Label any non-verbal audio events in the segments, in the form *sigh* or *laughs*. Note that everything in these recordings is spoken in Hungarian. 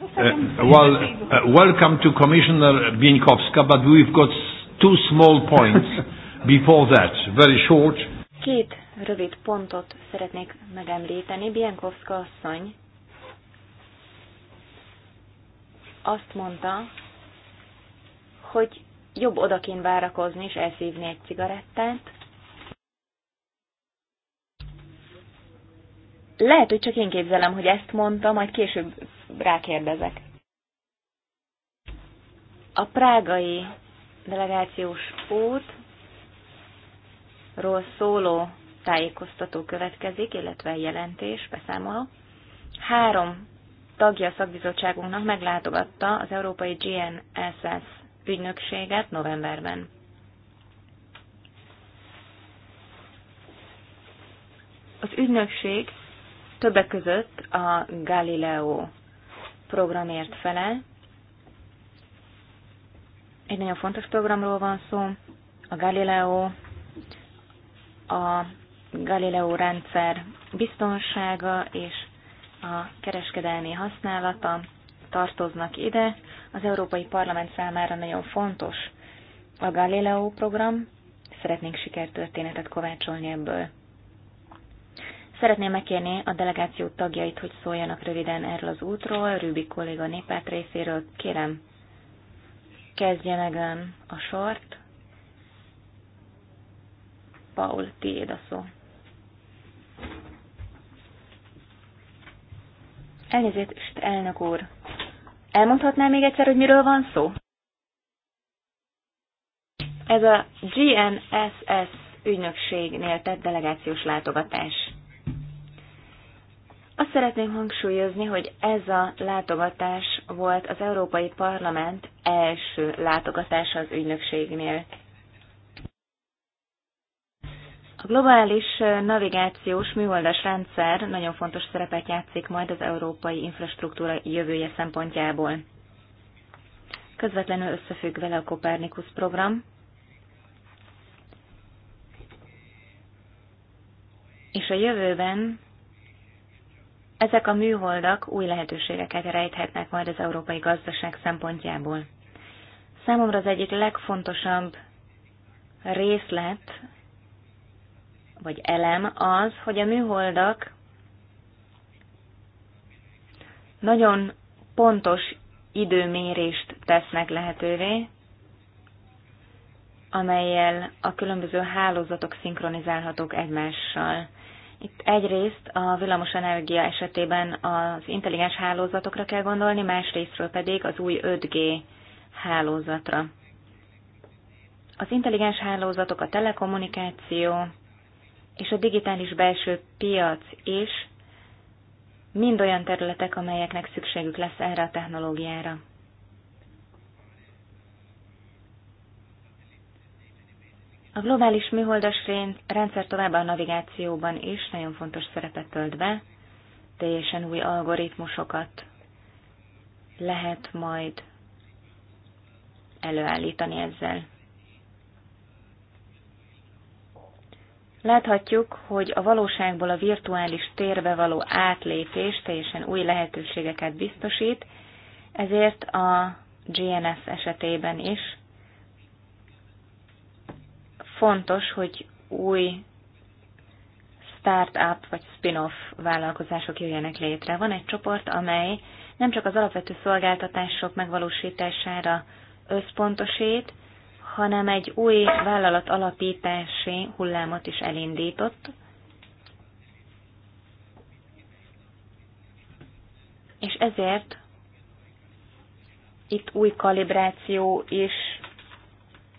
Uh, well, uh, welcome to Commissioner Bienkowska, but we've got two small points *laughs* before that, very short. Két rövid pontot szeretnék megemlíteni. Bienkowska asszony azt mondta, hogy jobb odakén várakozni és elszívni egy cigarettát, Lehet, hogy csak én képzelem, hogy ezt mondta, majd később rákérdezek. A prágai delegációs útról szóló tájékoztató következik, illetve jelentés, beszámoló. Három tagja a szakbizottságunknak meglátogatta az Európai GNSS ügynökséget novemberben. Az ügynökség Többek között a Galileo programért fele, Egy nagyon fontos programról van szó. A Galileo, a Galileo rendszer biztonsága és a kereskedelmi használata tartoznak ide. Az Európai Parlament számára nagyon fontos a Galileo program. Szeretnénk sikertörténetet kovácsolni ebből. Szeretném megkérni a delegáció tagjait, hogy szóljanak röviden erről az útról. Rübi kolléga népát részéről kérem, kezdje meg a sort. Paul, tiéd a szó. Elnézést, elnök úr. Elmondhatná még egyszer, hogy miről van szó? Ez a GNSS ügynökségnél tett delegációs látogatás. Azt szeretném hangsúlyozni, hogy ez a látogatás volt az Európai Parlament első látogatása az ügynökségnél. A globális navigációs műholdas rendszer nagyon fontos szerepet játszik majd az európai infrastruktúra jövője szempontjából. Közvetlenül összefügg vele a Kopernikus program, és a jövőben ezek a műholdak új lehetőségeket rejthetnek majd az európai gazdaság szempontjából. Számomra az egyik legfontosabb részlet, vagy elem az, hogy a műholdak nagyon pontos időmérést tesznek lehetővé, amelyel a különböző hálózatok szinkronizálhatók egymással. Itt egyrészt a villamos energia esetében az intelligens hálózatokra kell gondolni, másrésztről pedig az új 5G hálózatra. Az intelligens hálózatok, a telekommunikáció és a digitális belső piac is mind olyan területek, amelyeknek szükségük lesz erre a technológiára. A globális műholdas rendszer továbbá a navigációban is nagyon fontos szerepet tölt be, teljesen új algoritmusokat lehet majd előállítani ezzel. Láthatjuk, hogy a valóságból a virtuális térbe való átlépés teljesen új lehetőségeket biztosít, ezért a GNS esetében is fontos, hogy új start-up vagy spin-off vállalkozások jöjjenek létre. Van egy csoport, amely nem csak az alapvető szolgáltatások megvalósítására összpontosít, hanem egy új vállalat alapítási hullámot is elindított. És ezért itt új kalibráció is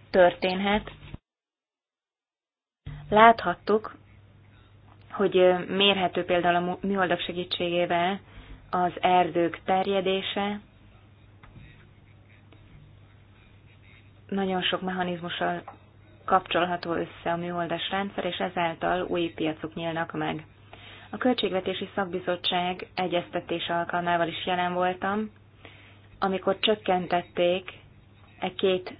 történhet, Láthattuk, hogy mérhető például a műholdak segítségével az erdők terjedése, nagyon sok mechanizmussal kapcsolható össze a műholdas rendszer, és ezáltal új piacok nyílnak meg. A Költségvetési Szakbizottság egyeztetés alkalmával is jelen voltam, amikor csökkentették e két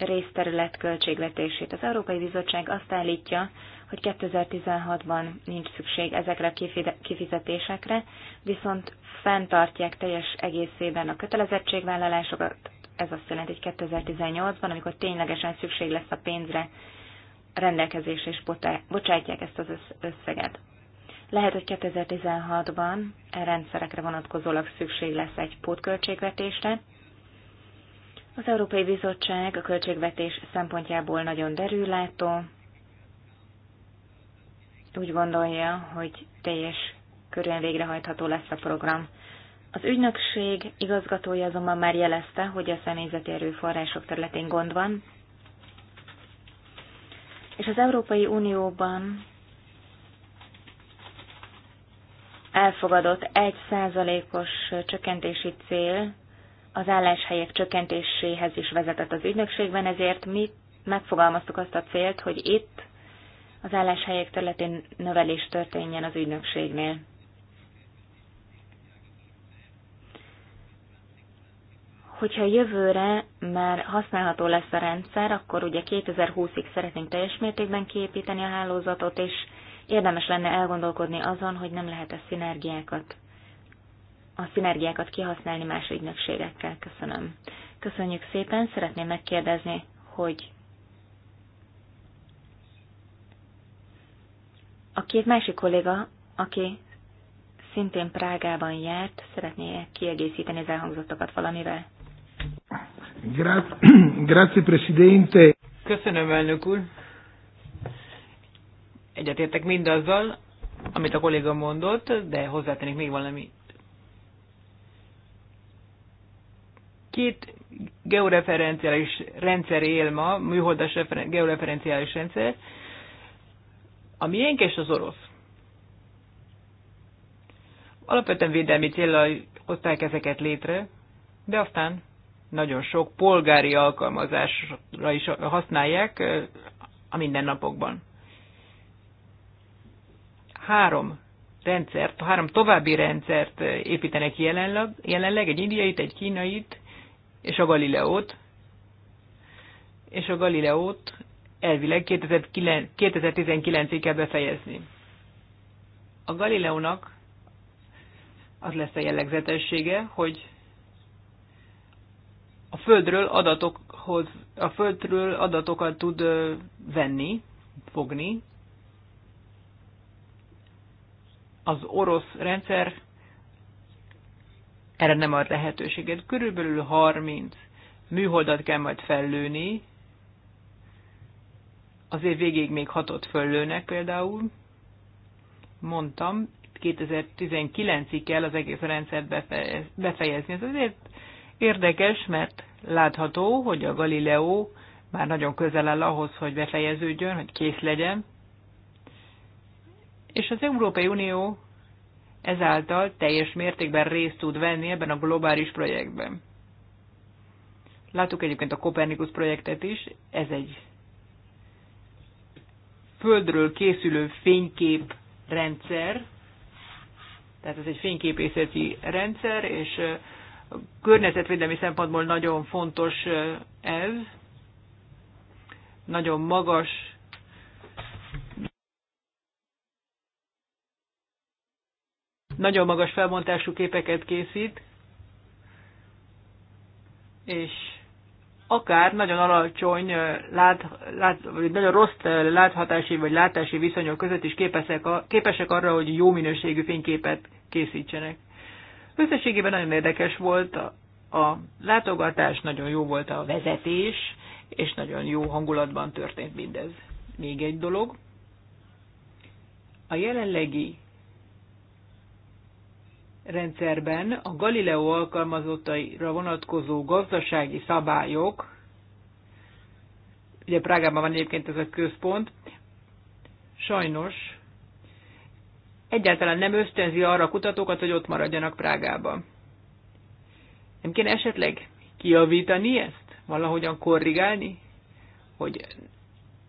részterület költségvetését. Az Európai Bizottság azt állítja, hogy 2016-ban nincs szükség ezekre a kifizetésekre, viszont fenntartják teljes egészében a kötelezettségvállalásokat. Ez azt jelenti, hogy 2018-ban, amikor ténylegesen szükség lesz a pénzre, rendelkezés és bocsátják ezt az összeget. Lehet, hogy 2016-ban rendszerekre vonatkozólag szükség lesz egy pótköltségvetésre, az Európai Bizottság a költségvetés szempontjából nagyon derűlátó. Úgy gondolja, hogy teljes körülön végrehajtható lesz a program. Az ügynökség igazgatója azonban már jelezte, hogy a személyzeti erőforrások területén gond van, és az Európai Unióban elfogadott 1%-os csökkentési cél az álláshelyek csökkentéséhez is vezetett az ügynökségben, ezért mi megfogalmaztuk azt a célt, hogy itt az álláshelyek területén növelés történjen az ügynökségnél. Hogyha jövőre már használható lesz a rendszer, akkor ugye 2020-ig szeretnénk teljes mértékben kiépíteni a hálózatot, és érdemes lenne elgondolkodni azon, hogy nem lehet-e szinergiákat a szinergiákat kihasználni más ügynökségekkel. Köszönöm. Köszönjük szépen. Szeretném megkérdezni, hogy a két másik kolléga, aki szintén Prágában járt, szeretné kiegészíteni az elhangzottakat valamivel. *clears throat* Grazie, Presidente. Köszönöm, elnök úr. Egyetértek mindazzal, amit a kolléga mondott, de hozzátennék még valami Két georeferenciális rendszer él ma, műholdas georeferenciális rendszer, a miénk és az orosz. Alapvetően védelmi célra hozták ezeket létre, de aztán nagyon sok polgári alkalmazásra is használják a mindennapokban. Három rendszert, három további rendszert építenek jelenleg, jelenleg egy indiait, egy kínait, és a Galileót, és a Galileót elvileg 2019-ig kell befejezni. A Galileónak az lesz a jellegzetessége, hogy a Földről adatokhoz, a Földről adatokat tud venni, fogni. Az orosz rendszer erre nem ad lehetőséget. Körülbelül 30 műholdat kell majd fellőni, az év végéig még hatot föllőnek például. Mondtam, 2019-ig kell az egész rendszert befejezni. Ez azért érdekes, mert látható, hogy a Galileo már nagyon közel áll ahhoz, hogy befejeződjön, hogy kész legyen. És az Európai Unió ezáltal teljes mértékben részt tud venni ebben a globális projektben. Láttuk egyébként a Kopernikus projektet is, ez egy földről készülő fénykép rendszer, tehát ez egy fényképészeti rendszer, és környezetvédelmi szempontból nagyon fontos ez, nagyon magas nagyon magas felbontású képeket készít, és akár nagyon alacsony, lát, lát, vagy nagyon rossz láthatási vagy látási viszonyok között is képesek, a, képesek arra, hogy jó minőségű fényképet készítsenek. Összességében nagyon érdekes volt a, a látogatás, nagyon jó volt a vezetés, és nagyon jó hangulatban történt mindez. Még egy dolog, a jelenlegi rendszerben a Galileo alkalmazottaira vonatkozó gazdasági szabályok, ugye Prágában van egyébként ez a központ, sajnos egyáltalán nem ösztönzi arra a kutatókat, hogy ott maradjanak Prágában. Nem kéne esetleg kiavítani ezt? Valahogyan korrigálni? Hogy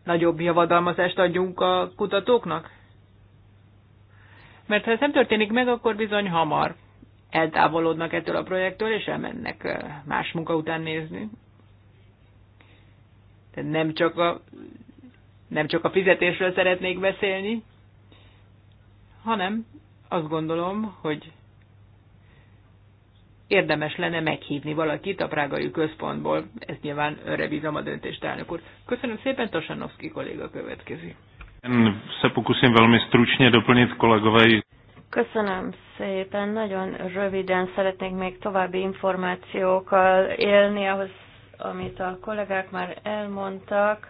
nagyobb javadalmazást adjunk a kutatóknak? mert ha ez nem történik meg, akkor bizony hamar eltávolodnak ettől a projektől, és elmennek más munka után nézni. De nem csak a, nem csak a fizetésről szeretnék beszélni, hanem azt gondolom, hogy érdemes lenne meghívni valakit a prágai központból. Ez nyilván önre bízom a döntést, elnök úr. Köszönöm szépen, Tosanovszki kolléga következik se pokusím velmi stručně doplnit kolegové. Köszönöm szépen, nagyon röviden szeretnék még további információkkal élni ahhoz, amit a kollégák már elmondtak.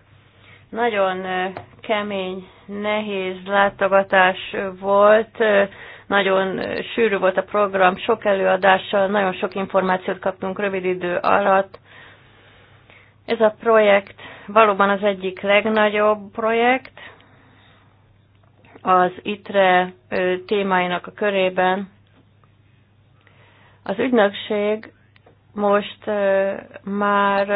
Nagyon eh, kemény, nehéz látogatás volt, eh, nagyon eh, sűrű volt a program, sok előadással, nagyon sok információt kaptunk rövid idő alatt. Ez a projekt valóban az egyik legnagyobb projekt, az ITRE témáinak a körében. Az ügynökség most már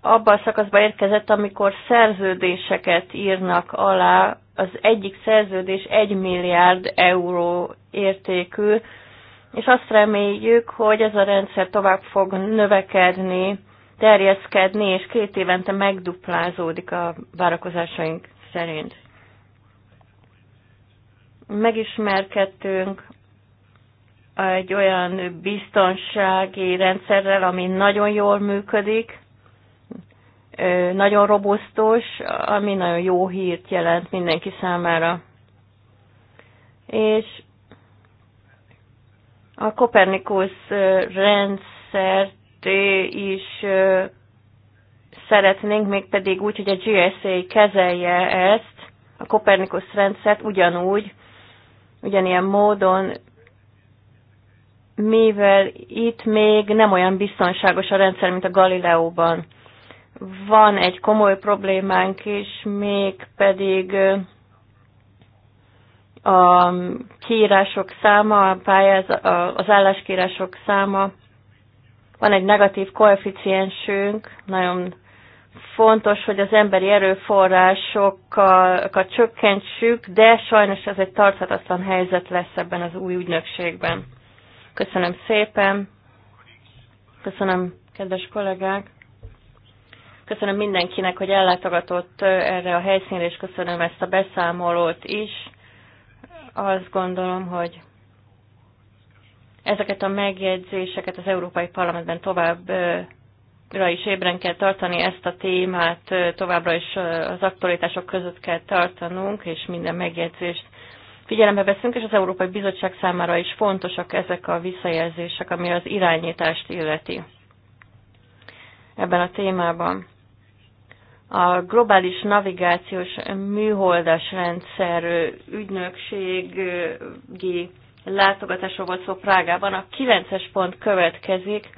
abban a szakaszban érkezett, amikor szerződéseket írnak alá, az egyik szerződés 1 milliárd euró értékű, és azt reméljük, hogy ez a rendszer tovább fog növekedni, terjeszkedni, és két évente megduplázódik a várakozásaink szerint megismerkedtünk egy olyan biztonsági rendszerrel, ami nagyon jól működik, nagyon robusztus, ami nagyon jó hírt jelent mindenki számára. És a Kopernikus rendszert is szeretnénk, mégpedig úgy, hogy a GSA kezelje ezt, a Kopernikus rendszert ugyanúgy, Ugyanilyen módon, mivel itt még nem olyan biztonságos a rendszer, mint a Galileóban. Van egy komoly problémánk is, még pedig a kiírások száma, a pályáz, az álláskírások száma, van egy negatív koeficiensünk, nagyon fontos, hogy az emberi erőforrásokat csökkentsük, de sajnos ez egy tarthatatlan helyzet lesz ebben az új ügynökségben. Köszönöm szépen, köszönöm kedves kollégák, köszönöm mindenkinek, hogy ellátogatott erre a helyszínre, és köszönöm ezt a beszámolót is. Azt gondolom, hogy ezeket a megjegyzéseket az Európai Parlamentben tovább továbbra is ébren kell tartani ezt a témát, továbbra is az aktualitások között kell tartanunk, és minden megjegyzést figyelembe veszünk, és az Európai Bizottság számára is fontosak ezek a visszajelzések, ami az irányítást illeti ebben a témában. A globális navigációs műholdas rendszer ügynökségi látogatásról volt szó Prágában. A 9-es pont következik,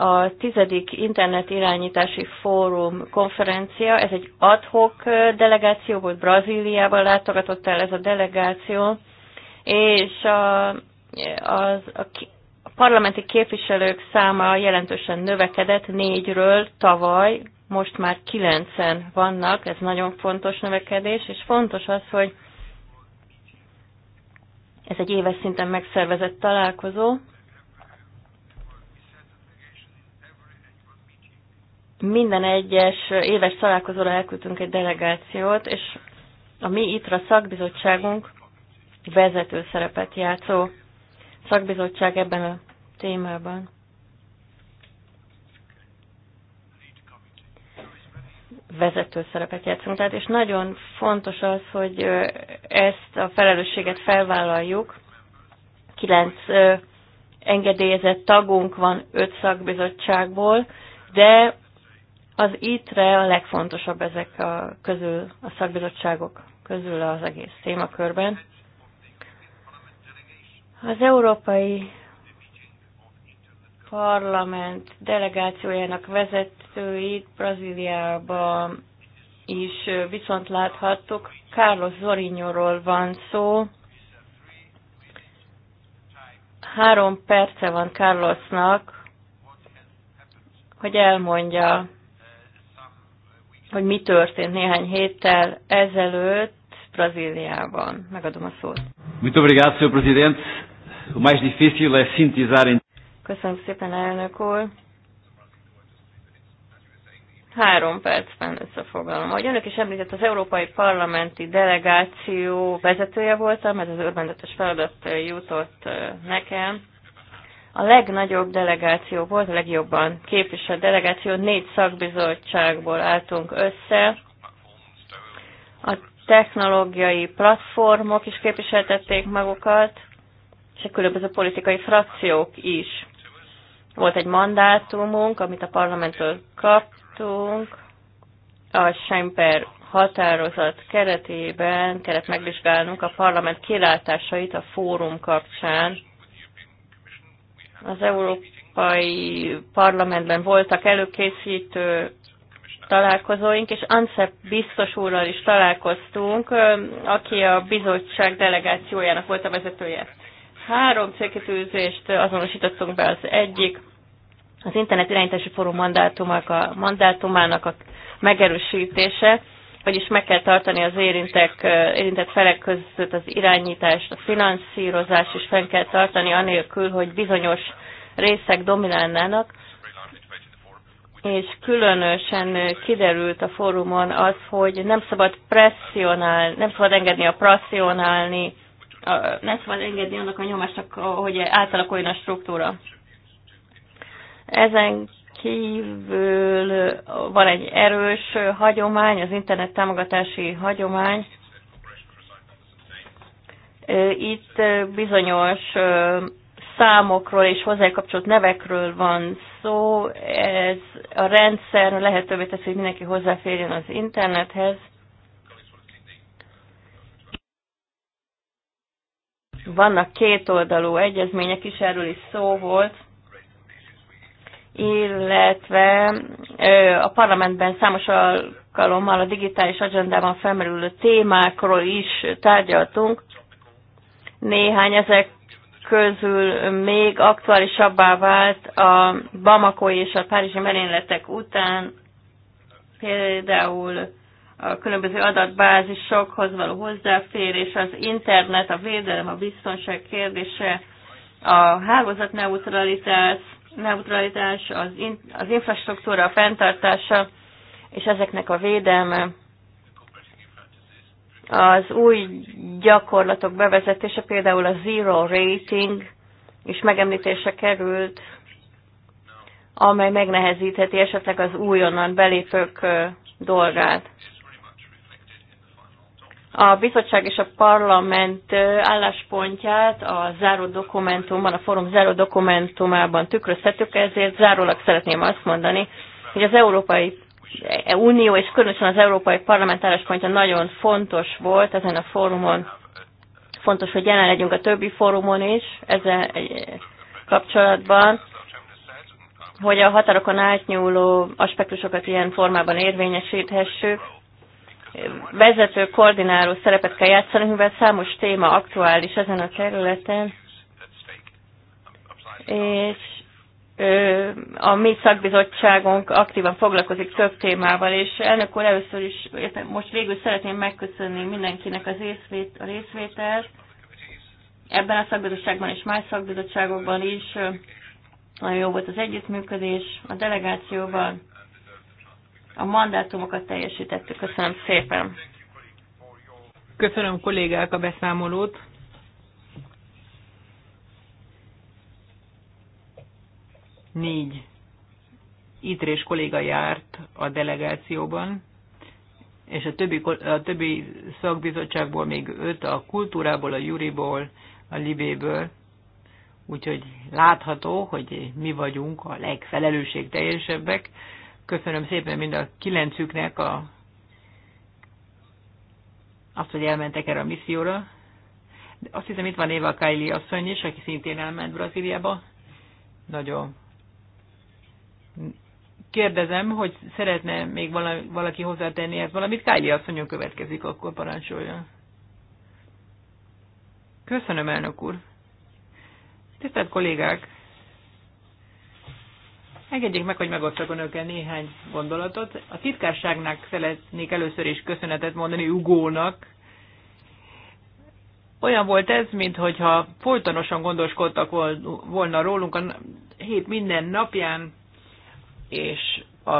a tizedik internet irányítási fórum konferencia, ez egy adhok delegáció volt, Brazíliában látogatott el ez a delegáció, és a, az, a, a parlamenti képviselők száma jelentősen növekedett, négyről tavaly, most már kilencen vannak, ez nagyon fontos növekedés, és fontos az, hogy ez egy éves szinten megszervezett találkozó, minden egyes éves találkozóra elküldtünk egy delegációt, és a mi ITRA szakbizottságunk vezető szerepet játszó szakbizottság ebben a témában. vezető szerepet játszunk. Tehát, és nagyon fontos az, hogy ezt a felelősséget felvállaljuk. Kilenc engedélyezett tagunk van öt szakbizottságból, de az ITRE a legfontosabb ezek a közül, a szakbizottságok közül az egész témakörben. Az Európai Parlament delegációjának vezetőit Brazíliában is viszont láthattuk. Carlos Zorinyóról van szó. Három perce van Carlosnak, hogy elmondja hogy mi történt néhány héttel ezelőtt Brazíliában. Megadom a szót. Muito obrigado, Sr. Presidente. O mais difícil é sintetizar em... Köszönöm szépen, elnök úr. Három percben összefoglalom. Ahogy önök is említett, az Európai Parlamenti Delegáció vezetője voltam, ez az örvendetes feladat jutott nekem a legnagyobb delegáció volt, a legjobban képviselt delegáció, négy szakbizottságból álltunk össze. A technológiai platformok is képviseltették magukat, és a különböző politikai frakciók is. Volt egy mandátumunk, amit a parlamenttől kaptunk, a Semper határozat keretében kellett megvizsgálnunk a parlament kilátásait a fórum kapcsán, az Európai Parlamentben voltak előkészítő találkozóink, és Ansep biztos úrral is találkoztunk, aki a bizottság delegációjának volt a vezetője. Három célkitűzést azonosítottunk be, az egyik az internet irányítási fórum mandátumának a, mandátumának a megerősítése, vagyis meg kell tartani az érintek, érintett felek között az irányítást, a finanszírozást is fenn kell tartani, anélkül, hogy bizonyos részek dominálnának, és különösen kiderült a fórumon az, hogy nem szabad presszionálni, nem szabad engedni a presszionálni, nem szabad engedni annak a nyomásnak, hogy átalakuljon a struktúra. Ezen kívül van egy erős hagyomány, az internet támogatási hagyomány. Itt bizonyos számokról és hozzá kapcsolt nevekről van szó. Ez a rendszer lehetővé teszi, hogy mindenki hozzáférjen az internethez. Vannak kétoldalú egyezmények is, erről is szó volt illetve a parlamentben számos alkalommal a digitális agendában felmerülő témákról is tárgyaltunk. Néhány ezek közül még aktuálisabbá vált a Bamako és a Párizsi merényletek után, például a különböző adatbázisokhoz való hozzáférés, az internet, a védelem, a biztonság kérdése, a hálózatneutralitás, neutralitás, az, in, az infrastruktúra a fenntartása és ezeknek a védelme, az új gyakorlatok bevezetése, például a zero rating is megemlítése került, amely megnehezítheti esetleg az újonnan belépők dolgát a bizottság és a parlament álláspontját a záró dokumentumban, a fórum záró dokumentumában tükröztetük, ezért zárólag szeretném azt mondani, hogy az Európai Unió és különösen az Európai Parlament álláspontja nagyon fontos volt ezen a fórumon. Fontos, hogy jelen legyünk a többi fórumon is ezen kapcsolatban, hogy a határokon átnyúló aspektusokat ilyen formában érvényesíthessük vezető, koordináló szerepet kell játszani, mivel számos téma aktuális ezen a területen, és a mi szakbizottságunk aktívan foglalkozik több témával, és elnök úr először is, most végül szeretném megköszönni mindenkinek az részvét, a részvételt, ebben a szakbizottságban és más szakbizottságokban is nagyon jó volt az együttműködés a delegációban a mandátumokat teljesítettük. Köszönöm szépen. Köszönöm kollégák a beszámolót. Négy ítrés kolléga járt a delegációban, és a többi, a többi szakbizottságból még öt, a kultúrából, a juriból, a libéből. Úgyhogy látható, hogy mi vagyunk a legfelelősségteljesebbek. teljesebbek Köszönöm szépen mind a kilencüknek a, azt, hogy elmentek erre a misszióra. De azt hiszem, itt van Éva Kaili asszony is, aki szintén elment Brazíliába. Nagyon kérdezem, hogy szeretne még valaki hozzátenni ezt valamit. Kylie asszonyon következik, akkor parancsolja. Köszönöm, elnök úr. Tisztelt kollégák! Engedjék meg, hogy megosztok önökkel néhány gondolatot. A titkárságnak szeretnék először is köszönetet mondani Ugónak. Olyan volt ez, mintha folytonosan gondoskodtak volna rólunk a hét minden napján, és a,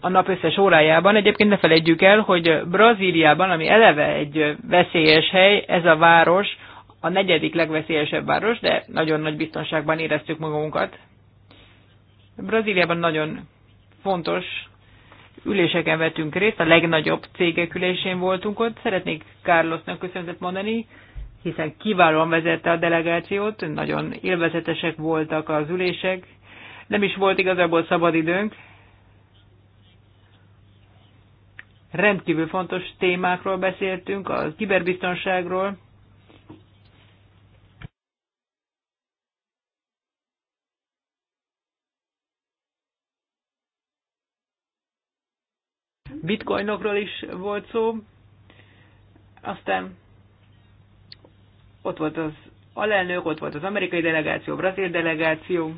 a nap összes órájában. Egyébként ne felejtjük el, hogy Brazíliában, ami eleve egy veszélyes hely, ez a város a negyedik legveszélyesebb város, de nagyon nagy biztonságban éreztük magunkat. Brazíliában nagyon fontos üléseken vettünk részt, a legnagyobb cégek ülésén voltunk ott. Szeretnék Carlosnak köszönetet mondani, hiszen kiválóan vezette a delegációt, nagyon élvezetesek voltak az ülések, nem is volt igazából szabad időnk, Rendkívül fontos témákról beszéltünk, a kiberbiztonságról, bitcoinokról is volt szó, aztán ott volt az alelnök, ott volt az amerikai delegáció, brazil delegáció,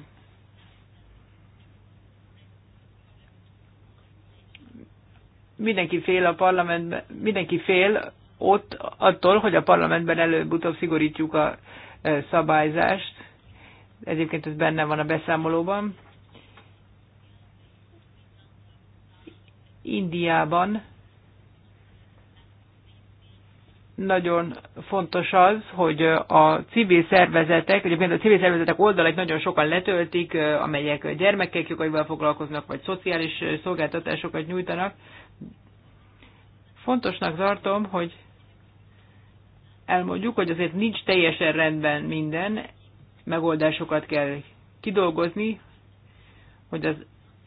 mindenki fél a parlamentben, mindenki fél ott attól, hogy a parlamentben előbb-utóbb szigorítjuk a e, szabályzást. Egyébként ez benne van a beszámolóban. Indiában nagyon fontos az, hogy a civil szervezetek, egyébként a civil szervezetek oldalait nagyon sokan letöltik, amelyek gyermekek jogaival foglalkoznak, vagy szociális szolgáltatásokat nyújtanak. Fontosnak tartom, hogy elmondjuk, hogy azért nincs teljesen rendben minden, megoldásokat kell kidolgozni, hogy az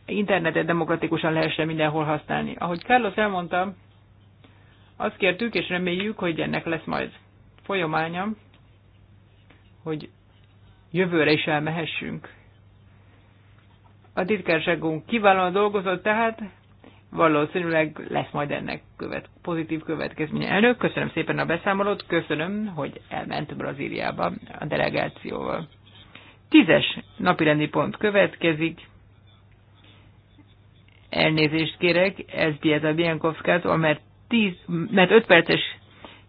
internetet demokratikusan lehessen mindenhol használni. Ahogy Carlos elmondta, azt kértük és reméljük, hogy ennek lesz majd folyamánya, hogy jövőre is elmehessünk. A titkárságunk kiválóan dolgozott, tehát valószínűleg lesz majd ennek követ, pozitív következménye. Elnök, köszönöm szépen a beszámolót, köszönöm, hogy elment Brazíliába a delegációval. Tízes napirendi pont következik. Elnézést kérek, ez Pieta Biankovskától, mert, 10, mert 5 perces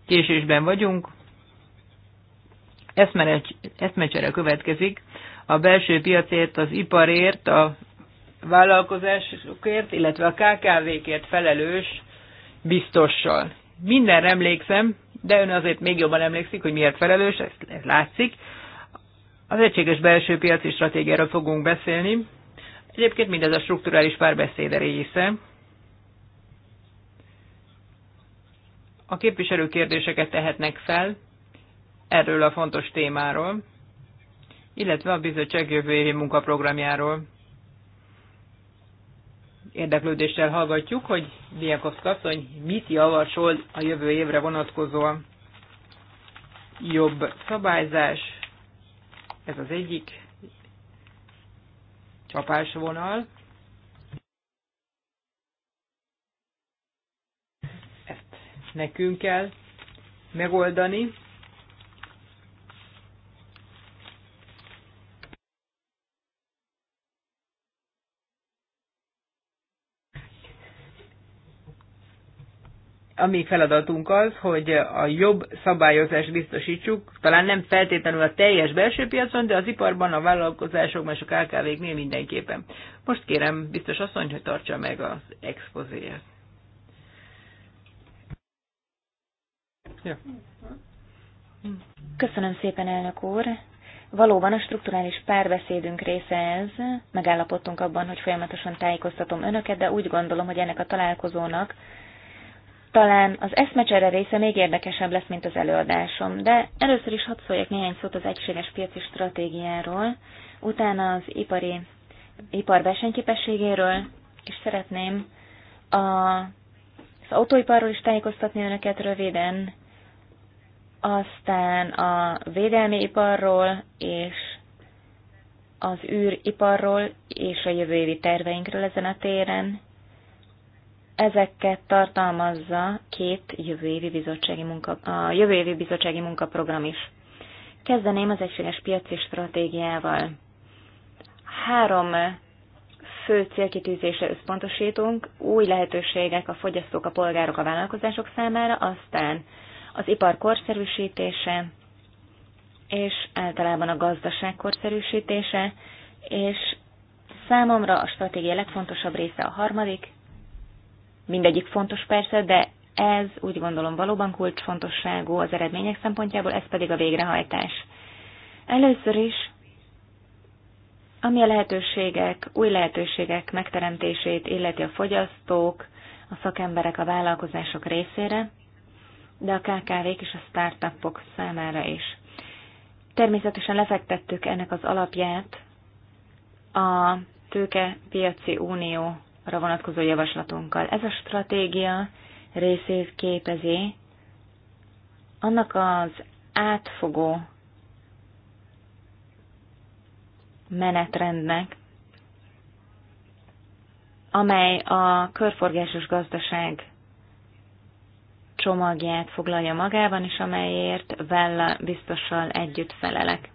késésben vagyunk. Eszmecsere következik. A belső piacért, az iparért, a vállalkozásokért, illetve a KKV-kért felelős biztossal. Minden emlékszem, de ön azért még jobban emlékszik, hogy miért felelős, ez, ez látszik. Az egységes belső piaci stratégiáról fogunk beszélni. Egyébként mindez a strukturális párbeszéd része. A képviselő kérdéseket tehetnek fel erről a fontos témáról, illetve a bizottság jövő évi munkaprogramjáról. Érdeklődéssel hallgatjuk, hogy Diakovszka asszony mit javasol a jövő évre vonatkozóan. Jobb szabályzás, ez az egyik csapásvonal. Ezt nekünk kell megoldani. a mi feladatunk az, hogy a jobb szabályozást biztosítsuk, talán nem feltétlenül a teljes belső piacon, de az iparban, a vállalkozások mások a KKV-knél mindenképpen. Most kérem biztos asszony, hogy tartsa meg az expozéját. Ja. Köszönöm szépen, elnök úr. Valóban a strukturális párbeszédünk része ez. Megállapodtunk abban, hogy folyamatosan tájékoztatom önöket, de úgy gondolom, hogy ennek a találkozónak talán az eszmecsere része még érdekesebb lesz, mint az előadásom, de először is hadd szóljak néhány szót az egységes piaci stratégiáról, utána az ipari, ipar versenyképességéről, és szeretném a, az autóiparról is tájékoztatni önöket röviden, aztán a védelmi iparról és az űriparról és a jövő évi terveinkről ezen a téren, Ezeket tartalmazza két jövő évi bizottsági munka, a jövő évi bizottsági munkaprogram is. Kezdeném az egységes piaci stratégiával. Három fő célkitűzésre összpontosítunk, új lehetőségek a fogyasztók, a polgárok, a vállalkozások számára, aztán az ipar korszerűsítése, és általában a gazdaság korszerűsítése, és számomra a stratégia legfontosabb része a harmadik, Mindegyik fontos persze, de ez úgy gondolom valóban kulcsfontosságú az eredmények szempontjából, ez pedig a végrehajtás. Először is, ami a lehetőségek, új lehetőségek megteremtését illeti a fogyasztók, a szakemberek, a vállalkozások részére, de a KKV-k és a startupok számára is. Természetesen lefektettük ennek az alapját a tőkepiaci unió arra vonatkozó javaslatunkkal. Ez a stratégia részét képezi annak az átfogó menetrendnek, amely a körforgásos gazdaság csomagját foglalja magában, és amelyért Vella biztossal együtt felelek.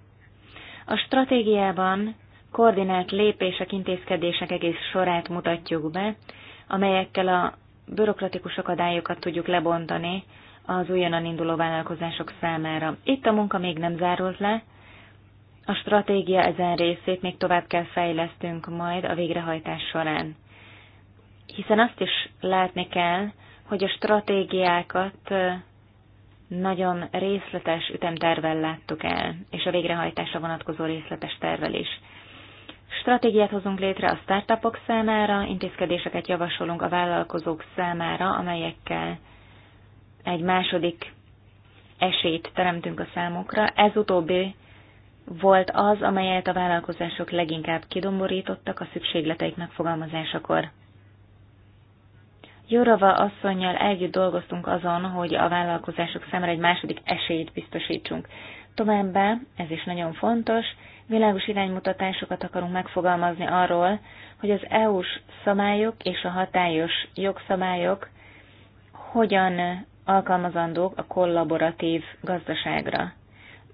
A stratégiában koordinált lépések, intézkedések egész sorát mutatjuk be, amelyekkel a bürokratikus akadályokat tudjuk lebontani az újonnan induló vállalkozások számára. Itt a munka még nem zárult le, a stratégia ezen részét még tovább kell fejlesztünk majd a végrehajtás során. Hiszen azt is látni kell, hogy a stratégiákat nagyon részletes ütemtervel láttuk el, és a végrehajtásra vonatkozó részletes tervel is. Stratégiát hozunk létre a startupok számára, intézkedéseket javasolunk a vállalkozók számára, amelyekkel egy második esélyt teremtünk a számukra. Ez utóbbi volt az, amelyet a vállalkozások leginkább kidomborítottak a szükségleteik megfogalmazásakor. Jórava asszonynal együtt dolgoztunk azon, hogy a vállalkozások számára egy második esélyt biztosítsunk. Továbbá, ez is nagyon fontos, Világos iránymutatásokat akarunk megfogalmazni arról, hogy az EU-s szabályok és a hatályos jogszabályok hogyan alkalmazandók a kollaboratív gazdaságra.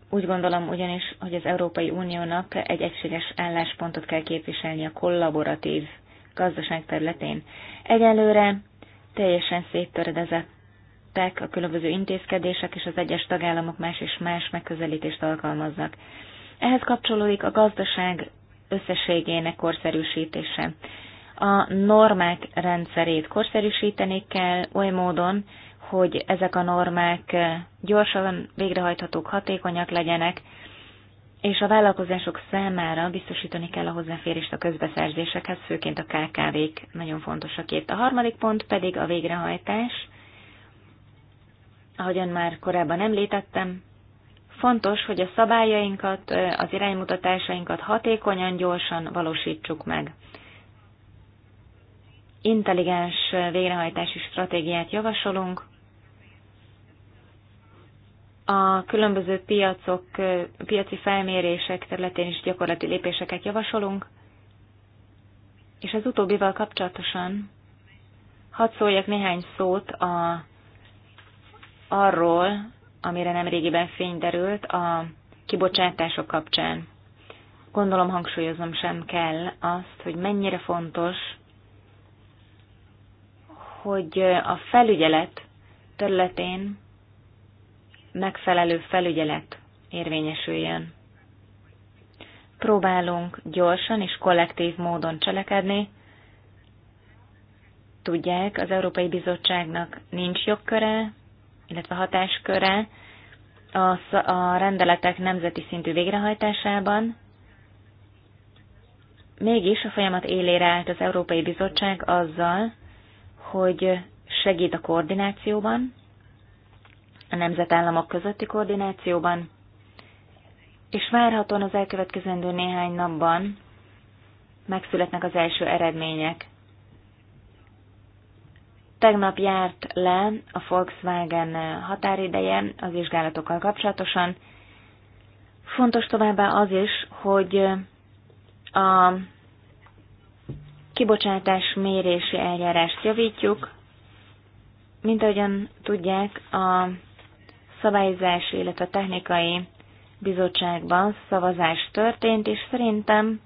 Úgy gondolom ugyanis, hogy az Európai Uniónak egy egységes álláspontot kell képviselni a kollaboratív gazdaság területén. Egyelőre teljesen széttöredezettek a különböző intézkedések, és az egyes tagállamok más és más megközelítést alkalmaznak. Ehhez kapcsolódik a gazdaság összességének korszerűsítése. A normák rendszerét korszerűsíteni kell oly módon, hogy ezek a normák gyorsan végrehajthatók, hatékonyak legyenek, és a vállalkozások számára biztosítani kell a hozzáférést a közbeszerzésekhez, főként a KKV-k nagyon fontosak itt. A harmadik pont pedig a végrehajtás. Ahogyan már korábban említettem, Fontos, hogy a szabályainkat, az iránymutatásainkat hatékonyan, gyorsan valósítsuk meg. Intelligens végrehajtási stratégiát javasolunk. A különböző piacok, piaci felmérések területén is gyakorlati lépéseket javasolunk. És az utóbbival kapcsolatosan hadd szóljak néhány szót a, arról, amire nemrégiben fény derült a kibocsátások kapcsán. Gondolom hangsúlyozom sem kell azt, hogy mennyire fontos, hogy a felügyelet területén megfelelő felügyelet érvényesüljön. Próbálunk gyorsan és kollektív módon cselekedni. Tudják, az Európai Bizottságnak nincs jogköre, illetve hatásköre a, a rendeletek nemzeti szintű végrehajtásában. Mégis a folyamat élére állt az Európai Bizottság azzal, hogy segít a koordinációban, a nemzetállamok közötti koordinációban, és várhatóan az elkövetkezendő néhány napban megszületnek az első eredmények. Tegnap járt le a Volkswagen határideje az vizsgálatokkal kapcsolatosan. Fontos továbbá az is, hogy a kibocsátás mérési eljárást javítjuk. Mint ahogyan tudják, a szabályzás, illetve technikai bizottságban szavazás történt, és szerintem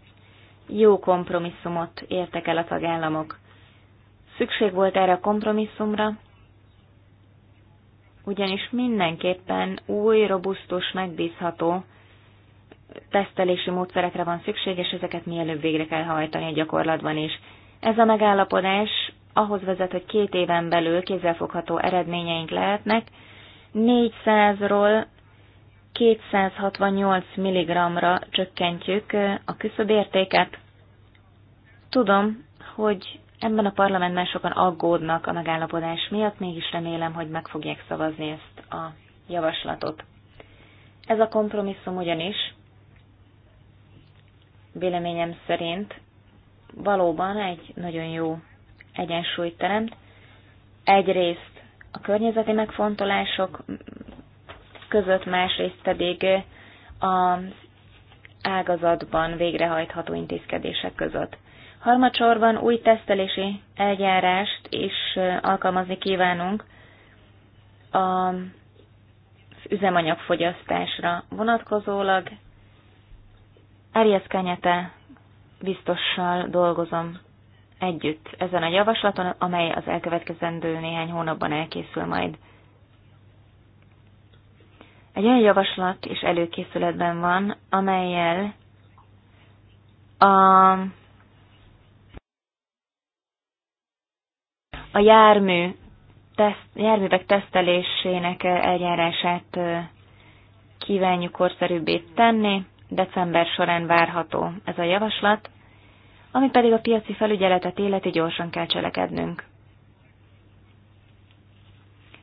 jó kompromisszumot értek el a tagállamok. Szükség volt erre a kompromisszumra, ugyanis mindenképpen új, robusztus, megbízható tesztelési módszerekre van szükség, és ezeket mielőbb végre kell hajtani a gyakorlatban is. Ez a megállapodás ahhoz vezet, hogy két éven belül kézzelfogható eredményeink lehetnek, 400-ról 268 mg-ra csökkentjük a küszöbértéket. Tudom, hogy Ebben a parlamentben sokan aggódnak a megállapodás miatt, mégis remélem, hogy meg fogják szavazni ezt a javaslatot. Ez a kompromisszum ugyanis véleményem szerint valóban egy nagyon jó egyensúlyt teremt. Egyrészt a környezeti megfontolások között, másrészt pedig az ágazatban végrehajtható intézkedések között. Harmadsorban új tesztelési eljárást is alkalmazni kívánunk az üzemanyagfogyasztásra vonatkozólag. Arias biztossal dolgozom együtt ezen a javaslaton, amely az elkövetkezendő néhány hónapban elkészül majd. Egy olyan javaslat is előkészületben van, amelyel a a jármű teszt, járművek tesztelésének eljárását kívánjuk korszerűbbé tenni, december során várható ez a javaslat, ami pedig a piaci felügyeletet életi gyorsan kell cselekednünk.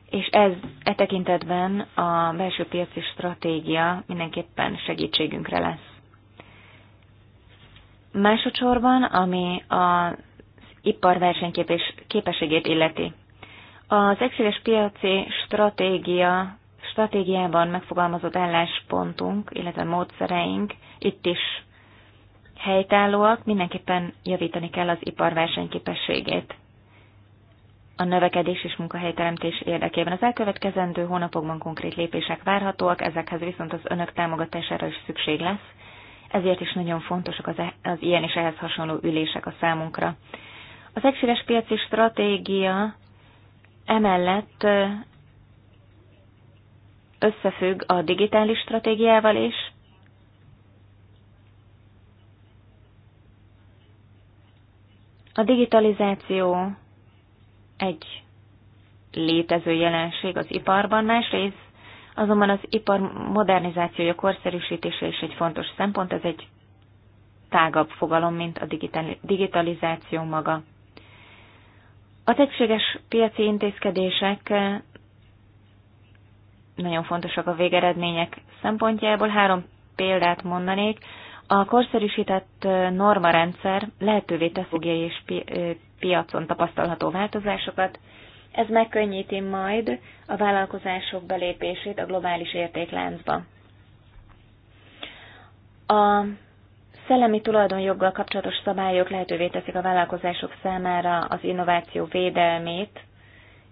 És ez e tekintetben a belső piaci stratégia mindenképpen segítségünkre lesz. Másodszorban, ami a ipar versenyképes képességét illeti. Az egységes piaci stratégia, stratégiában megfogalmazott álláspontunk, illetve módszereink itt is helytállóak, mindenképpen javítani kell az ipar versenyképességét a növekedés és munkahelyteremtés érdekében. Az elkövetkezendő hónapokban konkrét lépések várhatóak, ezekhez viszont az önök támogatására is szükség lesz, ezért is nagyon fontosak az, e- az ilyen és ehhez hasonló ülések a számunkra. Az egységes piaci stratégia emellett összefügg a digitális stratégiával is, A digitalizáció egy létező jelenség az iparban, másrészt azonban az ipar modernizációja, korszerűsítése is egy fontos szempont, ez egy tágabb fogalom, mint a digitalizáció maga. Az egységes piaci intézkedések eh, nagyon fontosak a végeredmények szempontjából. Három példát mondanék. A korszerűsített eh, normarendszer lehetővé tesz fogjai és eh, piacon tapasztalható változásokat. Ez megkönnyíti majd a vállalkozások belépését a globális értékláncba. A szellemi tulajdonjoggal kapcsolatos szabályok lehetővé teszik a vállalkozások számára az innováció védelmét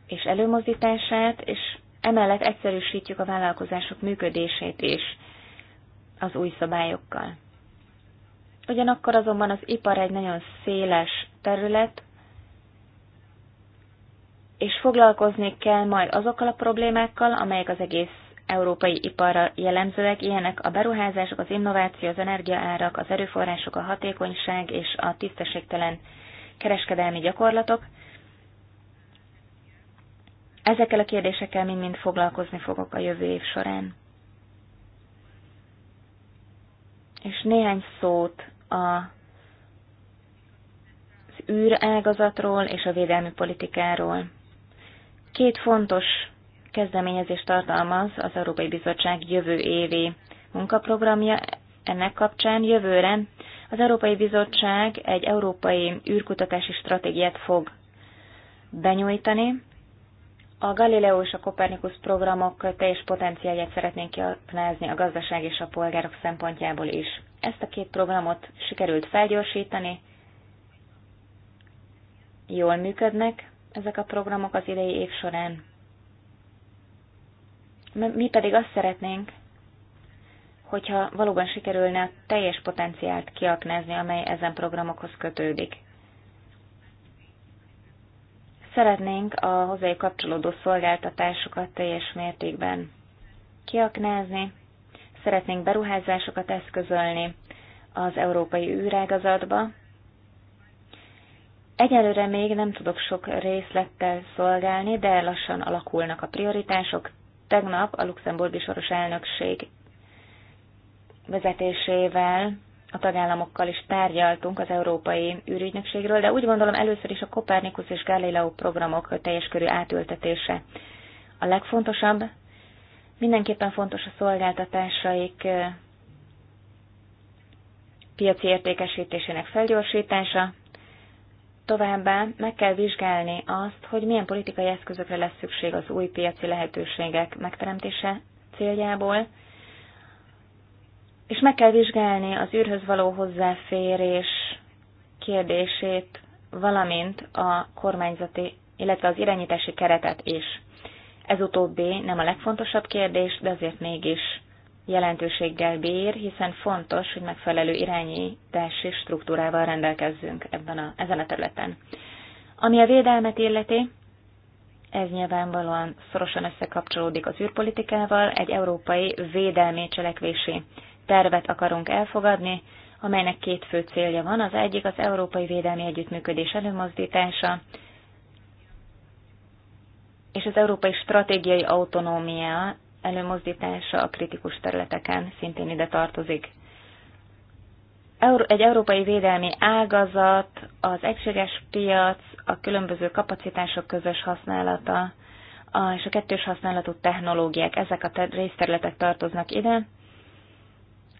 és előmozdítását, és emellett egyszerűsítjük a vállalkozások működését is az új szabályokkal. Ugyanakkor azonban az ipar egy nagyon széles terület, és foglalkozni kell majd azokkal a problémákkal, amelyek az egész európai iparra jellemzőek, ilyenek a beruházások, az innováció, az energiaárak, az erőforrások, a hatékonyság és a tisztességtelen kereskedelmi gyakorlatok. Ezekkel a kérdésekkel mind-mind foglalkozni fogok a jövő év során. És néhány szót a űrágazatról és a védelmi politikáról. Két fontos Kezdeményezés tartalmaz az Európai Bizottság jövő évi munkaprogramja. Ennek kapcsán jövőre az Európai Bizottság egy európai űrkutatási stratégiát fog benyújtani. A Galileo és a Kopernikus programok teljes potenciáját szeretnénk kiaknázni a gazdaság és a polgárok szempontjából is. Ezt a két programot sikerült felgyorsítani, jól működnek ezek a programok az idei év során. Mi pedig azt szeretnénk, hogyha valóban sikerülne a teljes potenciált kiaknázni, amely ezen programokhoz kötődik. Szeretnénk a hozzájuk kapcsolódó szolgáltatásokat teljes mértékben kiaknázni, szeretnénk beruházásokat eszközölni az európai űrágazatba. Egyelőre még nem tudok sok részlettel szolgálni, de lassan alakulnak a prioritások, Tegnap a luxemburgi soros elnökség vezetésével a tagállamokkal is tárgyaltunk az Európai űrügynökségről, de úgy gondolom először is a Kopernikus és Galileo programok teljes körű átültetése. A legfontosabb, mindenképpen fontos a szolgáltatásaik eh, piaci értékesítésének felgyorsítása, Továbbá meg kell vizsgálni azt, hogy milyen politikai eszközökre lesz szükség az új piaci lehetőségek megteremtése céljából, és meg kell vizsgálni az űrhöz való hozzáférés kérdését, valamint a kormányzati, illetve az irányítási keretet is. Ez utóbbi nem a legfontosabb kérdés, de azért mégis jelentőséggel bír, hiszen fontos, hogy megfelelő irányítási struktúrával rendelkezzünk ebben a, ezen a területen. Ami a védelmet illeti, ez nyilvánvalóan szorosan összekapcsolódik az űrpolitikával, egy európai védelmi cselekvési tervet akarunk elfogadni, amelynek két fő célja van. Az egyik az európai védelmi együttműködés előmozdítása, és az európai stratégiai autonómia előmozdítása a kritikus területeken szintén ide tartozik. Egy európai védelmi ágazat, az egységes piac, a különböző kapacitások közös használata és a kettős használatú technológiák, ezek a részterületek tartoznak ide.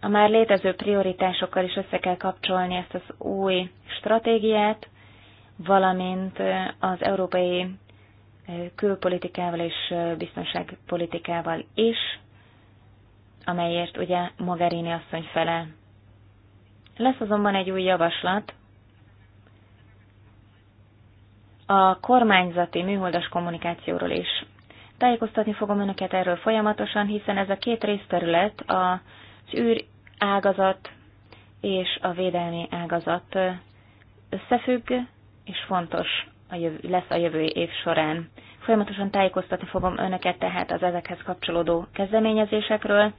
A már létező prioritásokkal is össze kell kapcsolni ezt az új stratégiát, valamint az európai külpolitikával és biztonságpolitikával is, amelyért ugye Mogherini asszony felel. Lesz azonban egy új javaslat. A kormányzati műholdas kommunikációról is. Tájékoztatni fogom önöket erről folyamatosan, hiszen ez a két részterület, az űr ágazat és a védelmi ágazat összefügg, és fontos a jövő, lesz a jövő év során. Folyamatosan tájékoztatni fogom önöket tehát az ezekhez kapcsolódó kezdeményezésekről,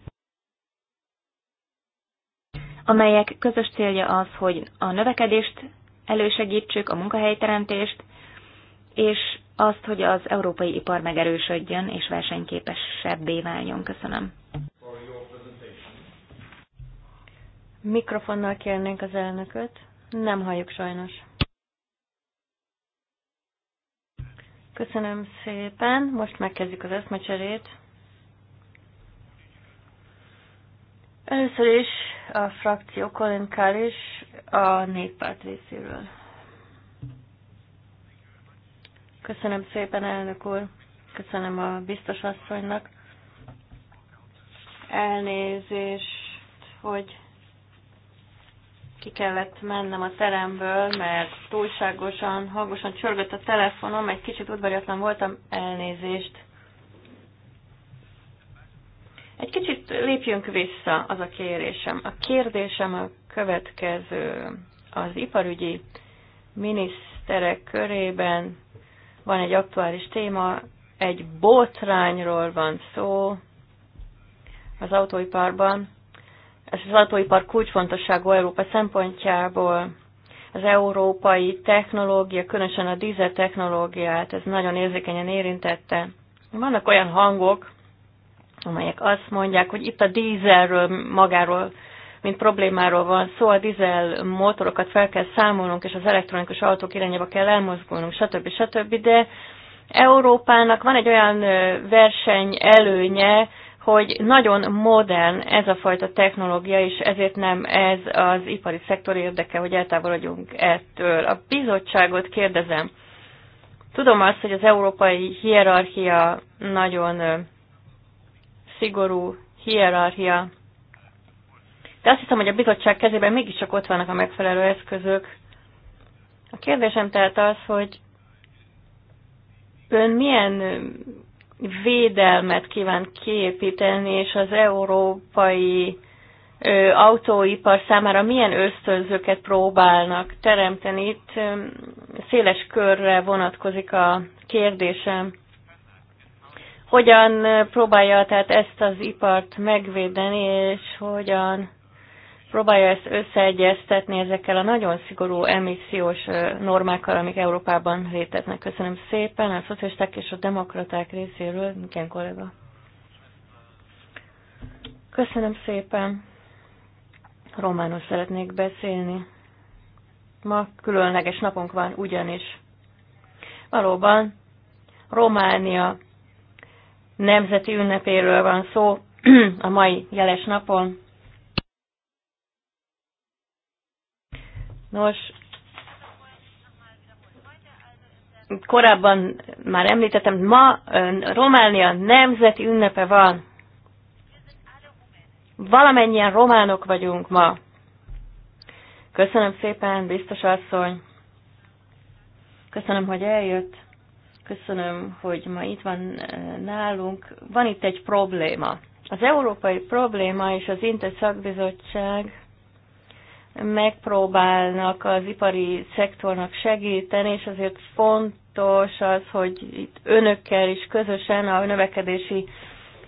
amelyek közös célja az, hogy a növekedést elősegítsük, a munkahelyteremtést, és azt, hogy az európai ipar megerősödjön és versenyképesebbé váljon. Köszönöm. Mikrofonnal kérnénk az elnököt. Nem halljuk sajnos. Köszönöm szépen. Most megkezdjük az eszmecserét. Először is a frakció Colin Káris a néppárt részéről. Köszönöm szépen, elnök úr. Köszönöm a biztos asszonynak. Elnézést, hogy ki kellett mennem a teremből, mert túlságosan, hangosan csörgött a telefonom, egy kicsit udvariatlan voltam, elnézést. Egy kicsit lépjünk vissza, az a kérésem. A kérdésem a következő. Az iparügyi miniszterek körében van egy aktuális téma, egy botrányról van szó az autóiparban, ez az autóipar kulcsfontosságú Európa szempontjából. Az európai technológia, különösen a dízel technológiát, ez nagyon érzékenyen érintette. Vannak olyan hangok, amelyek azt mondják, hogy itt a dízelről magáról, mint problémáról van szó, a dízel motorokat fel kell számolnunk, és az elektronikus autók irányába kell elmozgulnunk, stb. stb. De Európának van egy olyan verseny előnye, hogy nagyon modern ez a fajta technológia, és ezért nem ez az ipari szektor érdeke, hogy eltávolodjunk ettől. A bizottságot kérdezem. Tudom azt, hogy az európai hierarchia nagyon szigorú hierarchia, de azt hiszem, hogy a bizottság kezében mégiscsak ott vannak a megfelelő eszközök. A kérdésem tehát az, hogy ön milyen védelmet kíván kiépíteni, és az európai ö, autóipar számára milyen ösztönzőket próbálnak teremteni. Itt ö, széles körre vonatkozik a kérdésem. Hogyan próbálja tehát ezt az ipart megvédeni, és hogyan próbálja ezt összeegyeztetni ezekkel a nagyon szigorú emissziós normákkal, amik Európában léteznek. Köszönöm szépen a szocialisták és a demokraták részéről, Igen, kollega. Köszönöm szépen. Románul szeretnék beszélni. Ma különleges napunk van ugyanis. Valóban Románia nemzeti ünnepéről van szó *clears throat* a mai jeles napon. Nos, korábban már említettem, ma Románia nemzeti ünnepe van. Valamennyien románok vagyunk ma. Köszönöm szépen, biztos asszony. Köszönöm, hogy eljött. Köszönöm, hogy ma itt van nálunk. Van itt egy probléma. Az európai probléma és az Inte szakbizottság megpróbálnak az ipari szektornak segíteni, és azért fontos az, hogy itt önökkel is közösen, a növekedési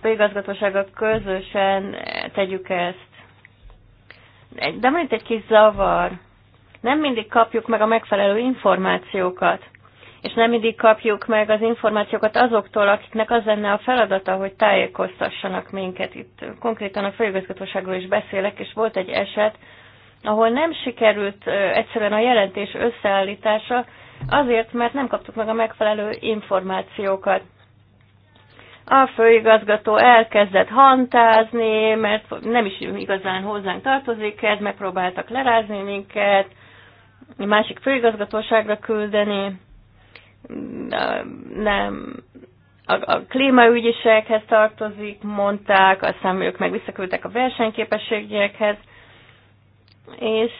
főigazgatósággal közösen tegyük ezt. De van itt egy kis zavar. Nem mindig kapjuk meg a megfelelő információkat, és nem mindig kapjuk meg az információkat azoktól, akiknek az lenne a feladata, hogy tájékoztassanak minket. Itt konkrétan a főigazgatóságról is beszélek, és volt egy eset, ahol nem sikerült egyszerűen a jelentés összeállítása, azért, mert nem kaptuk meg a megfelelő információkat. A főigazgató elkezdett hantázni, mert nem is igazán hozzánk tartozik ez, megpróbáltak lerázni minket, másik főigazgatóságra küldeni, nem, a, a tartozik, mondták, aztán ők meg visszaküldtek a versenyképességekhez, és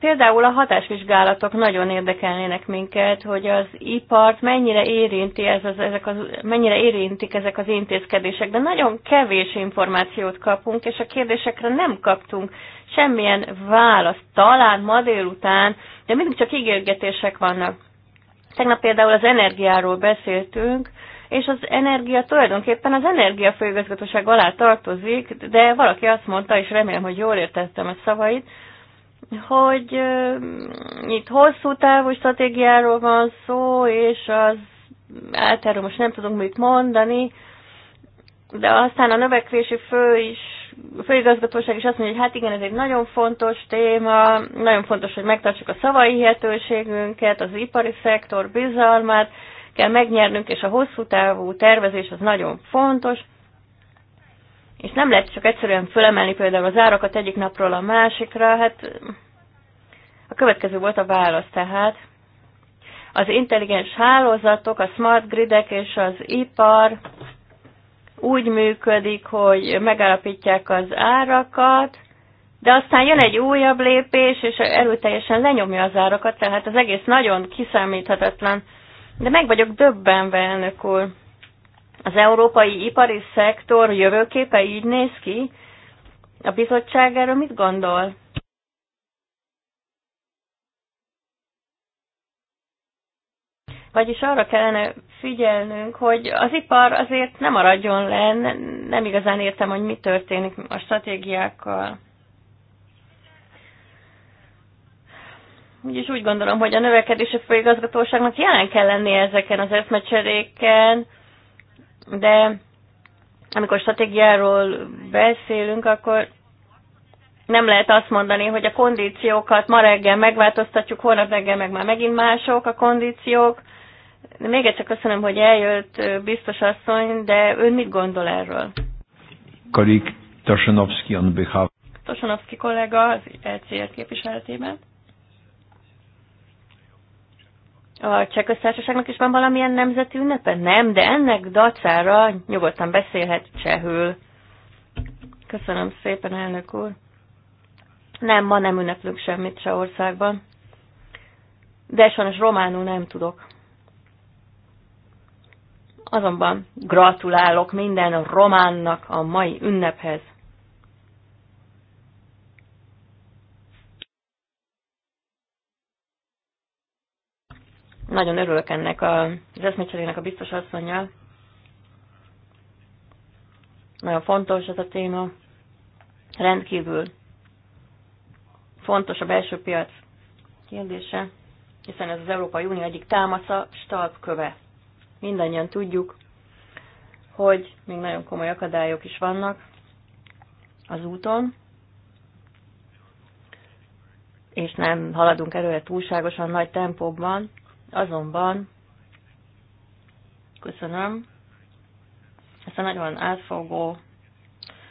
például a hatásvizsgálatok nagyon érdekelnének minket, hogy az ipart mennyire, érinti ez az, ezek az, mennyire érintik ezek az intézkedések, de nagyon kevés információt kapunk, és a kérdésekre nem kaptunk semmilyen választ, talán ma délután, de mindig csak ígérgetések vannak. Tegnap például az energiáról beszéltünk, és az energia tulajdonképpen az energia alá tartozik, de valaki azt mondta, és remélem, hogy jól értettem a szavait, hogy itt hosszú távú stratégiáról van szó, és az általában hát most nem tudunk mit mondani, de aztán a növekvési fő is, a főigazgatóság is azt mondja, hogy hát igen, ez egy nagyon fontos téma, nagyon fontos, hogy megtartsuk a szavai hihetőségünket, az ipari szektor bizalmát, kell megnyernünk, és a hosszú távú tervezés az nagyon fontos és nem lehet csak egyszerűen fölemelni például az árakat egyik napról a másikra, hát a következő volt a válasz tehát. Az intelligens hálózatok, a smart gridek és az ipar úgy működik, hogy megállapítják az árakat, de aztán jön egy újabb lépés, és erőteljesen lenyomja az árakat, tehát az egész nagyon kiszámíthatatlan. De meg vagyok döbbenve, elnök úr. Az európai ipari szektor jövőképe így néz ki? A bizottság erről mit gondol? Vagyis arra kellene figyelnünk, hogy az ipar azért nem maradjon le, nem igazán értem, hogy mi történik a stratégiákkal. Úgyis úgy gondolom, hogy a növekedési főigazgatóságnak jelen kell lennie ezeken az eszmecseréken, de amikor stratégiáról beszélünk, akkor nem lehet azt mondani, hogy a kondíciókat ma reggel megváltoztatjuk, holnap reggel meg már megint mások a kondíciók. Még egyszer köszönöm, hogy eljött biztos asszony, de ön mit gondol erről? Karik Tosanovski on behalf. Tosanovski kollega az ECR képviseletében. a cseh köztársaságnak is van valamilyen nemzeti ünnepe? Nem, de ennek dacára nyugodtan beszélhet csehül. Köszönöm szépen, elnök úr. Nem, ma nem ünneplünk semmit se országban. De sajnos románul nem tudok. Azonban gratulálok minden románnak a mai ünnephez. Nagyon örülök ennek a, az eszmécserének a biztos asszonyjal. Nagyon fontos ez a téma. Rendkívül fontos a belső piac kérdése, hiszen ez az Európai Unió egyik támasza, köve. Mindannyian tudjuk, hogy még nagyon komoly akadályok is vannak az úton, és nem haladunk előre túlságosan nagy tempóban, Azonban, köszönöm ezt a nagyon átfogó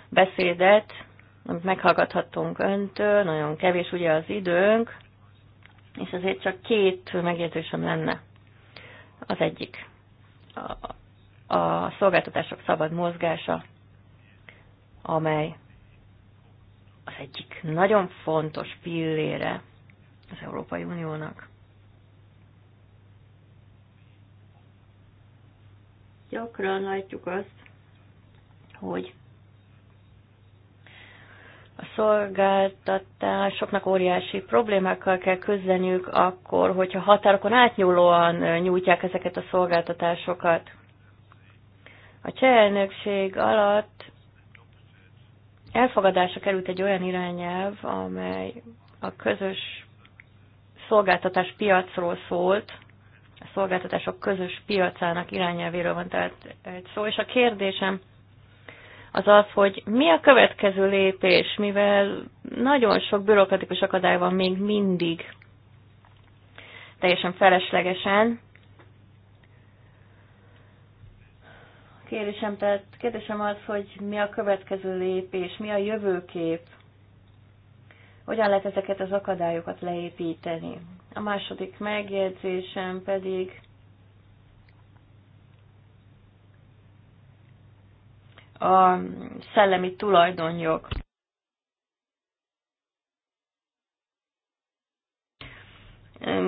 beszédet, amit meghallgathattunk öntől, nagyon kevés ugye az időnk, és azért csak két megjegyzésem lenne. Az egyik, a, a szolgáltatások szabad mozgása, amely az egyik nagyon fontos pillére az Európai Uniónak. Gyakran látjuk azt, hogy a szolgáltatásoknak óriási problémákkal kell küzdeniük akkor, hogyha határokon átnyúlóan nyújtják ezeket a szolgáltatásokat. A cseh elnökség alatt elfogadásra került egy olyan irányelv, amely a közös szolgáltatás piacról szólt, szolgáltatások közös piacának irányelvéről van tehát egy szó, és a kérdésem az az, hogy mi a következő lépés, mivel nagyon sok bürokratikus akadály van még mindig, teljesen feleslegesen. Kérdésem, tehát, kérdésem az, hogy mi a következő lépés, mi a jövőkép, hogyan lehet ezeket az akadályokat leépíteni. A második megjegyzésem pedig a szellemi tulajdonjog.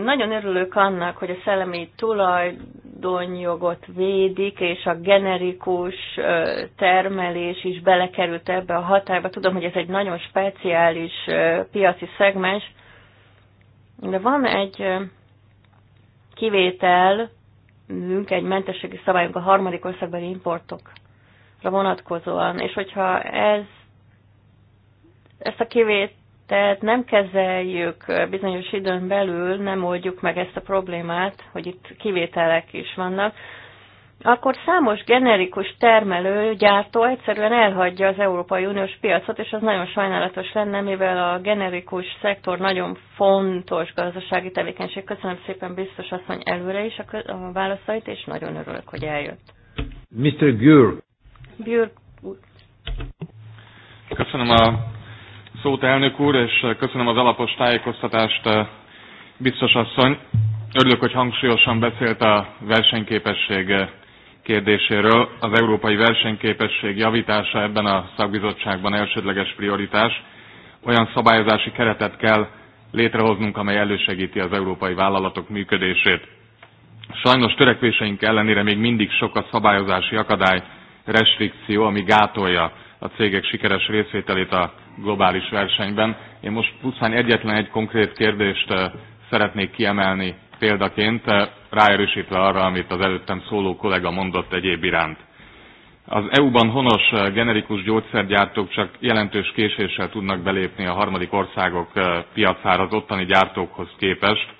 Nagyon örülök annak, hogy a szellemi tulajdonjogot védik, és a generikus termelés is belekerült ebbe a határba. Tudom, hogy ez egy nagyon speciális piaci szegmens, de van egy kivételünk, egy mentességi szabályunk a harmadik országbeli importokra vonatkozóan, és hogyha ez, ezt a kivételt nem kezeljük bizonyos időn belül, nem oldjuk meg ezt a problémát, hogy itt kivételek is vannak, akkor számos generikus termelő, gyártó egyszerűen elhagyja az Európai Uniós piacot, és az nagyon sajnálatos lenne, mivel a generikus szektor nagyon fontos gazdasági tevékenység. Köszönöm szépen biztos asszony előre is a, a válaszait, és nagyon örülök, hogy eljött. Mr. Gür. Gür. Köszönöm a szót, elnök úr, és köszönöm az alapos tájékoztatást, biztos asszony. Örülök, hogy hangsúlyosan beszélt a versenyképesség kérdéséről. Az európai versenyképesség javítása ebben a szakbizottságban elsődleges prioritás. Olyan szabályozási keretet kell létrehoznunk, amely elősegíti az európai vállalatok működését. Sajnos törekvéseink ellenére még mindig sok a szabályozási akadály, restrikció, ami gátolja a cégek sikeres részvételét a globális versenyben. Én most pusztán egyetlen egy konkrét kérdést szeretnék kiemelni példaként ráerősítve arra, amit az előttem szóló kollega mondott egyéb iránt. Az EU-ban honos eh, generikus gyógyszergyártók csak jelentős késéssel tudnak belépni a harmadik országok eh, piacára az ottani gyártókhoz képest,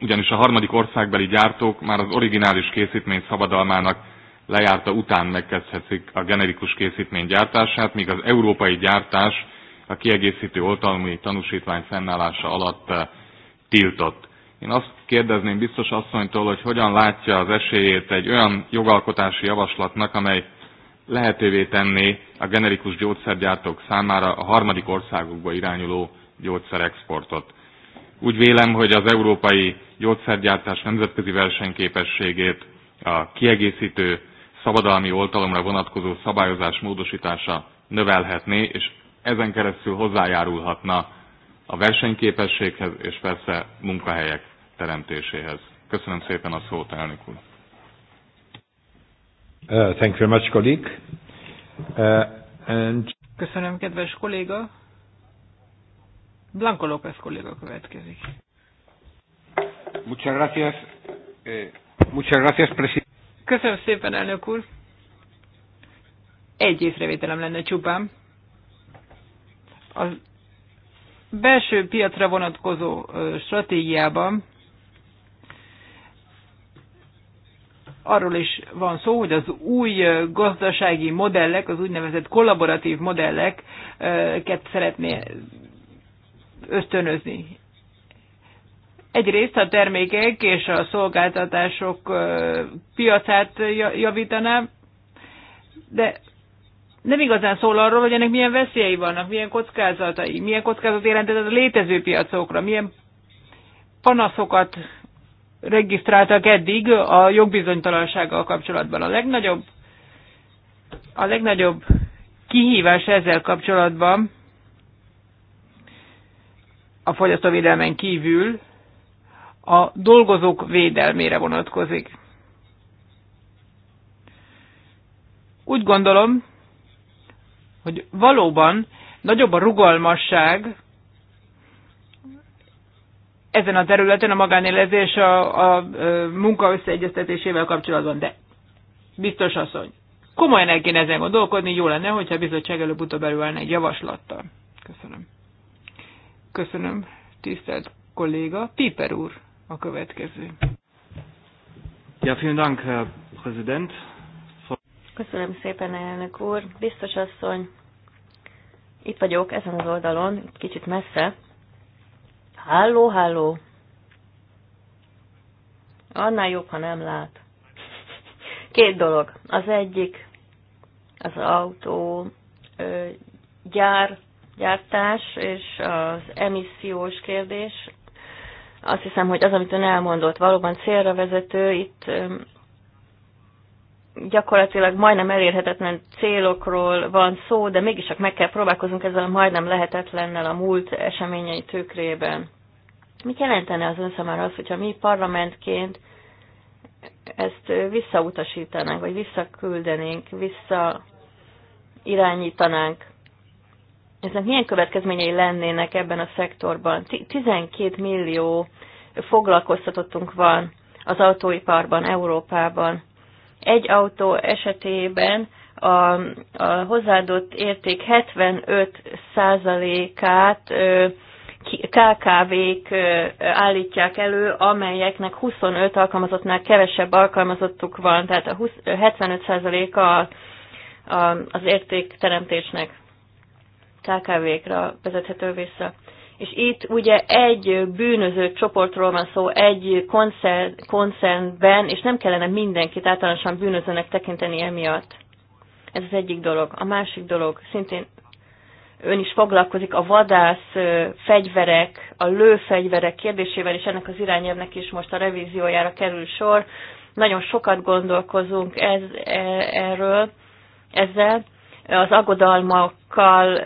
ugyanis a harmadik országbeli gyártók már az originális készítmény szabadalmának lejárta után megkezdhetik a generikus készítmény gyártását, míg az európai gyártás a kiegészítő oltalmi tanúsítvány fennállása alatt eh, tiltott. Én azt kérdezném biztos asszonytól, hogy hogyan látja az esélyét egy olyan jogalkotási javaslatnak, amely lehetővé tenné a generikus gyógyszergyártók számára a harmadik országokba irányuló gyógyszerexportot. Úgy vélem, hogy az európai gyógyszergyártás nemzetközi versenyképességét a kiegészítő szabadalmi oltalomra vonatkozó szabályozás módosítása növelhetné, és ezen keresztül hozzájárulhatna a versenyképességhez és persze munkahelyek teremtéséhez. Köszönöm szépen a szót, elnök úr. Uh, thank you very much, colleague. Uh, and... Köszönöm, kedves kolléga. Blanco López kolléga következik. Muchas gracias. Eh, muchas gracias, presidente. Köszönöm szépen, elnök úr. Egy észrevételem lenne csupán. A belső piacra vonatkozó stratégiában arról is van szó, hogy az új gazdasági modellek, az úgynevezett kollaboratív modelleket szeretné ösztönözni. Egyrészt a termékek és a szolgáltatások piacát javítaná, de nem igazán szól arról, hogy ennek milyen veszélyei vannak, milyen kockázatai, milyen kockázat jelentett a létező piacokra, milyen panaszokat regisztráltak eddig a jogbizonytalansággal kapcsolatban. A legnagyobb, a legnagyobb kihívás ezzel kapcsolatban a fogyasztóvédelmen kívül a dolgozók védelmére vonatkozik. Úgy gondolom, hogy valóban nagyobb a rugalmasság ezen a területen a magánélezés a, a, a munka összeegyeztetésével kapcsolatban. De biztos asszony, komolyan el kéne ezen gondolkodni, jó lenne, hogyha a bizottság előbb-utóbb előállna egy javaslattal. Köszönöm. Köszönöm, tisztelt kolléga. Piper úr a következő. Ja, vielen Dank, Herr Präsident. Köszönöm szépen, elnök úr. Biztos asszony, itt vagyok, ezen az oldalon, kicsit messze, Halló, halló. Annál jobb, ha nem lát. Két dolog. Az egyik az autó ö, gyár, gyártás és az emissziós kérdés. Azt hiszem, hogy az, amit ön elmondott, valóban célra vezető. Itt ö, gyakorlatilag majdnem elérhetetlen célokról van szó, de mégis csak meg kell próbálkozunk ezzel a majdnem lehetetlennel a múlt eseményei tükrében. Mit jelentene az ön számára az, hogyha mi parlamentként ezt visszautasítanánk, vagy visszaküldenénk, vissza irányítanánk? Ezek milyen következményei lennének ebben a szektorban? 12 millió foglalkoztatottunk van az autóiparban, Európában. Egy autó esetében a, a hozzáadott érték 75%-át KKV-k állítják elő, amelyeknek 25 alkalmazottnál kevesebb alkalmazottuk van, tehát a 75%-a az értékteremtésnek KKV-kra vezethető vissza. És itt ugye egy bűnöző csoportról van szó, egy koncern, koncernben, és nem kellene mindenkit általánosan bűnözőnek tekinteni emiatt. Ez az egyik dolog. A másik dolog, szintén ön is foglalkozik a vadász fegyverek, a lőfegyverek kérdésével, és ennek az irányelvnek is most a revíziójára kerül sor. Nagyon sokat gondolkozunk ez, e, erről, ezzel. Az aggodalmakkal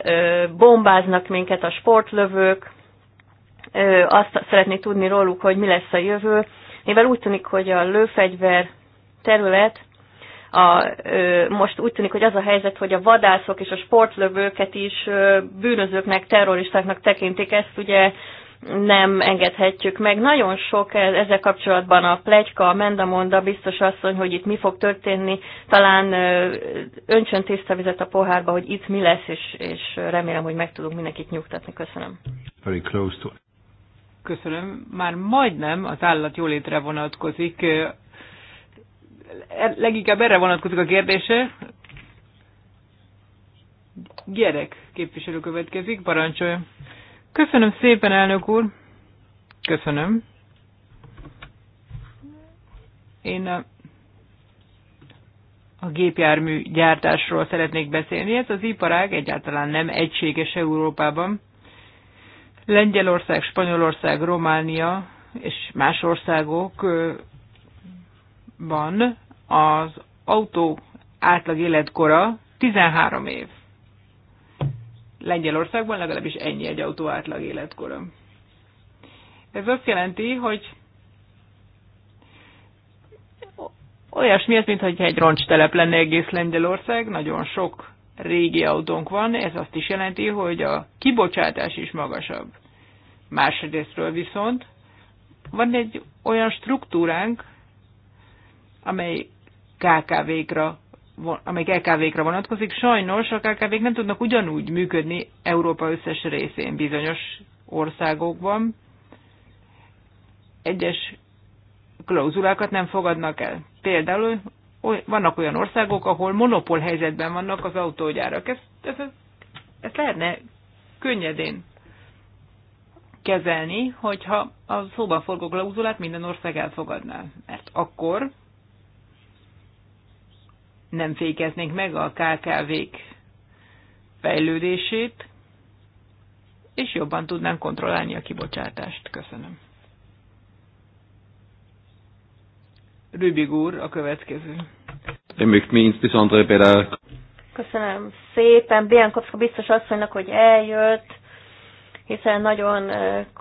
bombáznak minket a sportlövők, azt szeretné tudni róluk, hogy mi lesz a jövő, mivel úgy tűnik, hogy a lőfegyver terület a, most úgy tűnik, hogy az a helyzet, hogy a vadászok és a sportlövőket is bűnözőknek, terroristáknak tekintik, ezt ugye nem engedhetjük meg. Nagyon sok e, ezzel kapcsolatban a plegyka, a mendamonda, biztos asszony, hogy itt mi fog történni, talán öntsön tiszta vizet a pohárba, hogy itt mi lesz, és, és remélem, hogy meg tudunk mindenkit nyugtatni. Köszönöm. Very close to... Köszönöm. Már majdnem az állat jólétre vonatkozik leginkább erre vonatkozik a kérdése. Gyerek képviselő következik, parancsolja. Köszönöm szépen, elnök úr. Köszönöm. Én a, a gépjármű gyártásról szeretnék beszélni. Ez az iparág egyáltalán nem egységes Európában. Lengyelország, Spanyolország, Románia és más országok ban az autó átlag életkora 13 év. Lengyelországban legalábbis ennyi egy autó átlag életkora. Ez azt jelenti, hogy olyasmi ez, mintha egy roncstelep lenne egész Lengyelország, nagyon sok régi autónk van, ez azt is jelenti, hogy a kibocsátás is magasabb. Másrésztről viszont van egy olyan struktúránk, amely KKV-kra amely KKV-kra vonatkozik. Sajnos a KKV-k nem tudnak ugyanúgy működni Európa összes részén bizonyos országokban. Egyes klauzulákat nem fogadnak el. Például vannak olyan országok, ahol monopól helyzetben vannak az autógyárak. Ezt, ezt, ezt lehetne könnyedén kezelni, hogyha a szóban forgó klauzulát minden ország elfogadná. Mert akkor nem fékeznék meg a KKV-k fejlődését, és jobban tudnánk kontrollálni a kibocsátást. Köszönöm. Rübig úr, a következő. Köszönöm szépen Biankovska biztos asszonynak, hogy eljött, hiszen nagyon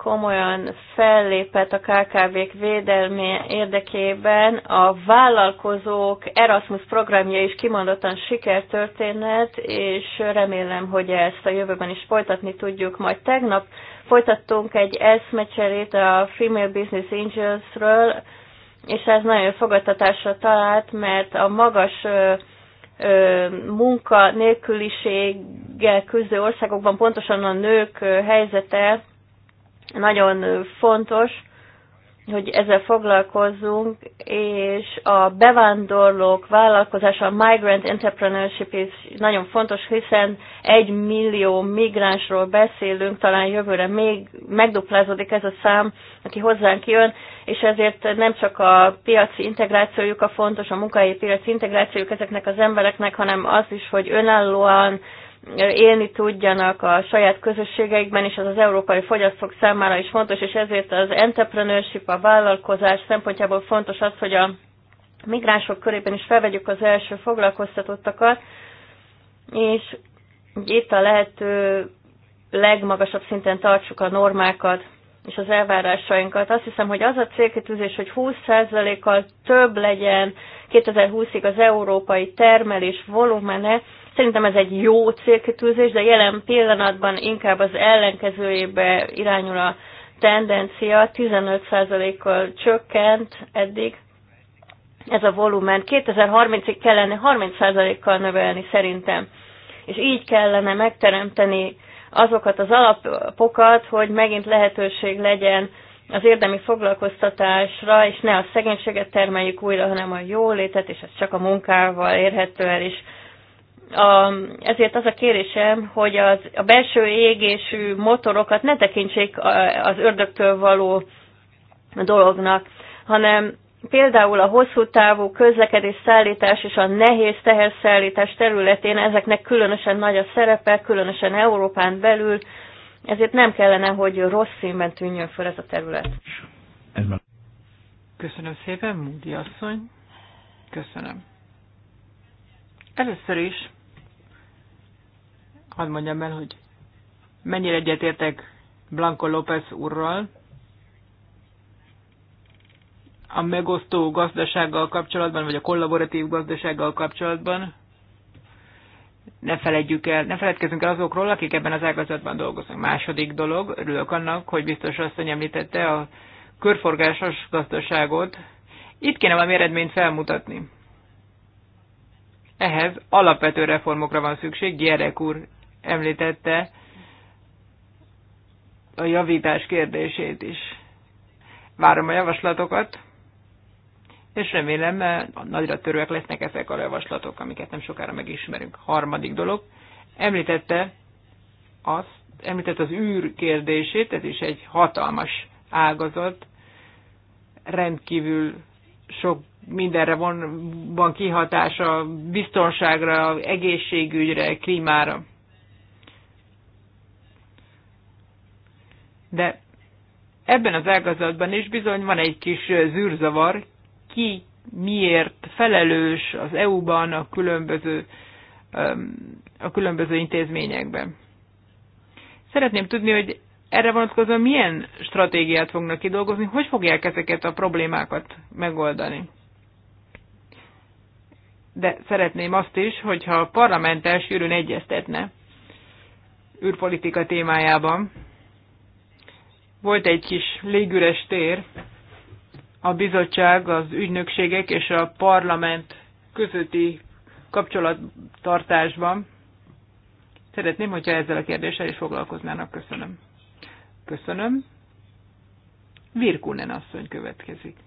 komolyan fellépett a KKV-k védelmi érdekében. A vállalkozók Erasmus programja is kimondottan sikertörténet, és remélem, hogy ezt a jövőben is folytatni tudjuk. Majd tegnap folytattunk egy eszmecserét a Female Business Angels-ről, és ez nagyon fogadtatásra talált, mert a magas munka nélkülisége közül országokban pontosan a nők helyzete nagyon fontos, hogy ezzel foglalkozzunk, és a bevándorlók vállalkozása, a migrant entrepreneurship is nagyon fontos, hiszen egy millió migránsról beszélünk, talán jövőre még megduplázódik ez a szám, aki hozzánk jön, és ezért nem csak a piaci integrációjuk a fontos, a munkahelyi piaci integrációjuk ezeknek az embereknek, hanem az is, hogy önállóan élni tudjanak a saját közösségeikben, és az az európai fogyasztók számára is fontos, és ezért az entrepreneurship, a vállalkozás szempontjából fontos az, hogy a migránsok körében is felvegyük az első foglalkoztatottakat, és itt a lehető legmagasabb szinten tartsuk a normákat és az elvárásainkat. Azt hiszem, hogy az a célkitűzés, hogy 20%-kal több legyen 2020-ig az európai termelés volumene, Szerintem ez egy jó célkitűzés, de jelen pillanatban inkább az ellenkezőjébe irányul a tendencia, 15%-kal csökkent eddig ez a volumen. 2030-ig kellene 30%-kal növelni szerintem. És így kellene megteremteni azokat az alapokat, hogy megint lehetőség legyen az érdemi foglalkoztatásra, és ne a szegénységet termeljük újra, hanem a jólétet, és ez csak a munkával érhető el, és a, ezért az a kérésem, hogy az, a belső égésű motorokat ne tekintsék az ördögtől való dolognak, hanem például a hosszú távú közlekedés szállítás és a nehéz teherszállítás területén ezeknek különösen nagy a szerepe, különösen Európán belül, ezért nem kellene, hogy rossz színben tűnjön föl ez a terület. Köszönöm szépen, Múdi asszony. Köszönöm. Először is hadd mondjam el, hogy mennyire egyetértek Blanco López úrral, a megosztó gazdasággal kapcsolatban, vagy a kollaboratív gazdasággal kapcsolatban, ne felejtjük el, ne feledkezzünk el azokról, akik ebben az ágazatban dolgoznak. Második dolog, örülök annak, hogy biztos asszony említette a körforgásos gazdaságot. Itt kéne valami eredményt felmutatni. Ehhez alapvető reformokra van szükség, Gyerek úr említette a javítás kérdését is. Várom a javaslatokat, és remélem eh, nagyra törőek lesznek ezek a javaslatok, amiket nem sokára megismerünk. Harmadik dolog, említette azt, említett az űr kérdését, ez is egy hatalmas ágazat, rendkívül sok mindenre van, van kihatása, biztonságra, egészségügyre, klímára. De ebben az ágazatban is bizony van egy kis zűrzavar, ki miért felelős az EU-ban a különböző, a különböző intézményekben. Szeretném tudni, hogy erre vonatkozóan milyen stratégiát fognak kidolgozni, hogy fogják ezeket a problémákat megoldani. De szeretném azt is, hogyha a parlamentes sűrűn egyeztetne űrpolitika témájában, volt egy kis légüres tér a bizottság, az ügynökségek és a parlament közötti kapcsolattartásban. Szeretném, hogyha ezzel a kérdéssel is foglalkoznának. Köszönöm. Köszönöm. Virkunen asszony következik.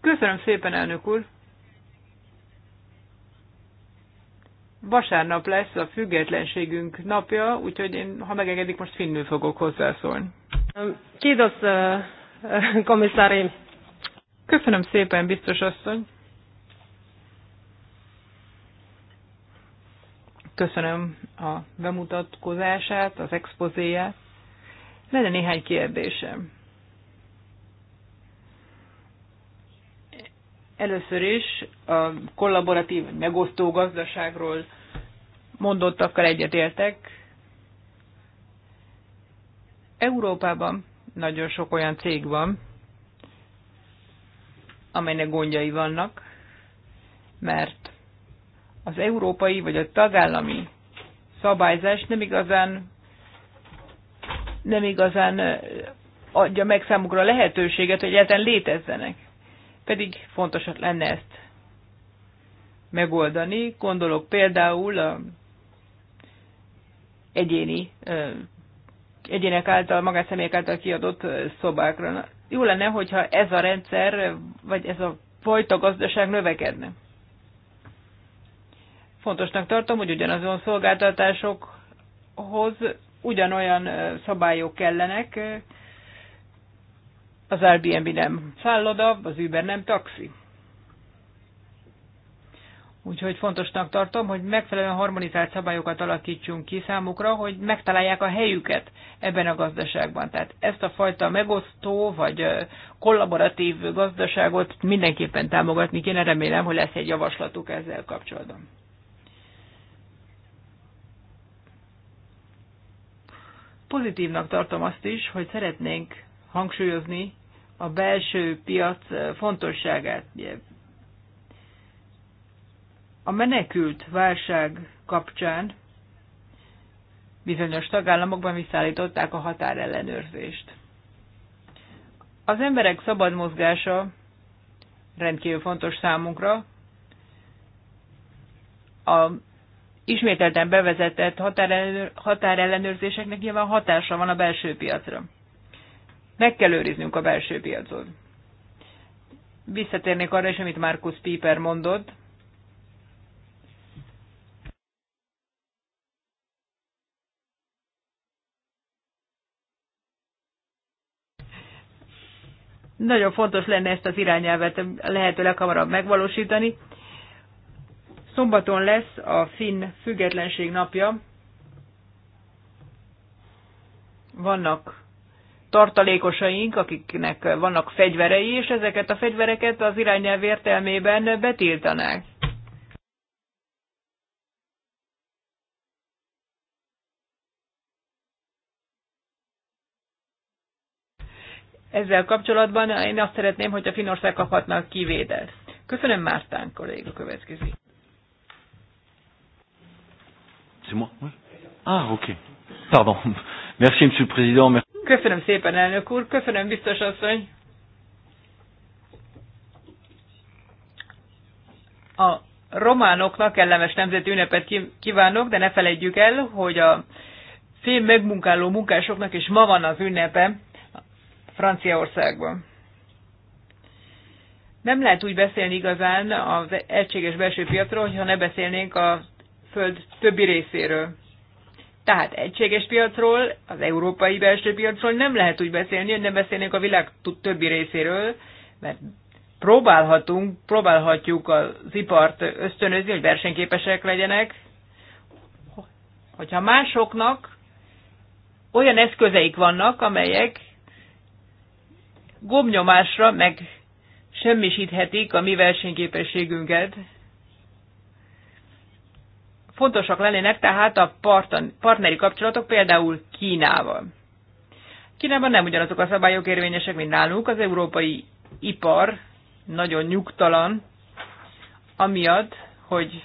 Köszönöm szépen, elnök úr. vasárnap lesz a függetlenségünk napja, úgyhogy én, ha megengedik, most finnül fogok hozzászólni. Um, Kiitos, uh, uh, komisszári. Köszönöm szépen, biztos asszony. Köszönöm a bemutatkozását, az expozéját. Lenne néhány kérdésem. Először is a kollaboratív, megosztó gazdaságról mondottakkal egyetértek. Európában nagyon sok olyan cég van, amelynek gondjai vannak, mert az európai vagy a tagállami szabályzás nem igazán nem igazán adja meg számukra a lehetőséget, hogy egyáltalán létezzenek. Pedig fontos lenne ezt megoldani. Gondolok például a egyéni egyének által, magánszemélyek által kiadott szobákra. Jó lenne, hogyha ez a rendszer, vagy ez a fajta gazdaság növekedne. Fontosnak tartom, hogy ugyanazon szolgáltatásokhoz ugyanolyan szabályok kellenek, az Airbnb nem szálloda, az Uber nem taxi. Úgyhogy fontosnak tartom, hogy megfelelően harmonizált szabályokat alakítsunk ki számukra, hogy megtalálják a helyüket ebben a gazdaságban. Tehát ezt a fajta megosztó vagy kollaboratív gazdaságot mindenképpen támogatni kéne. Remélem, hogy lesz egy javaslatuk ezzel kapcsolatban. Pozitívnak tartom azt is, hogy szeretnénk hangsúlyozni a belső piac fontosságát. A menekült válság kapcsán bizonyos tagállamokban visszaállították a határellenőrzést. Az emberek szabad mozgása rendkívül fontos számunkra. A ismételten bevezetett határellenőrzéseknek nyilván hatása van a belső piacra. Meg kell őriznünk a belső piacot. Visszatérnék arra is, amit Markus Piper mondott. Nagyon fontos lenne ezt az irányelvet lehetőleg hamarabb megvalósítani. Szombaton lesz a Finn függetlenség napja. Vannak tartalékosaink, akiknek vannak fegyverei, és ezeket a fegyvereket az irányelv értelmében betiltanák. ezzel kapcsolatban én azt szeretném, hogy a Finország kaphatnak kivételt. Köszönöm, Mártán kolléga következik. Ah, oké. Okay. Pardon. *laughs* Merci, monsieur le président. Köszönöm szépen, elnök úr. Köszönöm, biztos asszony. A románoknak kellemes nemzeti ünnepet kívánok, de ne felejtjük el, hogy a fém megmunkáló munkásoknak is ma van az ünnepe. Franciaországban. Nem lehet úgy beszélni igazán az egységes belső piacról, hogyha ne beszélnénk a föld többi részéről. Tehát egységes piacról, az európai belső piacról nem lehet úgy beszélni, hogy nem beszélnénk a világ többi részéről, mert próbálhatunk, próbálhatjuk az ipart ösztönözni, hogy versenyképesek legyenek, hogyha másoknak olyan eszközeik vannak, amelyek gombnyomásra meg semmisíthetik a mi versenyképességünket. Fontosak lennének tehát a partneri kapcsolatok például Kínával. Kínában nem ugyanazok a szabályok érvényesek, mint nálunk. Az európai ipar nagyon nyugtalan, amiatt, hogy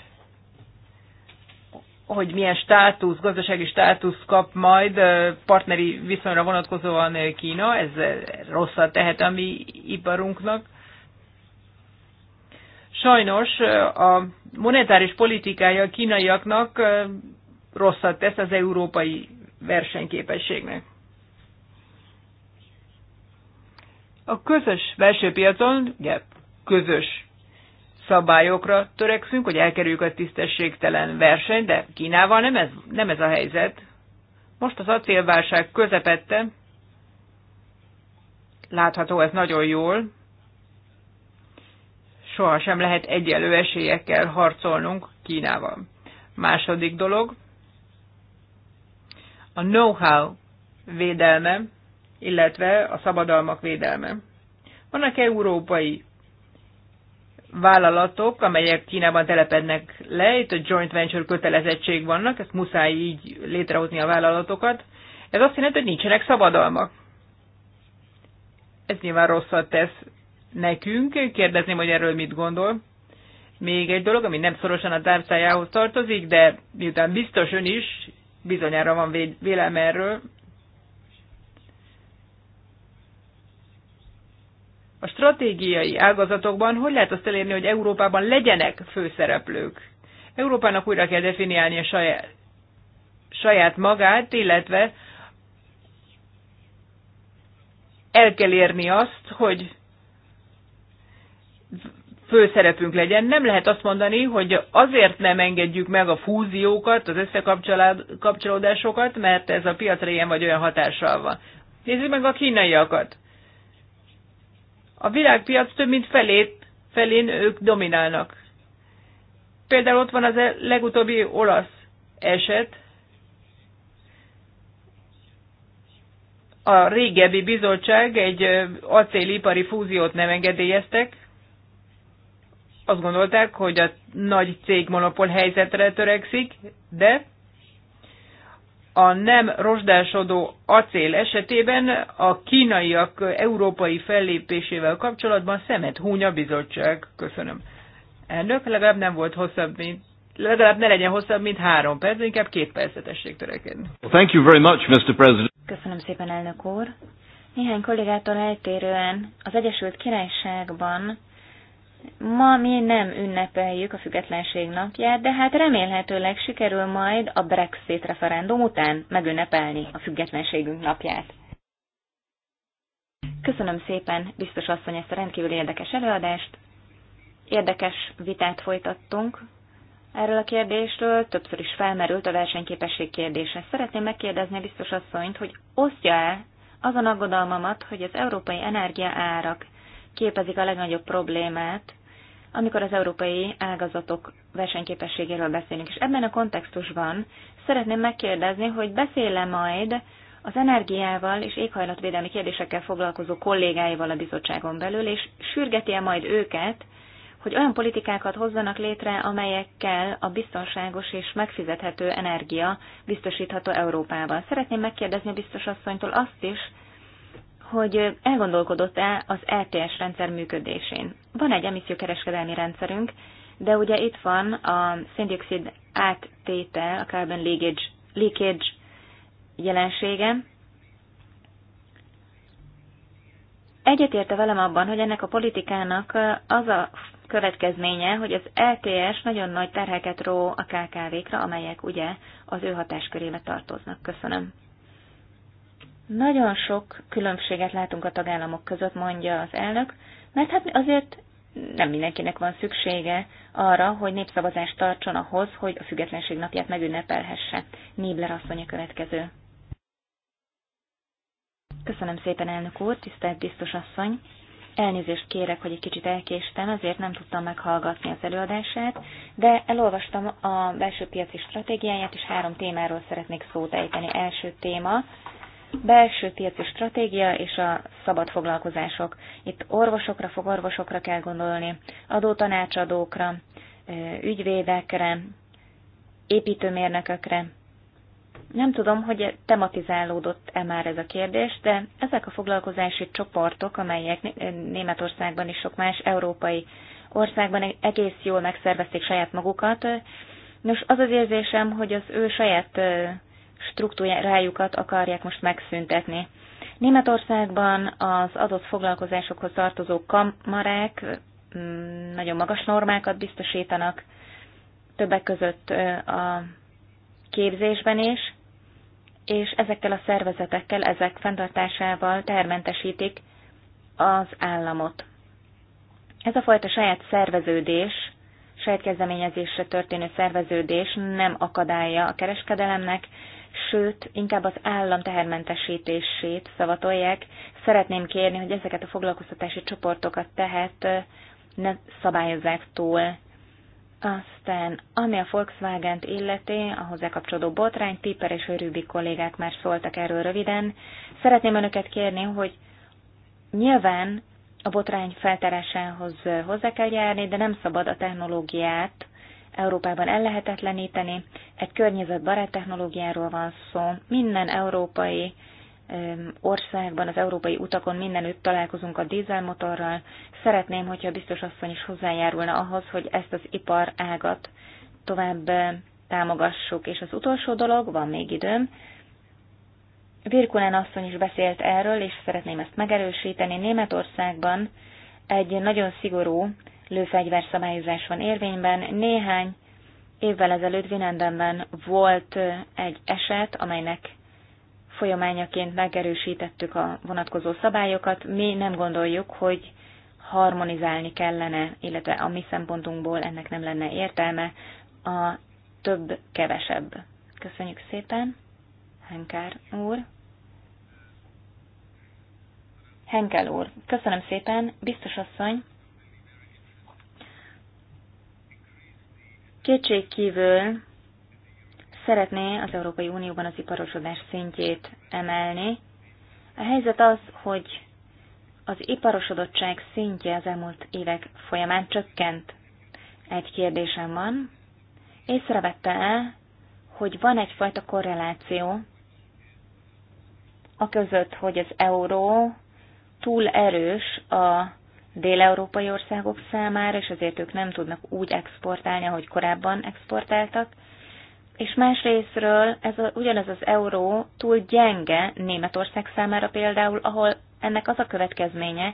hogy milyen státusz, gazdasági státusz kap majd partneri viszonyra vonatkozóan Kína, ez rosszat tehet a mi iparunknak. Sajnos a monetáris politikája a kínaiaknak rosszat tesz az európai versenyképességnek. A közös belső piacon, ugye közös szabályokra törekszünk, hogy elkerüljük a tisztességtelen versenyt, de Kínával nem ez, nem ez a helyzet. Most az acélválság közepette, látható ez nagyon jól, soha sem lehet egyenlő esélyekkel harcolnunk Kínával. Második dolog, a know-how védelme, illetve a szabadalmak védelme. Vannak európai vállalatok, amelyek Kínában telepednek le, itt a joint venture kötelezettség vannak, ezt muszáj így létrehozni a vállalatokat. Ez azt jelenti, hogy nincsenek szabadalmak. Ez nyilván rosszat tesz nekünk, kérdezném, hogy erről mit gondol. Még egy dolog, ami nem szorosan a tárcájához tartozik, de miután biztos ön is, bizonyára van vélem erről, a stratégiai ágazatokban hogy lehet azt elérni, hogy Európában legyenek főszereplők? Európának újra kell definiálni a saját, saját magát, illetve el kell érni azt, hogy főszerepünk legyen. Nem lehet azt mondani, hogy azért nem engedjük meg a fúziókat, az összekapcsolódásokat, mert ez a piacra ilyen vagy olyan hatással van. Nézzük meg a kínaiakat. A világpiac több mint felét, felén ők dominálnak. Például ott van az e- legutóbbi olasz eset, a régebbi bizottság egy acélipari fúziót nem engedélyeztek. Azt gondolták, hogy a nagy cég monopól helyzetre törekszik, de a nem rozsdásodó acél esetében a kínaiak európai fellépésével kapcsolatban szemet húny a bizottság. Köszönöm. Elnök, legalább nem volt hosszabb, mint legalább ne legyen hosszabb, mint három perc, inkább két percet essék törekedni. Well, thank you very much, Mr. President. Köszönöm szépen, elnök úr. Néhány kollégától eltérően az Egyesült Királyságban Ma mi nem ünnepeljük a függetlenség napját, de hát remélhetőleg sikerül majd a Brexit referendum után megünnepelni a függetlenségünk napját. Köszönöm szépen, biztos asszony, ezt a rendkívül érdekes előadást. Érdekes vitát folytattunk erről a kérdésről, többször is felmerült a versenyképesség kérdése. Szeretném megkérdezni a biztos asszonyt, hogy osztja-e azon aggodalmamat, hogy az európai energia árak képezik a legnagyobb problémát, amikor az európai ágazatok versenyképességéről beszélünk. És ebben a kontextusban szeretném megkérdezni, hogy beszélem majd az energiával és éghajlatvédelmi kérdésekkel foglalkozó kollégáival a bizottságon belül, és sürgeti-e majd őket, hogy olyan politikákat hozzanak létre, amelyekkel a biztonságos és megfizethető energia biztosítható Európában. Szeretném megkérdezni a biztos asszonytól azt is, hogy elgondolkodott-e az LTS rendszer működésén. Van egy emissziókereskedelmi rendszerünk, de ugye itt van a széndiokszid áttétel, a carbon leakage, leakage jelensége. Egyetérte velem abban, hogy ennek a politikának az a következménye, hogy az LTS nagyon nagy terheket ró a KKV-kra, amelyek ugye az ő hatáskörébe tartoznak. Köszönöm. Nagyon sok különbséget látunk a tagállamok között, mondja az elnök, mert hát azért nem mindenkinek van szüksége arra, hogy népszavazást tartson ahhoz, hogy a függetlenség napját megünnepelhesse. Nébler asszony a következő. Köszönöm szépen, elnök úr, tisztelt biztos asszony. Elnézést kérek, hogy egy kicsit elkéstem, ezért nem tudtam meghallgatni az előadását, de elolvastam a belső piaci stratégiáját, és három témáról szeretnék szót ejteni. Első téma belső piaci stratégia és a szabad foglalkozások. Itt orvosokra, fogorvosokra kell gondolni, adótanácsadókra, ügyvédekre, építőmérnökökre. Nem tudom, hogy tematizálódott-e már ez a kérdés, de ezek a foglalkozási csoportok, amelyek Németországban és sok más európai országban e-, egész jól megszervezték saját magukat, nos, az az érzésem, hogy az ő saját struktúrájukat akarják most megszüntetni. Németországban az adott foglalkozásokhoz tartozó kamarák mm, nagyon magas normákat biztosítanak, többek között a képzésben is, és ezekkel a szervezetekkel, ezek fenntartásával termentesítik az államot. Ez a fajta saját szerveződés, saját kezdeményezésre történő szerveződés nem akadálya a kereskedelemnek, sőt, inkább az állam tehermentesítését szavatolják. Szeretném kérni, hogy ezeket a foglalkoztatási csoportokat tehet ne szabályozzák túl. Aztán, ami a Volkswagen-t illeti, a hozzá kapcsolódó botrány, Piper és Rübi kollégák már szóltak erről röviden. Szeretném önöket kérni, hogy nyilván a botrány feltárásához hozzá kell járni, de nem szabad a technológiát Európában ellehetetleníteni. Egy környezetbarát technológiáról van szó. Minden európai országban, az európai utakon mindenütt találkozunk a dízelmotorral. Szeretném, hogyha a biztos asszony is hozzájárulna ahhoz, hogy ezt az ipar ágat tovább eh, támogassuk. És az utolsó dolog, van még időm, Virkulán asszony is beszélt erről, és szeretném ezt megerősíteni. Németországban egy nagyon szigorú lőfegyverszabályozás van érvényben. Néhány évvel ezelőtt Vinendenben volt egy eset, amelynek folyamányaként megerősítettük a vonatkozó szabályokat. Mi nem gondoljuk, hogy harmonizálni kellene, illetve a mi szempontunkból ennek nem lenne értelme, a több-kevesebb. Köszönjük szépen, Henkár úr. Henkel úr, köszönöm szépen, biztos asszony. Kétség kívül szeretné az Európai Unióban az iparosodás szintjét emelni. A helyzet az, hogy az iparosodottság szintje az elmúlt évek folyamán csökkent. Egy kérdésem van. Észrevette-e, hogy van egyfajta korreláció a között, hogy az euró túl erős a dél-európai országok számára, és azért ők nem tudnak úgy exportálni, ahogy korábban exportáltak. És más részről ez a, ugyanez az euró túl gyenge Németország számára például, ahol ennek az a következménye,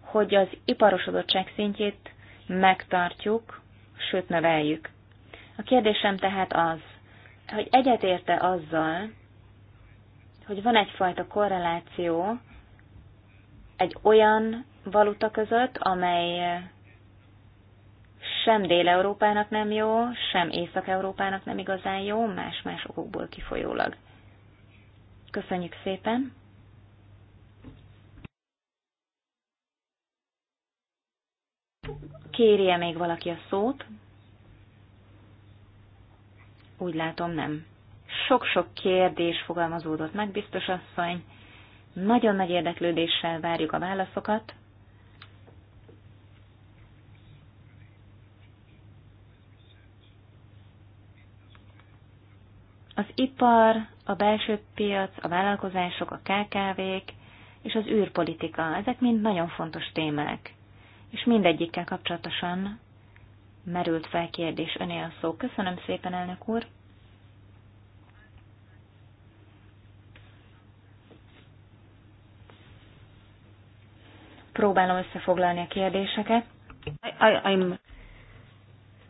hogy az iparosodottság szintjét megtartjuk, sőt növeljük. A kérdésem tehát az, hogy egyetérte azzal, hogy van egyfajta korreláció egy olyan valuta között, amely sem Dél-Európának nem jó, sem Észak-Európának nem igazán jó, más-más okokból kifolyólag. Köszönjük szépen! Kérje még valaki a szót? Úgy látom, nem. Sok-sok kérdés fogalmazódott meg, biztos asszony. Nagyon nagy érdeklődéssel várjuk a válaszokat. Az ipar, a belső piac, a vállalkozások, a KKV-k és az űrpolitika, ezek mind nagyon fontos témák. És mindegyikkel kapcsolatosan merült fel kérdés öné a szó. Köszönöm szépen, elnök úr! Próbálom összefoglalni a kérdéseket. I, I, I'm...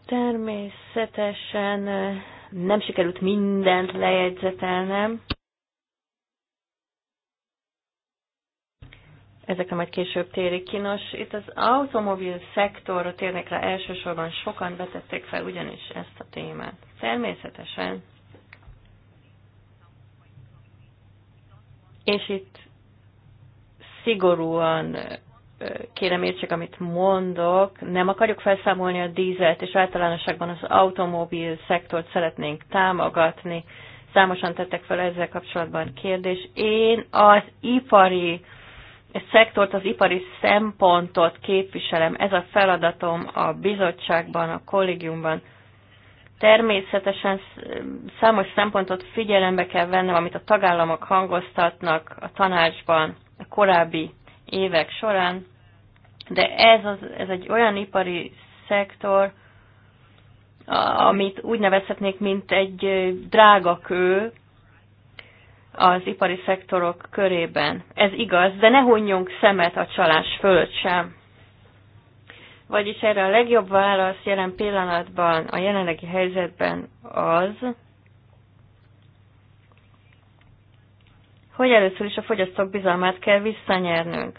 Természetesen nem sikerült mindent lejegyzetelnem. Ezekre majd később térik ki. Nos, itt az automobil szektorra térnek rá elsősorban sokan betették fel ugyanis ezt a témát. Természetesen. És itt szigorúan kérem értsék, amit mondok, nem akarjuk felszámolni a dízelt, és általánosságban az automobil szektort szeretnénk támogatni. Számosan tettek fel ezzel kapcsolatban kérdés. Én az ipari szektort, az ipari szempontot képviselem. Ez a feladatom a bizottságban, a kollégiumban. Természetesen számos szempontot figyelembe kell vennem, amit a tagállamok hangoztatnak a tanácsban, a korábbi évek során, de ez, az, ez egy olyan ipari szektor, amit úgy nevezhetnék, mint egy drága kő az ipari szektorok körében. Ez igaz, de ne hunjunk szemet a csalás fölött sem. Vagyis erre a legjobb válasz jelen pillanatban, a jelenlegi helyzetben az, hogy először is a fogyasztók bizalmát kell visszanyernünk.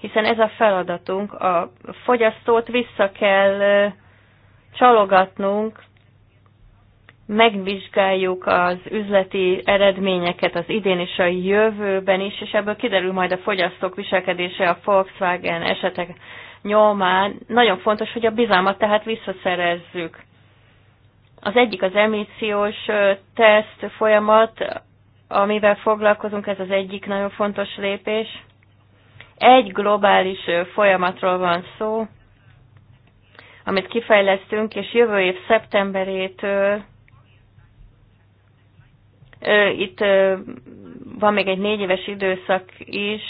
Hiszen ez a feladatunk, a fogyasztót vissza kell csalogatnunk, megvizsgáljuk az üzleti eredményeket az idén és a jövőben is, és ebből kiderül majd a fogyasztók viselkedése a Volkswagen esetek nyomán. Nagyon fontos, hogy a bizalmat tehát visszaszerezzük. Az egyik az emíciós teszt folyamat, amivel foglalkozunk, ez az egyik nagyon fontos lépés. Egy globális folyamatról van szó, amit kifejlesztünk, és jövő év szeptemberétől itt van még egy négy éves időszak is,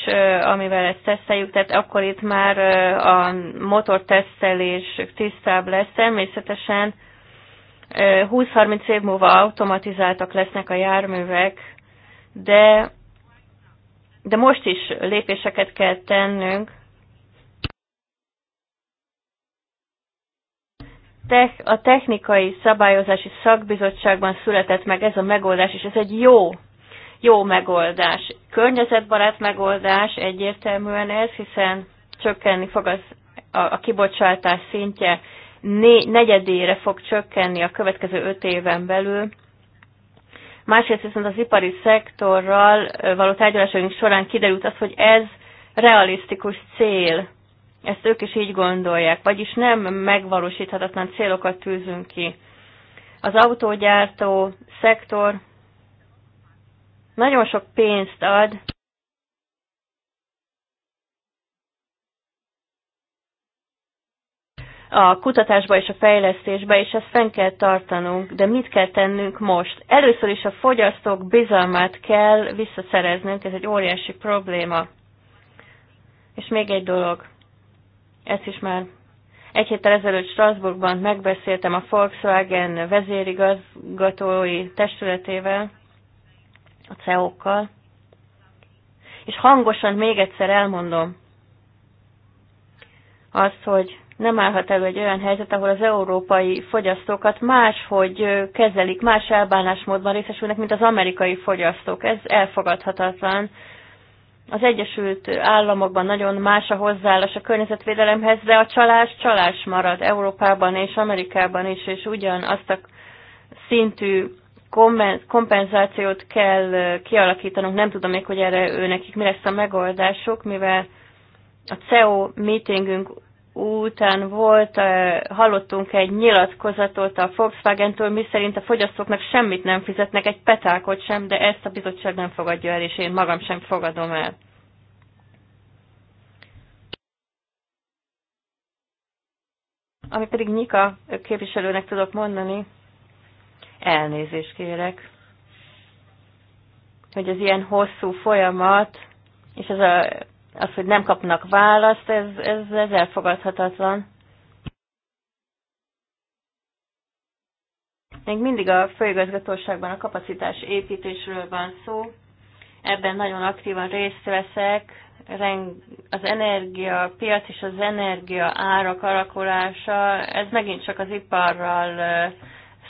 amivel ezt teszteljük, tehát akkor itt már a motortesztelés tisztább lesz. Természetesen 20-30 év múlva automatizáltak lesznek a járművek, de, de most is lépéseket kell tennünk, a technikai szabályozási szakbizottságban született meg ez a megoldás, és ez egy jó, jó megoldás. Környezetbarát megoldás egyértelműen ez, hiszen csökkenni fog az, a, a kibocsátás szintje né, negyedére fog csökkenni a következő öt éven belül, Másrészt viszont az ipari szektorral való tárgyalásaink során kiderült az, hogy ez realisztikus cél. Ezt ők is így gondolják, vagyis nem megvalósíthatatlan célokat tűzünk ki. Az autógyártó szektor nagyon sok pénzt ad, a kutatásba és a fejlesztésbe, és ezt fenn kell tartanunk. De mit kell tennünk most? Először is a fogyasztók bizalmát kell visszaszereznünk, ez egy óriási probléma. És még egy dolog, ezt is már egy héttel ezelőtt Strasbourgban megbeszéltem a Volkswagen vezérigazgatói testületével, a CEO-kkal, és hangosan még egyszer elmondom azt, hogy nem állhat elő egy olyan helyzet, ahol az európai fogyasztókat máshogy kezelik, más elbánásmódban részesülnek, mint az amerikai fogyasztók. Ez elfogadhatatlan. Az Egyesült Államokban nagyon más a hozzáállás a környezetvédelemhez, de a csalás csalás marad Európában és Amerikában is, és ugyanazt a szintű kompenzációt kell kialakítanunk. Nem tudom még, hogy erre őnekik mi lesz a megoldásuk, mivel a CEO meetingünk után volt, hallottunk egy nyilatkozatot a Volkswagen-től, miszerint a fogyasztóknak semmit nem fizetnek, egy petákot sem, de ezt a bizottság nem fogadja el, és én magam sem fogadom el. Ami pedig Nika képviselőnek tudok mondani, elnézést kérek, hogy az ilyen hosszú folyamat, és ez a az, hogy nem kapnak választ, ez, ez, ez elfogadhatatlan. Még mindig a főigazgatóságban a kapacitás építésről van szó. Ebben nagyon aktívan részt veszek. Az energia piac és az energia árak alakulása, ez megint csak az iparral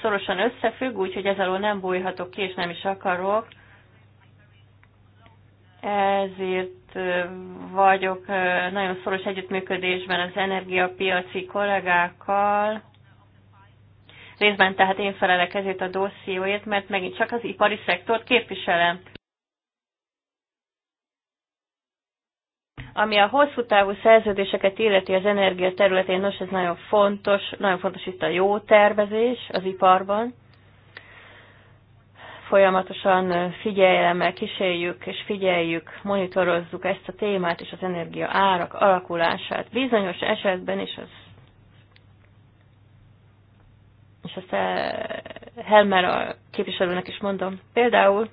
szorosan összefügg, úgyhogy ez alól nem bújhatok ki, és nem is akarok. Ezért vagyok nagyon szoros együttműködésben az energiapiaci kollégákkal, részben tehát én felelek ezért a dosszióért, mert megint csak az ipari szektort képviselem. Ami a hosszú távú szerződéseket illeti az energia területén, nos, ez nagyon fontos, nagyon fontos itt a jó tervezés az iparban folyamatosan figyelemmel kísérjük és figyeljük, monitorozzuk ezt a témát és az energia árak alakulását. Bizonyos esetben is az és azt Helmer a képviselőnek is mondom. Például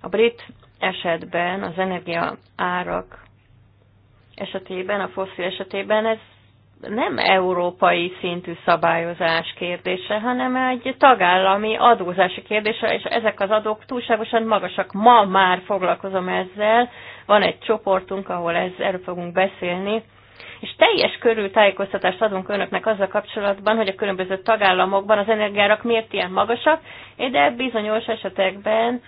a brit esetben az energia árak esetében, a foszil esetében ez nem európai szintű szabályozás kérdése, hanem egy tagállami adózási kérdése, és ezek az adók túlságosan magasak. Ma már foglalkozom ezzel, van egy csoportunk, ahol ez, erről fogunk beszélni, és teljes körű tájékoztatást adunk önöknek azzal kapcsolatban, hogy a különböző tagállamokban az energiárak miért ilyen magasak, de bizonyos esetekben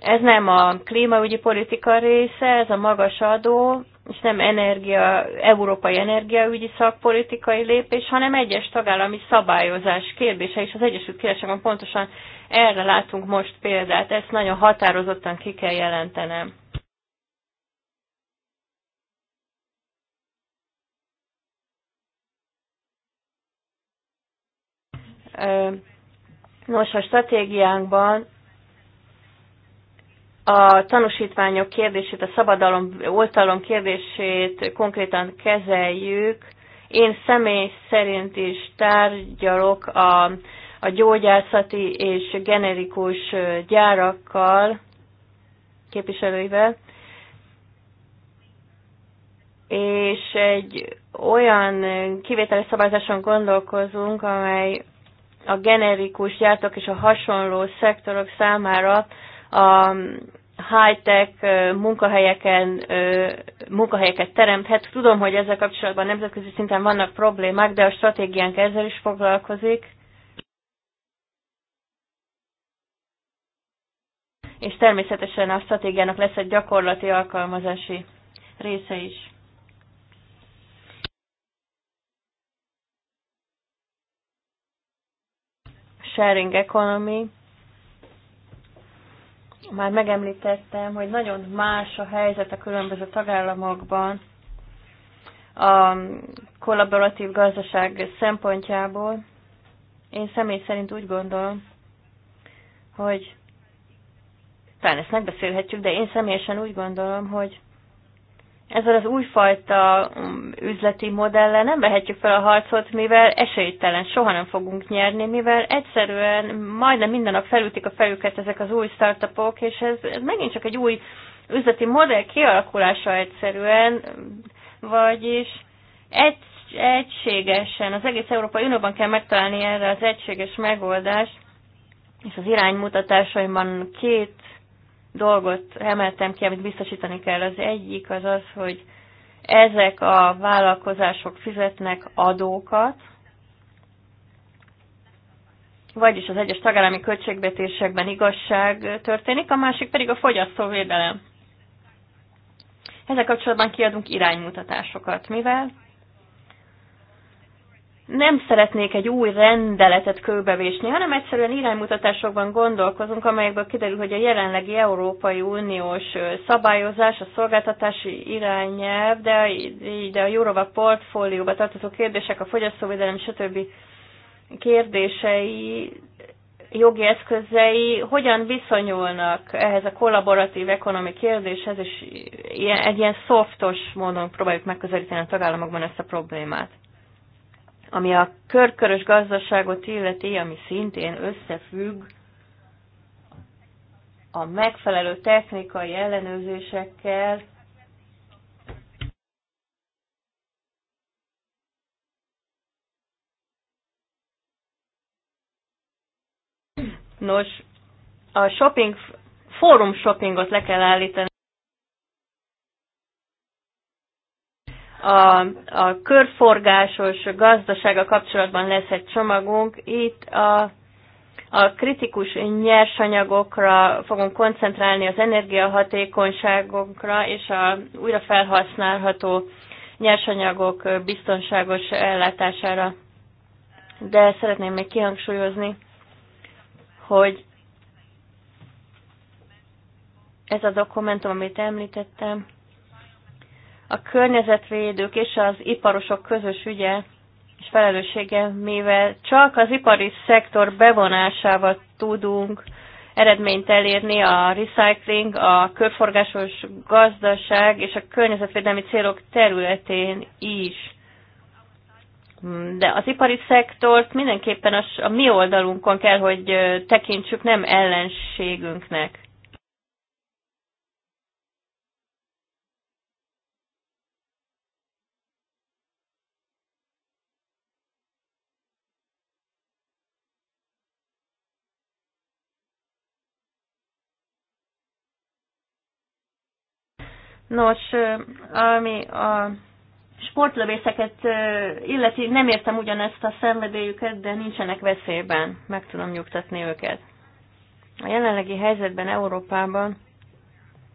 ez nem a klímaügyi politika része, ez a magas adó, és nem energia, európai energiaügyi szakpolitikai lépés, hanem egyes tagállami szabályozás kérdése, és az Egyesült Királyságban pontosan erre látunk most példát, ezt nagyon határozottan ki kell jelentenem. Nos, a stratégiánkban a tanúsítványok kérdését, a szabadalom, oltalom kérdését konkrétan kezeljük. Én személy szerint is tárgyalok a, a gyógyászati és generikus gyárakkal, képviselőivel, és egy olyan kivételes szabályzáson gondolkozunk, amely a generikus gyártók és a hasonló szektorok számára a high-tech munkahelyeken, munkahelyeket teremthet. Tudom, hogy ezzel kapcsolatban nemzetközi szinten vannak problémák, de a stratégiánk ezzel is foglalkozik. És természetesen a stratégiának lesz egy gyakorlati alkalmazási része is. Sharing economy. Már megemlítettem, hogy nagyon más a helyzet a különböző tagállamokban a kollaboratív gazdaság szempontjából. Én személy szerint úgy gondolom, hogy talán ezt megbeszélhetjük, de én személyesen úgy gondolom, hogy ezzel az újfajta mm, üzleti modellel nem vehetjük fel a harcot, mivel esélytelen, soha nem fogunk nyerni, mivel egyszerűen majdnem minden nap felütik a fejüket ezek az új startupok, és ez, ez megint csak egy új üzleti modell kialakulása egyszerűen, vagyis egy, egységesen, az egész Európai Unióban kell megtalálni erre az egységes megoldást, és az iránymutatásaimban két dolgot emeltem ki, amit biztosítani kell. Az egyik az az, hogy ezek a vállalkozások fizetnek adókat, vagyis az egyes tagállami költségvetésekben igazság történik, a másik pedig a fogyasztóvédelem. Ezzel kapcsolatban kiadunk iránymutatásokat, mivel nem szeretnék egy új rendeletet kőbevésni, hanem egyszerűen iránymutatásokban gondolkozunk, amelyekből kiderül, hogy a jelenlegi Európai Uniós szabályozás, a szolgáltatási irányelv, de, de a Jurova portfólióba tartozó kérdések, a fogyasztóvédelem, stb. kérdései, jogi eszközei hogyan viszonyulnak ehhez a kollaboratív ekonomi kérdéshez, és egy ilyen szoftos módon próbáljuk megközelíteni a tagállamokban ezt a problémát. Ami a körkörös gazdaságot illeti, ami szintén összefügg a megfelelő technikai ellenőrzésekkel, Nos, a shopping, fórum shoppingot le kell állítani. a, a körforgásos gazdasága kapcsolatban lesz egy csomagunk. Itt a, a kritikus nyersanyagokra fogunk koncentrálni, az energiahatékonyságokra és a újrafelhasználható nyersanyagok biztonságos ellátására. De szeretném még kihangsúlyozni, hogy ez a dokumentum, amit említettem, a környezetvédők és az iparosok közös ügye és felelőssége, mivel csak az ipari szektor bevonásával tudunk eredményt elérni a recycling, a körforgásos gazdaság és a környezetvédelmi célok területén is. De az ipari szektort mindenképpen a, a mi oldalunkon kell, hogy tekintsük nem ellenségünknek. Nos, ami a sportlövészeket illeti, nem értem ugyanezt a szenvedélyüket, de nincsenek veszélyben. Meg tudom nyugtatni őket. A jelenlegi helyzetben Európában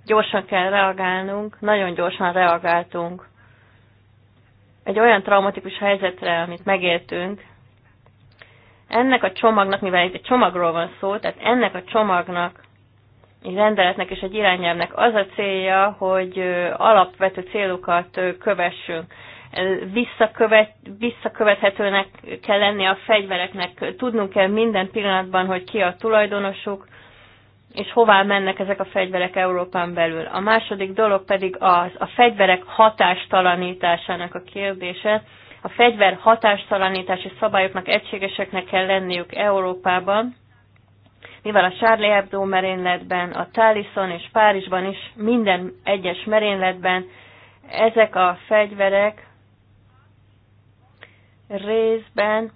gyorsan kell reagálnunk, nagyon gyorsan reagáltunk egy olyan traumatikus helyzetre, amit megéltünk. Ennek a csomagnak, mivel itt egy csomagról van szó, tehát ennek a csomagnak rendeletnek és egy irányelvnek az a célja, hogy alapvető célokat kövessünk. Visszakövet, visszakövethetőnek kell lenni a fegyvereknek, tudnunk kell minden pillanatban, hogy ki a tulajdonosuk, és hová mennek ezek a fegyverek Európán belül. A második dolog pedig az a fegyverek hatástalanításának a kérdése. A fegyver hatástalanítási szabályoknak egységeseknek kell lenniük Európában, mivel a Charlie Hebdo merényletben, a Talison és Párizsban is minden egyes merényletben ezek a fegyverek részben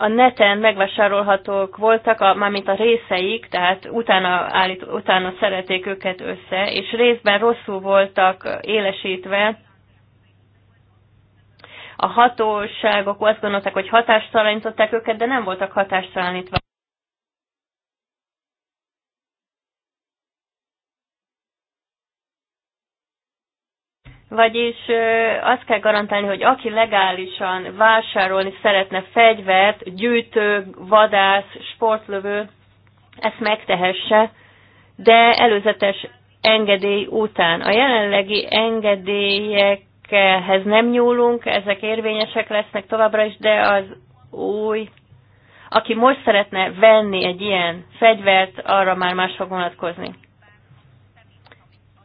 a neten megvásárolhatók voltak, a, mármint a részeik, tehát utána, állít, utána szerették őket össze, és részben rosszul voltak élesítve, a hatóságok azt gondolták, hogy hatástalanították őket, de nem voltak hatástalanítva. Vagyis azt kell garantálni, hogy aki legálisan vásárolni szeretne fegyvert, gyűjtő, vadász, sportlövő, ezt megtehesse, de előzetes engedély után. A jelenlegi engedélyek ezekhez nem nyúlunk, ezek érvényesek lesznek továbbra is, de az új, aki most szeretne venni egy ilyen fegyvert, arra már más fog vonatkozni.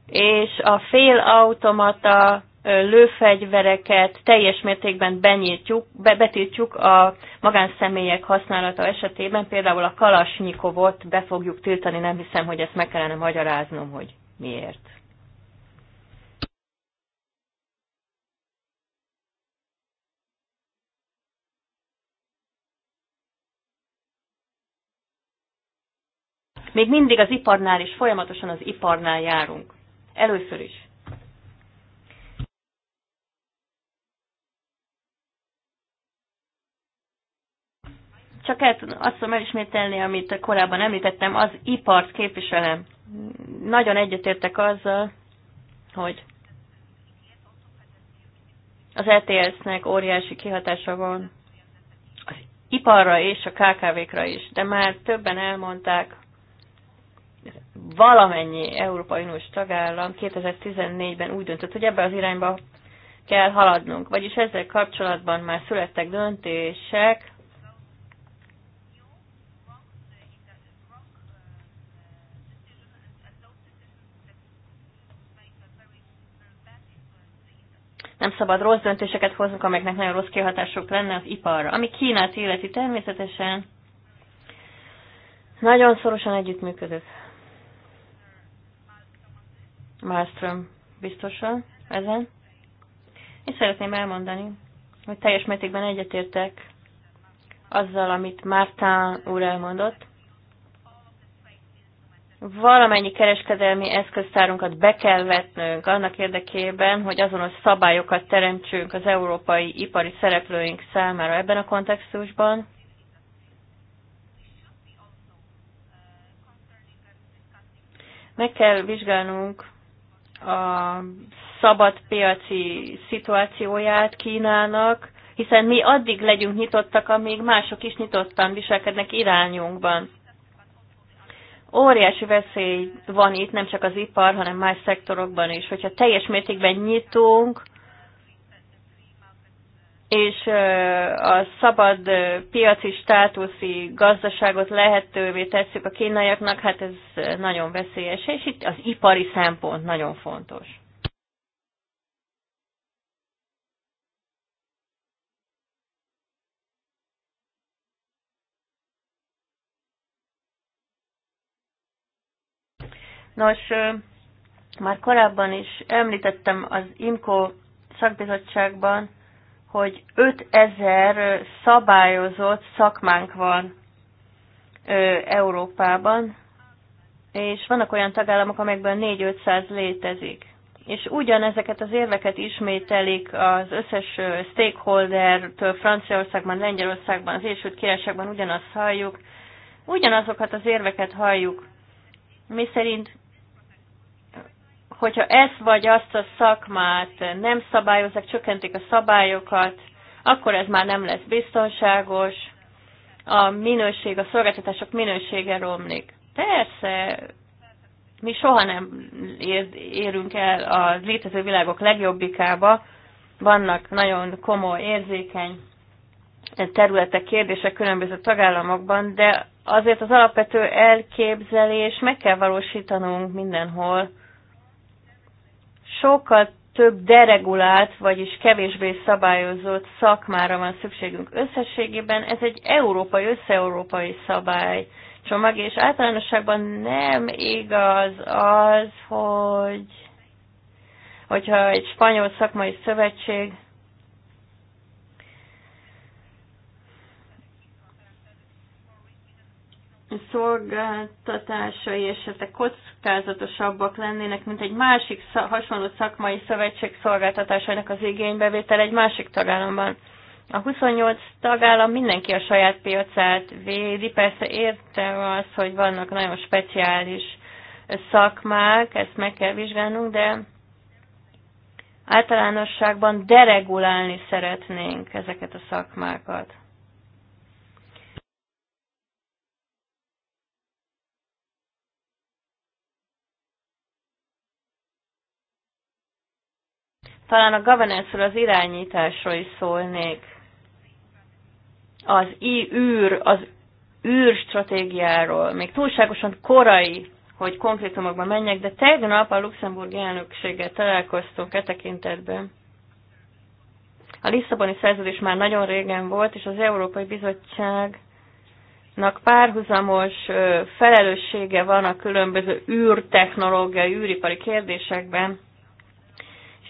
És a félautomata lőfegyvereket teljes mértékben benyitjuk, be, betiltjuk a magánszemélyek használata esetében, például a kalasnyikovot be fogjuk tiltani, nem hiszem, hogy ezt meg kellene magyaráznom, hogy miért. Még mindig az iparnál is, folyamatosan az iparnál járunk. Először is. Csak el, azt tudom elismételni, amit korábban említettem, az ipart képviselem. Nagyon egyetértek azzal, hogy az ETS-nek óriási kihatása van az iparra és a KKV-kra is, de már többen elmondták, valamennyi Európai Uniós tagállam 2014-ben úgy döntött, hogy ebbe az irányba kell haladnunk. Vagyis ezzel kapcsolatban már születtek döntések, nem szabad rossz döntéseket hoznunk, amelyeknek nagyon rossz kihatások lenne az iparra. Ami Kínát illeti természetesen, nagyon szorosan együttműködött. Malmström biztosan ezen. És szeretném elmondani, hogy teljes mértékben egyetértek azzal, amit Mártán úr elmondott. Valamennyi kereskedelmi eszköztárunkat be kell vetnünk annak érdekében, hogy azonos szabályokat teremtsünk az európai ipari szereplőink számára ebben a kontextusban. Meg kell vizsgálnunk a szabad piaci szituációját Kínának, hiszen mi addig legyünk nyitottak, amíg mások is nyitottan viselkednek irányunkban. Óriási veszély van itt, nem csak az ipar, hanem más szektorokban is. Hogyha teljes mértékben nyitunk, és a szabad piaci státuszi gazdaságot lehetővé tesszük a kínaiaknak, hát ez nagyon veszélyes, és itt az ipari szempont nagyon fontos. Nos, már korábban is említettem az IMCO szakbizottságban, hogy 5000 szabályozott szakmánk van ö, Európában, és vannak olyan tagállamok, amelyekben 4-500 létezik. És ugyanezeket az érveket ismételik az összes stakeholdertől Franciaországban, Lengyelországban, az Egyesült Királyságban ugyanazt halljuk, ugyanazokat az érveket halljuk, mi szerint hogyha ezt vagy azt a szakmát nem szabályozzák, csökkentik a szabályokat, akkor ez már nem lesz biztonságos, a minőség, a szolgáltatások minősége romlik. Persze, mi soha nem érünk el a létező világok legjobbikába, vannak nagyon komoly, érzékeny területek, kérdések különböző tagállamokban, de azért az alapvető elképzelés meg kell valósítanunk mindenhol, sokkal több deregulált, vagyis kevésbé szabályozott szakmára van szükségünk összességében. Ez egy európai, összeurópai szabály csomag, és általánosságban nem igaz az, hogy hogyha egy spanyol szakmai szövetség szolgáltatásai esetleg kockázatosabbak lennének, mint egy másik hasonló szakmai szövetség szolgáltatásainak az igénybevétel egy másik tagállamban. A 28 tagállam mindenki a saját piacát védi, persze érte az, hogy vannak nagyon speciális szakmák, ezt meg kell vizsgálnunk, de általánosságban deregulálni szeretnénk ezeket a szakmákat. Talán a governance az irányításról is szólnék. Az i-űr, az stratégiáról, Még túlságosan korai, hogy konkrétumokba menjek, de tegnap a Luxemburgi elnökséggel találkoztunk e tekintetben. A Lisszaboni szerződés már nagyon régen volt, és az Európai Bizottságnak párhuzamos felelőssége van a különböző űrtechnológiai, űripari kérdésekben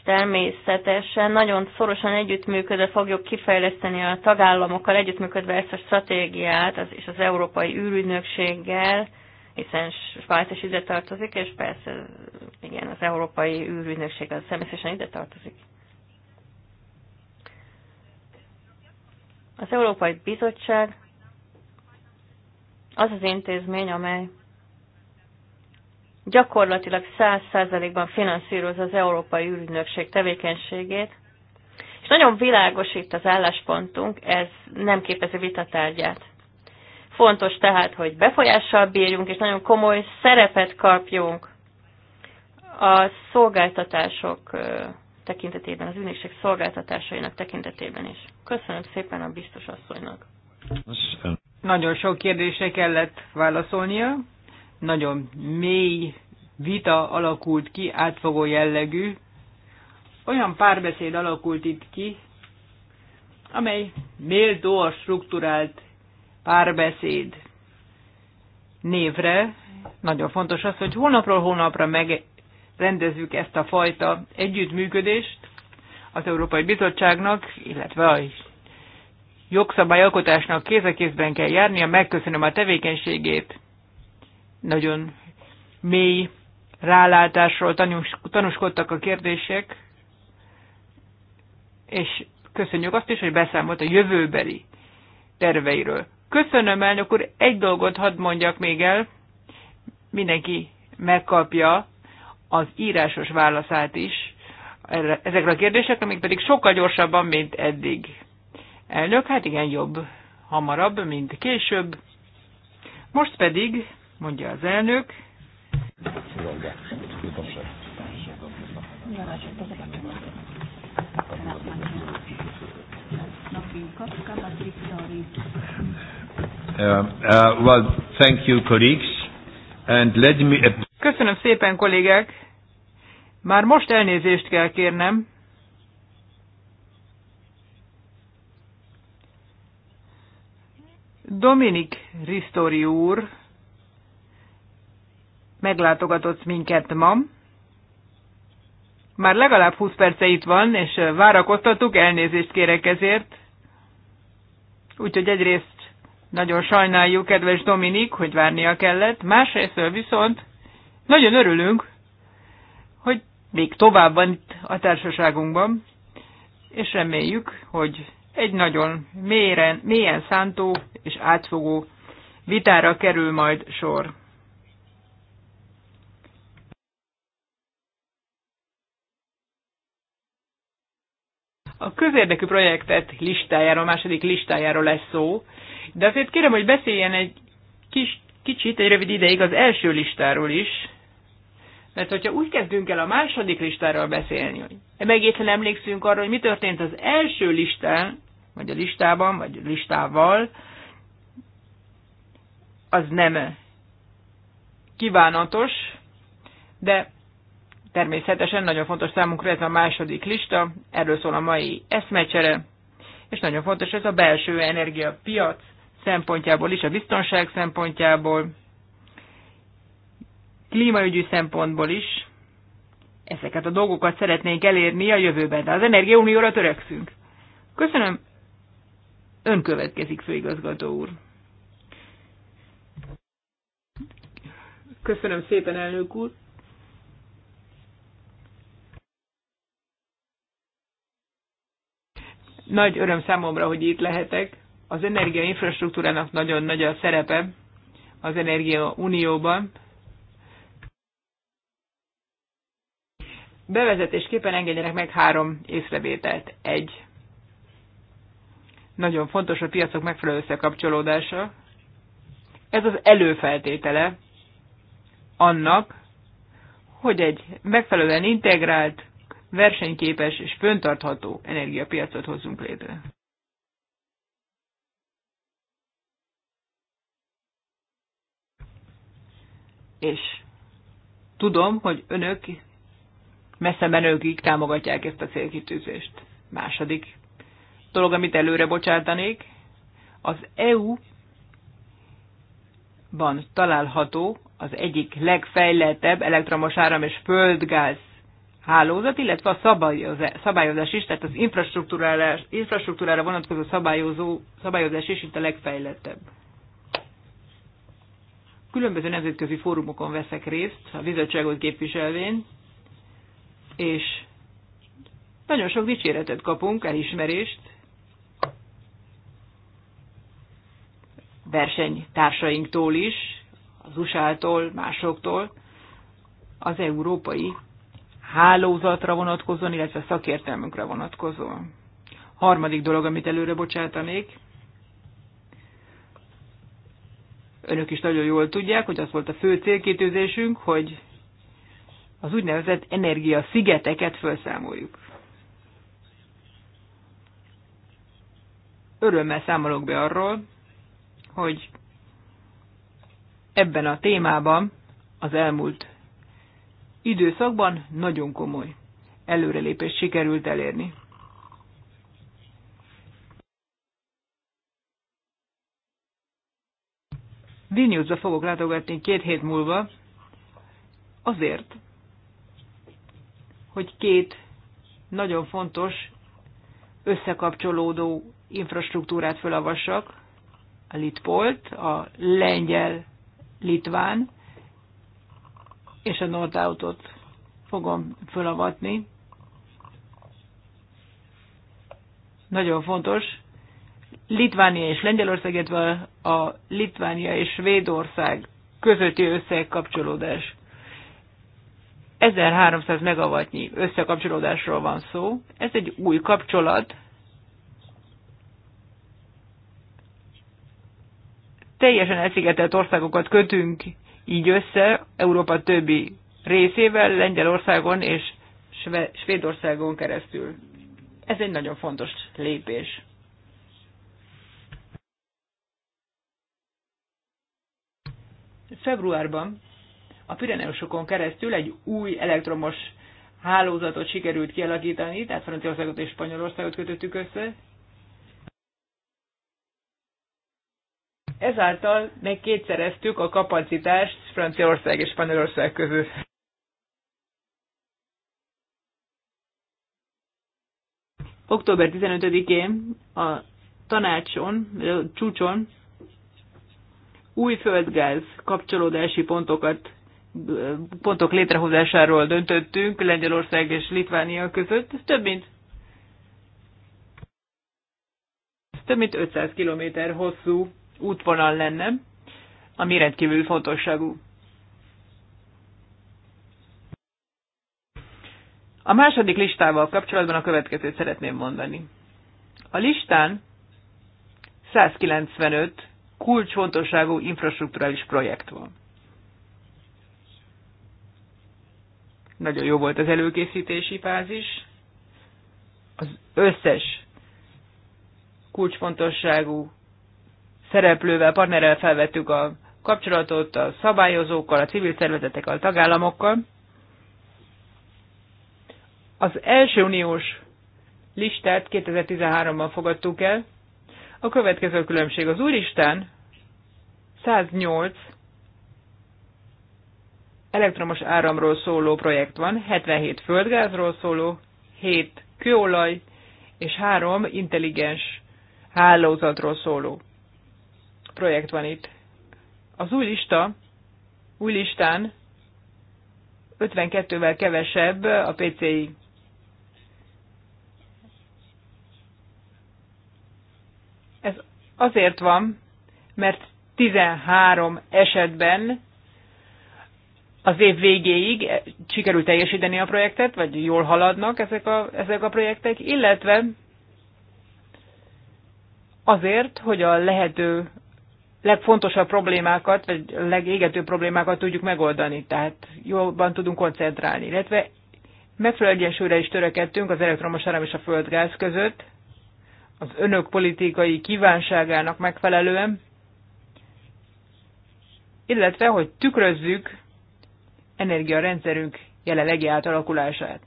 természetesen nagyon szorosan együttműködve fogjuk kifejleszteni a tagállamokkal, együttműködve ezt a stratégiát az, és az Európai űrügynökséggel, hiszen Svájc is ide tartozik, és persze igen, az Európai űrügynökség az természetesen ide tartozik. Az Európai Bizottság az az intézmény, amely gyakorlatilag 100 százalékban finanszíroz az Európai Ügynökség tevékenységét, és nagyon világos itt az álláspontunk, ez nem képezi vitatárgyát. Fontos tehát, hogy befolyással bírjunk, és nagyon komoly szerepet kapjunk a szolgáltatások tekintetében, az ügynökség szolgáltatásainak tekintetében is. Köszönöm szépen a biztos asszonynak. Nagyon sok kérdésre kellett válaszolnia nagyon mély vita alakult ki, átfogó jellegű. Olyan párbeszéd alakult itt ki, amely méltó a struktúrált párbeszéd névre. Nagyon fontos az, hogy hónapról hónapra megrendezzük ezt a fajta együttműködést az Európai Bizottságnak, illetve a jogszabályalkotásnak kézekézben kell járnia. Megköszönöm a tevékenységét nagyon mély rálátásról tanús, tanúskodtak a kérdések, és köszönjük azt is, hogy beszámolt a jövőbeli terveiről. Köszönöm, elnök úr, egy dolgot hadd mondjak még el, mindenki megkapja az írásos válaszát is erre, ezekre a kérdésekre, amik pedig sokkal gyorsabban, mint eddig. Elnök, hát igen, jobb, hamarabb, mint később. Most pedig mondja az elnök. Uh, uh, well, thank you, colleagues. And let me... Uh, Köszönöm szépen, kollégák! Már most elnézést kell kérnem. Dominik Ristori úr meglátogatott minket ma. Már legalább 20 perce itt van, és várakoztatuk, elnézést kérek ezért. Úgyhogy egyrészt nagyon sajnáljuk, kedves Dominik, hogy várnia kellett, másrészt viszont nagyon örülünk, hogy még tovább van itt a társaságunkban, és reméljük, hogy egy nagyon mélyen, mélyen szántó és átfogó vitára kerül majd sor. a közérdekű projektet listájáról, a második listájáról lesz szó, de azért kérem, hogy beszéljen egy kis, kicsit, egy rövid ideig az első listáról is, mert hogyha úgy kezdünk el a második listáról beszélni, hogy egészen emlékszünk arra, hogy mi történt az első listán, vagy a listában, vagy a listával, az nem kívánatos, de Természetesen nagyon fontos számunkra ez a második lista, erről szól a mai eszmecsere, és nagyon fontos ez a belső energiapiac szempontjából is, a biztonság szempontjából, klímaügyi szempontból is. Ezeket a dolgokat szeretnénk elérni a jövőben, de az energiaunióra törekszünk. Köszönöm. Ön következik, főigazgató úr. Köszönöm szépen, elnök úr. Nagy öröm számomra, hogy itt lehetek. Az energia infrastruktúrának nagyon nagy a szerepe az Energia Unióban. Bevezetésképpen engedjenek meg három észrevételt. Egy. Nagyon fontos a piacok megfelelő összekapcsolódása. Ez az előfeltétele annak, hogy egy megfelelően integrált versenyképes és föntartható energiapiacot hozzunk létre. És tudom, hogy önök messze menőkig támogatják ezt a célkitűzést. Második dolog, amit előre bocsátanék, az EU-ban található az egyik legfejlettebb elektromos áram és földgáz hálózat, illetve a szabályozás is, tehát az infrastruktúrára, infrastruktúrára vonatkozó szabályozó, szabályozás is itt a legfejlettebb. Különböző nemzetközi fórumokon veszek részt, a bizottságot képviselvén, és nagyon sok dicséretet kapunk, elismerést, versenytársainktól is, az USA-tól, másoktól, az európai hálózatra vonatkozóan, illetve szakértelmünkre vonatkozóan. Harmadik dolog, amit előre bocsátanék, önök is nagyon jól tudják, hogy az volt a fő célkitűzésünk, hogy az úgynevezett energiaszigeteket felszámoljuk. Örömmel számolok be arról, hogy ebben a témában az elmúlt időszakban nagyon komoly előrelépést sikerült elérni. Vilniusba fogok látogatni két hét múlva, azért, hogy két nagyon fontos összekapcsolódó infrastruktúrát felavassak, a Litpolt, a lengyel-litván és a Nordautot fogom fölavatni. Nagyon fontos. Litvánia és Lengyelország, illetve a Litvánia és Svédország közötti összekapcsolódás. 1300 megawattnyi összekapcsolódásról van szó. Ez egy új kapcsolat. Teljesen elszigetelt országokat kötünk így össze Európa többi részével, Lengyelországon és Svédországon keresztül. Ez egy nagyon fontos lépés. Februárban a Pireneusokon keresztül egy új elektromos hálózatot sikerült kialakítani, tehát Franciaországot és Spanyolországot kötöttük össze, Ezáltal meg kétszereztük a kapacitást Franciaország és Spanyolország között. Október 15-én a tanácson, a csúcson új földgáz kapcsolódási pontokat, pontok létrehozásáról döntöttünk Lengyelország és Litvánia között. Ez több mint több mint 500 km hosszú útvonal lenne, ami rendkívül fontosságú. A második listával kapcsolatban a következőt szeretném mondani. A listán 195 kulcsfontosságú infrastruktúrális projekt van. Nagyon jó volt az előkészítési fázis. Az összes kulcsfontosságú szereplővel, partnerrel felvettük a kapcsolatot a szabályozókkal, a civil szervezetekkel, a tagállamokkal. Az első uniós listát 2013-ban fogadtuk el. A következő különbség az új listán 108 elektromos áramról szóló projekt van, 77 földgázról szóló, 7 kőolaj és 3 intelligens hálózatról szóló projekt van itt. Az új lista, új listán 52-vel kevesebb a PCI. Ez azért van, mert 13 esetben az év végéig sikerült teljesíteni a projektet, vagy jól haladnak ezek a, ezek a projektek, illetve azért, hogy a lehető legfontosabb problémákat, vagy legégető problémákat tudjuk megoldani, tehát jobban tudunk koncentrálni. Illetve megfelelő egyensúlyra is törekedtünk az elektromos áram és a földgáz között, az önök politikai kívánságának megfelelően, illetve hogy tükrözzük energiarendszerünk jelenlegi átalakulását.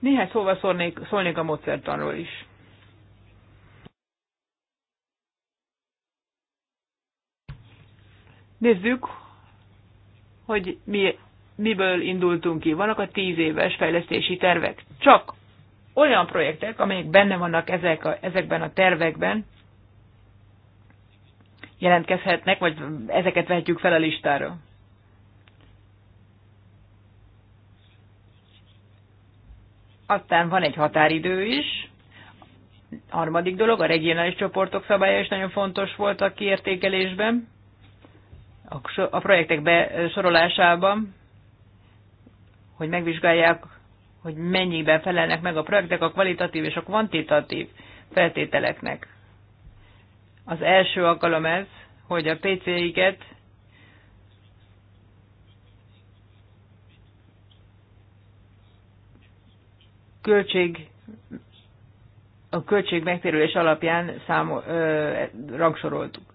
Néhány szóval szólnék, szólnék a módszertanról is. Nézzük, hogy mi, miből indultunk ki. Vannak a tíz éves fejlesztési tervek. Csak olyan projektek, amelyek benne vannak ezek a, ezekben a tervekben, jelentkezhetnek, vagy ezeket vehetjük fel a listára. Aztán van egy határidő is. Harmadik dolog, a regionális csoportok szabálya is nagyon fontos volt a kiértékelésben a projektek besorolásában, hogy megvizsgálják, hogy mennyiben felelnek meg a projektek a kvalitatív és a kvantitatív feltételeknek. Az első alkalom ez, hogy a PC-iket költség a költség megtérülés alapján számol, ö, rangsoroltuk.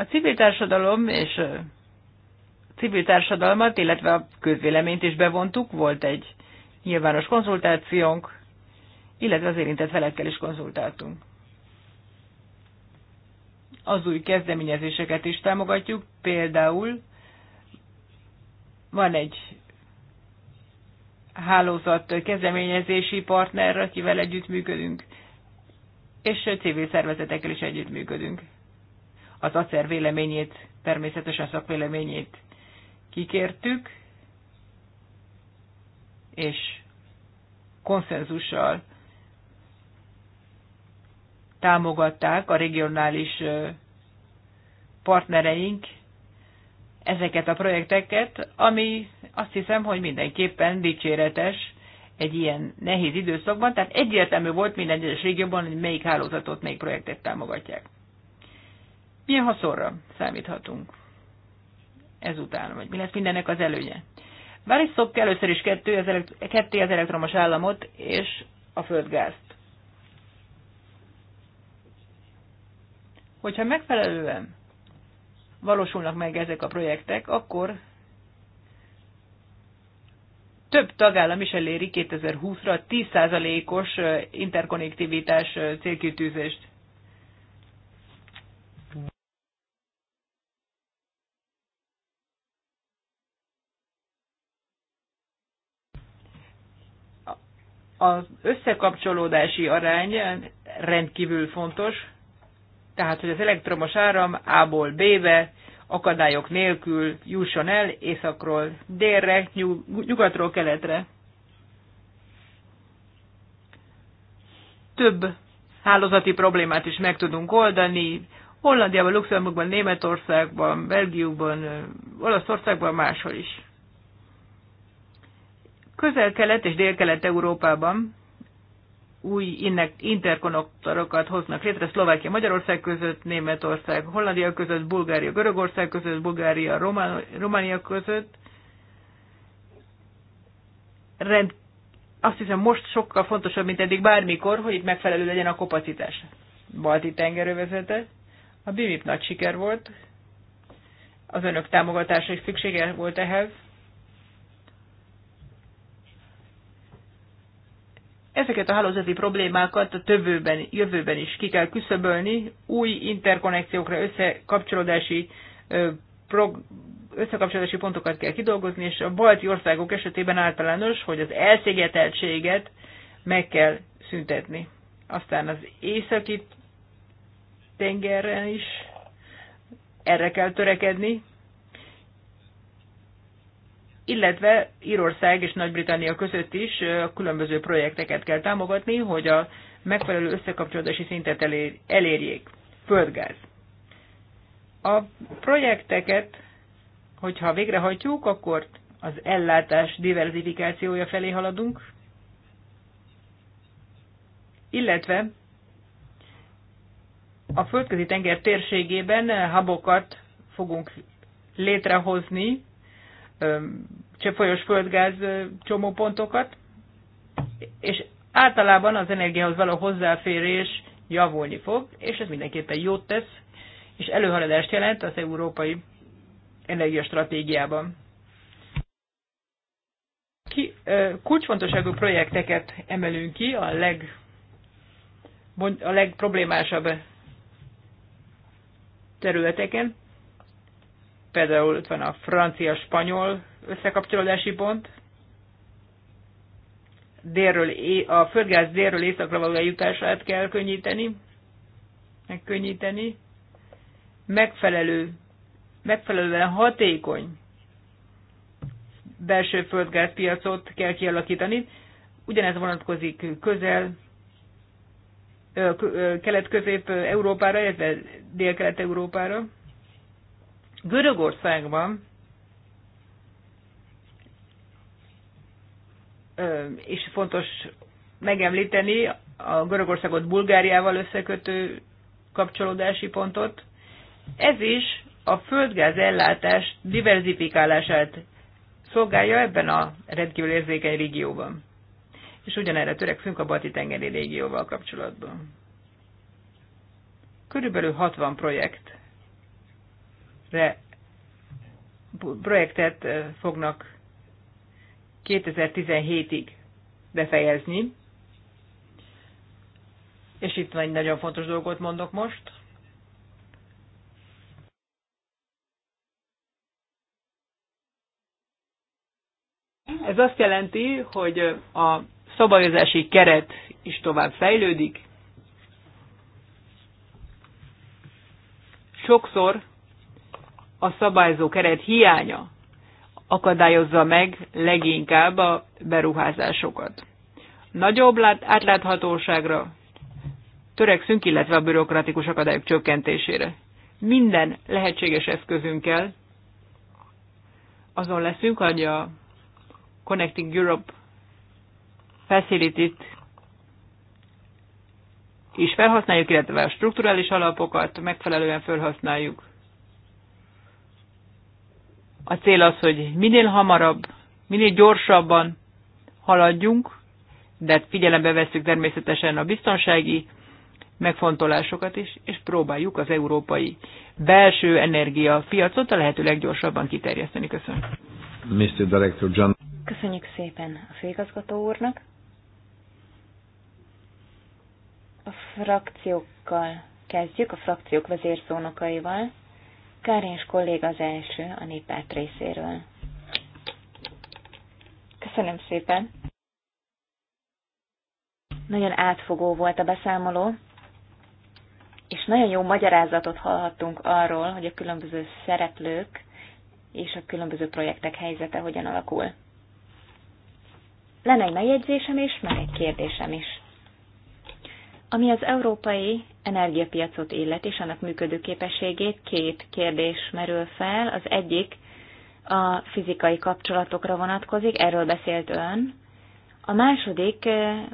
A civil társadalom és a civil társadalmat, illetve a közvéleményt is bevontuk, volt egy nyilvános konzultációnk, illetve az érintett felekkel is konzultáltunk. Az új kezdeményezéseket is támogatjuk, például van egy hálózat kezdeményezési partner, akivel együttműködünk, és civil szervezetekkel is együttműködünk az acer véleményét, természetesen szakvéleményét kikértük, és konszenzussal támogatták a regionális partnereink ezeket a projekteket, ami azt hiszem, hogy mindenképpen dicséretes egy ilyen nehéz időszakban, tehát egyértelmű volt minden egyes régióban, hogy melyik hálózatot, melyik projektet támogatják milyen haszonra számíthatunk ezután, vagy mi lesz mindennek az előnye. Várisszok először is kettő, ketté az elektromos államot és a földgázt. Hogyha megfelelően valósulnak meg ezek a projektek, akkor több tagállam is eléri 2020-ra 10%-os interkonnektivitás célkitűzést. az összekapcsolódási arány rendkívül fontos, tehát hogy az elektromos áram A-ból B-be akadályok nélkül jusson el északról délre, nyugatról keletre. Több hálózati problémát is meg tudunk oldani, Hollandiában, Luxemburgban, Németországban, Belgiumban, Olaszországban, máshol is. Közel-kelet és dél-kelet-európában új interkonnektorokat hoznak létre Szlovákia, Magyarország között, Németország, Hollandia között, Bulgária, Görögország között, Bulgária, Románia között. Rend, azt hiszem most sokkal fontosabb, mint eddig bármikor, hogy itt megfelelő legyen a kapacitás. Balti tengerővezete. A BIMIP nagy siker volt. Az önök támogatása is szüksége volt ehhez. Ezeket a hálózati problémákat a tövőben, jövőben is ki kell küszöbölni, új interkonnekciókra, összekapcsolódási, összekapcsolódási pontokat kell kidolgozni, és a balti országok esetében általános, hogy az elszigeteltséget meg kell szüntetni. Aztán az északi tengeren is erre kell törekedni, illetve Írország és Nagy-Britannia között is különböző projekteket kell támogatni, hogy a megfelelő összekapcsolódási szintet elérjék. Földgáz. A projekteket, hogyha végrehajtjuk, akkor az ellátás diverzifikációja felé haladunk, illetve a földközi tenger térségében habokat fogunk létrehozni, cseppfolyós földgáz csomópontokat, és általában az energiához való hozzáférés javulni fog, és ez mindenképpen jót tesz, és előhaladást jelent az európai energiastratégiában. Ki, kulcsfontosságú projekteket emelünk ki, a, leg, a legproblémásabb területeken, például ott van a francia-spanyol összekapcsolódási pont, délről, a földgáz délről északra való eljutását kell könnyíteni, megkönnyíteni, megfelelő, megfelelően hatékony belső földgázpiacot kell kialakítani. Ugyanez vonatkozik közel, kelet-közép Európára, illetve dél-kelet Európára. Görögországban és fontos megemlíteni a Görögországot Bulgáriával összekötő kapcsolódási pontot. Ez is a földgáz ellátás diverzifikálását szolgálja ebben a rendkívül érzékeny régióban. És ugyanerre törekszünk a Balti-tengeri régióval kapcsolatban. Körülbelül 60 projekt re projektet fognak 2017-ig befejezni. És itt van egy nagyon fontos dolgot mondok most. Ez azt jelenti, hogy a szabályozási keret is tovább fejlődik. Sokszor a szabályzó keret hiánya akadályozza meg leginkább a beruházásokat. Nagyobb átláthatóságra törekszünk, illetve a bürokratikus akadályok csökkentésére. Minden lehetséges eszközünkkel azon leszünk, hogy a Connecting Europe facility is felhasználjuk, illetve a strukturális alapokat megfelelően felhasználjuk. A cél az, hogy minél hamarabb, minél gyorsabban haladjunk, de hát figyelembe veszük természetesen a biztonsági megfontolásokat is, és próbáljuk az európai belső piacot a lehető leggyorsabban kiterjeszteni. Köszönöm. Mr. Director John. Köszönjük szépen a főigazgató úrnak. A frakciókkal kezdjük, a frakciók vezérszónokaival. Kárins kolléga az első a néppárt részéről. Köszönöm szépen! Nagyon átfogó volt a beszámoló, és nagyon jó magyarázatot hallhattunk arról, hogy a különböző szereplők és a különböző projektek helyzete hogyan alakul. Lenne egy megjegyzésem és meg egy kérdésem is. Ami az európai energiapiacot illet és annak működőképességét, két kérdés merül fel. Az egyik a fizikai kapcsolatokra vonatkozik, erről beszélt ön. A második eh,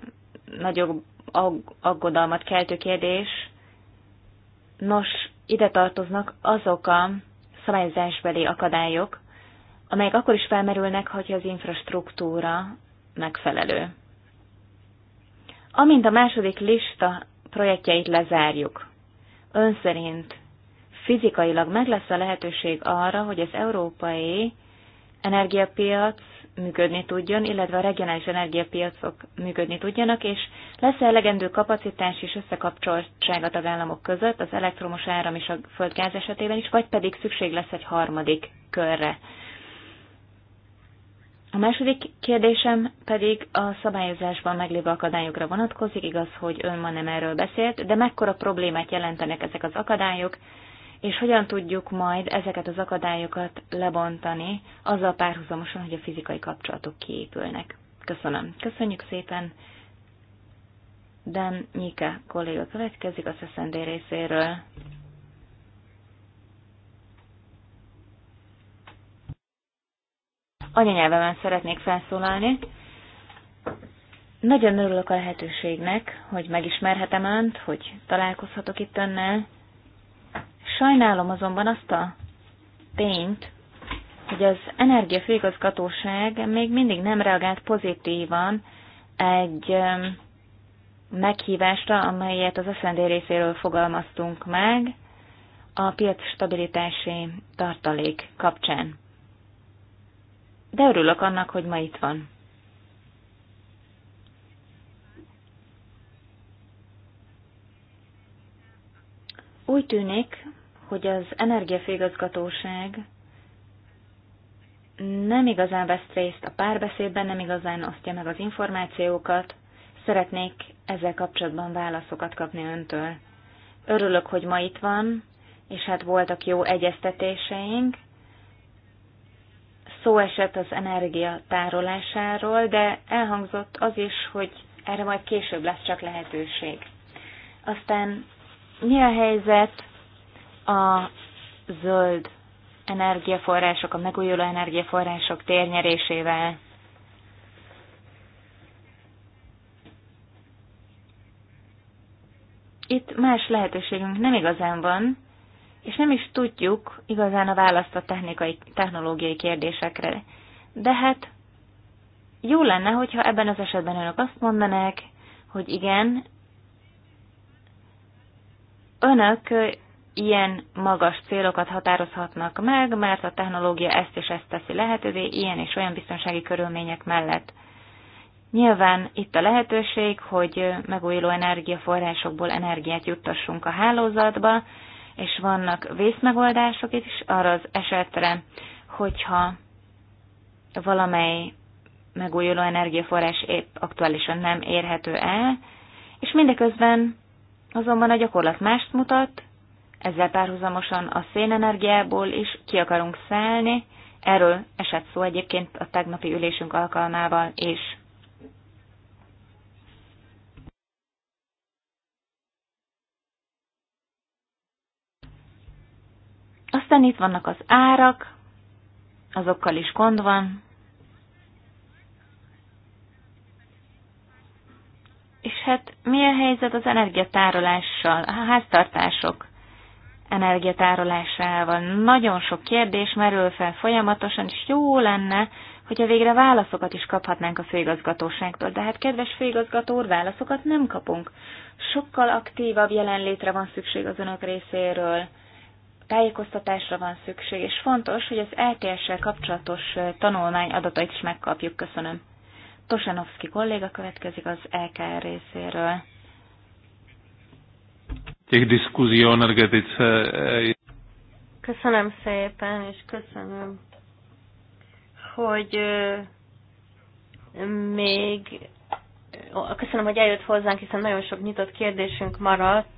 nagyobb aggodalmat keltő kérdés, nos, ide tartoznak azok a szabályozásbeli akadályok, amelyek akkor is felmerülnek, hogyha az infrastruktúra megfelelő. Amint a második lista projektjeit lezárjuk, ön szerint fizikailag meg lesz a lehetőség arra, hogy az európai energiapiac működni tudjon, illetve a regionális energiapiacok működni tudjanak, és lesz -e elegendő kapacitás és összekapcsoltság a tagállamok között az elektromos áram és a földgáz esetében is, vagy pedig szükség lesz egy harmadik körre. A második kérdésem pedig a szabályozásban meglévő akadályokra vonatkozik. Igaz, hogy ön ma nem erről beszélt, de mekkora problémát jelentenek ezek az akadályok, és hogyan tudjuk majd ezeket az akadályokat lebontani, azzal párhuzamosan, hogy a fizikai kapcsolatok kiépülnek. Köszönöm. Köszönjük szépen. Dan Nyika kolléga következik a SZSZND részéről. anyanyelvemen szeretnék felszólalni. Nagyon örülök a lehetőségnek, hogy megismerhetem Önt, hogy találkozhatok itt Önnel. Sajnálom azonban azt a tényt, hogy az Energiafőigazgatóság még mindig nem reagált pozitívan egy meghívásra, amelyet az SZND részéről fogalmaztunk meg a piac stabilitási tartalék kapcsán de örülök annak, hogy ma itt van. Úgy tűnik, hogy az energiafégazgatóság nem igazán vesz részt a párbeszédben, nem igazán osztja meg az információkat. Szeretnék ezzel kapcsolatban válaszokat kapni öntől. Örülök, hogy ma itt van, és hát voltak jó egyeztetéseink, Szó esett az energia tárolásáról, de elhangzott az is, hogy erre majd később lesz csak lehetőség. Aztán mi a helyzet a zöld energiaforrások, a megújuló energiaforrások térnyerésével? Itt más lehetőségünk nem igazán van, és nem is tudjuk igazán a választ a technikai, technológiai kérdésekre. De hát jó lenne, hogyha ebben az esetben önök azt mondanák, hogy igen, önök ilyen magas célokat határozhatnak meg, mert a technológia ezt és ezt teszi lehetővé, ilyen és olyan biztonsági körülmények mellett. Nyilván itt a lehetőség, hogy megújuló energiaforrásokból energiát juttassunk a hálózatba, és vannak vészmegoldások is arra az esetre, hogyha valamely megújuló energiaforrás épp aktuálisan nem érhető el, és mindeközben azonban a gyakorlat mást mutat, ezzel párhuzamosan a szénenergiából is ki akarunk szállni, erről esett szó egyébként a tegnapi ülésünk alkalmával is. Aztán itt vannak az árak, azokkal is gond van. És hát milyen helyzet az energiatárolással, a háztartások energiatárolásával? Nagyon sok kérdés merül fel folyamatosan, és jó lenne, hogyha végre válaszokat is kaphatnánk a főigazgatóságtól. De hát, kedves főigazgató úr, válaszokat nem kapunk. Sokkal aktívabb jelenlétre van szükség az önök részéről tájékoztatásra van szükség, és fontos, hogy az LTS-sel kapcsolatos tanulmány adatait is megkapjuk. Köszönöm. Tosanovszki kolléga következik az LKR részéről. Eh, köszönöm szépen, és köszönöm, hogy még köszönöm, hogy eljött hozzánk, hiszen nagyon sok nyitott kérdésünk maradt,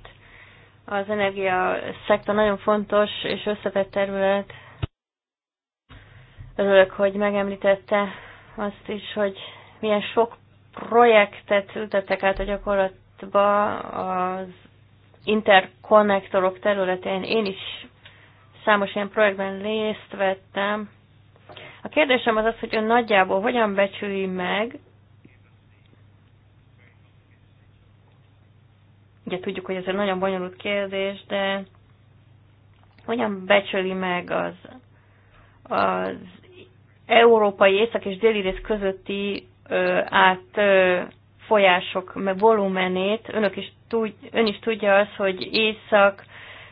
az energia szektor nagyon fontos és összetett terület. Örülök, hogy megemlítette azt is, hogy milyen sok projektet ültettek át a gyakorlatba az interkonnektorok területén. Én is számos ilyen projektben részt vettem. A kérdésem az az, hogy ön nagyjából hogyan becsüli meg Ugye tudjuk, hogy ez egy nagyon bonyolult kérdés, de hogyan becsöli meg az, az európai észak és déli rész közötti ö, át ö, folyások meg volumenét. Önök is tud, ön is tudja az, hogy észak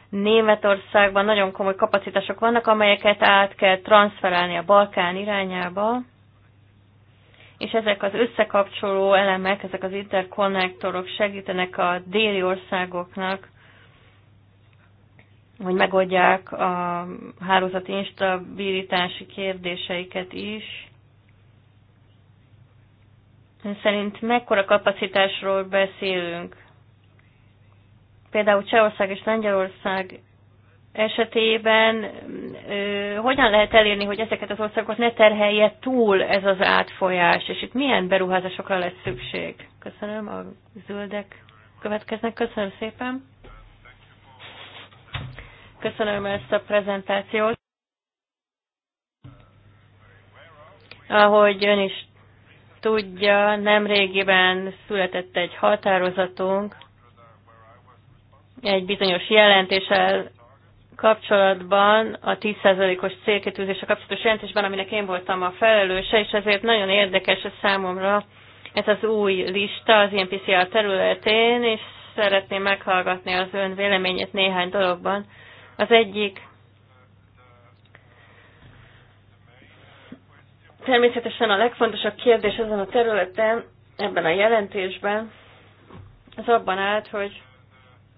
Németországban nagyon komoly kapacitások vannak, amelyeket át kell transferálni a Balkán irányába és ezek az összekapcsoló elemek, ezek az interkonnektorok segítenek a déli országoknak, hogy megoldják a hálózati instabilitási kérdéseiket is. Ön szerint mekkora kapacitásról beszélünk? Például Csehország és Lengyelország esetében ö, hogyan lehet elérni, hogy ezeket az országokat ne terhelje túl ez az átfolyás, és itt milyen beruházásokra lesz szükség? Köszönöm, a zöldek következnek. Köszönöm szépen. Köszönöm ezt a prezentációt. Ahogy ön is tudja, nemrégiben született egy határozatunk, egy bizonyos jelentéssel kapcsolatban, a 10%-os célkitűzése kapcsolatos jelentésben, aminek én voltam a felelőse, és ezért nagyon érdekes a számomra ez az új lista az INPCR területén, és szeretném meghallgatni az ön véleményét néhány dologban. Az egyik természetesen a legfontosabb kérdés ezen a területen, ebben a jelentésben, az abban állt, hogy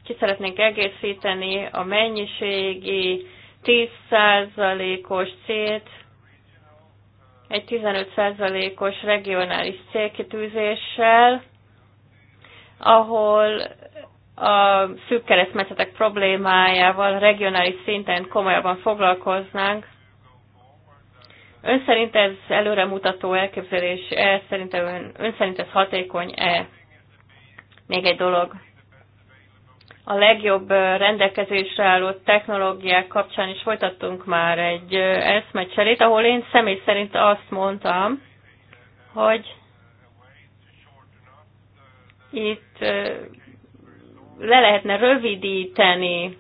ki szeretnénk egészíteni a mennyiségi 10%-os célt egy 15%-os regionális célkitűzéssel, ahol a szűk keresztmetszetek problémájával regionális szinten komolyabban foglalkoznánk. Ön szerint ez előremutató elképzelés, -e? szerintem ön, ön szerint ez hatékony-e? Még egy dolog, a legjobb rendelkezésre álló technológiák kapcsán is folytattunk már egy eszmecserét, ahol én személy szerint azt mondtam, hogy itt le lehetne rövidíteni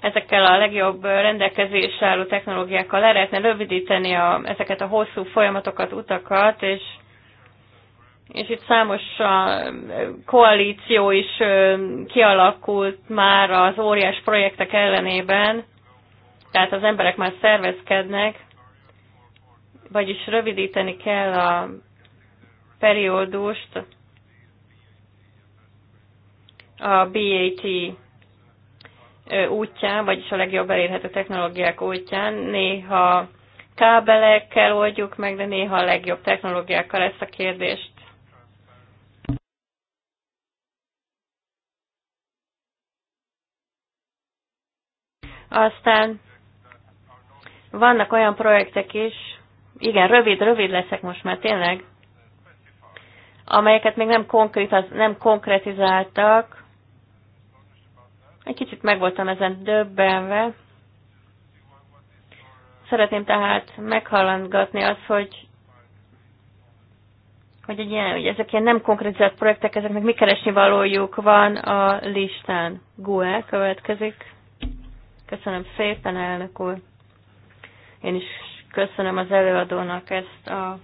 ezekkel a legjobb rendelkezésre álló technológiákkal le lehetne rövidíteni a, ezeket a hosszú folyamatokat, utakat, és és itt számos a koalíció is kialakult már az óriás projektek ellenében, tehát az emberek már szervezkednek, vagyis rövidíteni kell a periódust a BAT útján, vagyis a legjobb elérhető technológiák útján. Néha kábelekkel oldjuk meg, de néha a legjobb technológiákkal ezt a kérdést Aztán vannak olyan projektek is, igen, rövid, rövid leszek most már tényleg, amelyeket még nem, konkrét, nem konkretizáltak. Egy kicsit meg voltam ezen döbbenve. Szeretném tehát meghallangatni azt, hogy hogy, egy ilyen, hogy ezek ilyen nem konkrétizált projektek, ezeknek mi keresni valójuk van a listán. GUE következik. Köszönöm szépen, elnök úr. Én is köszönöm az előadónak ezt a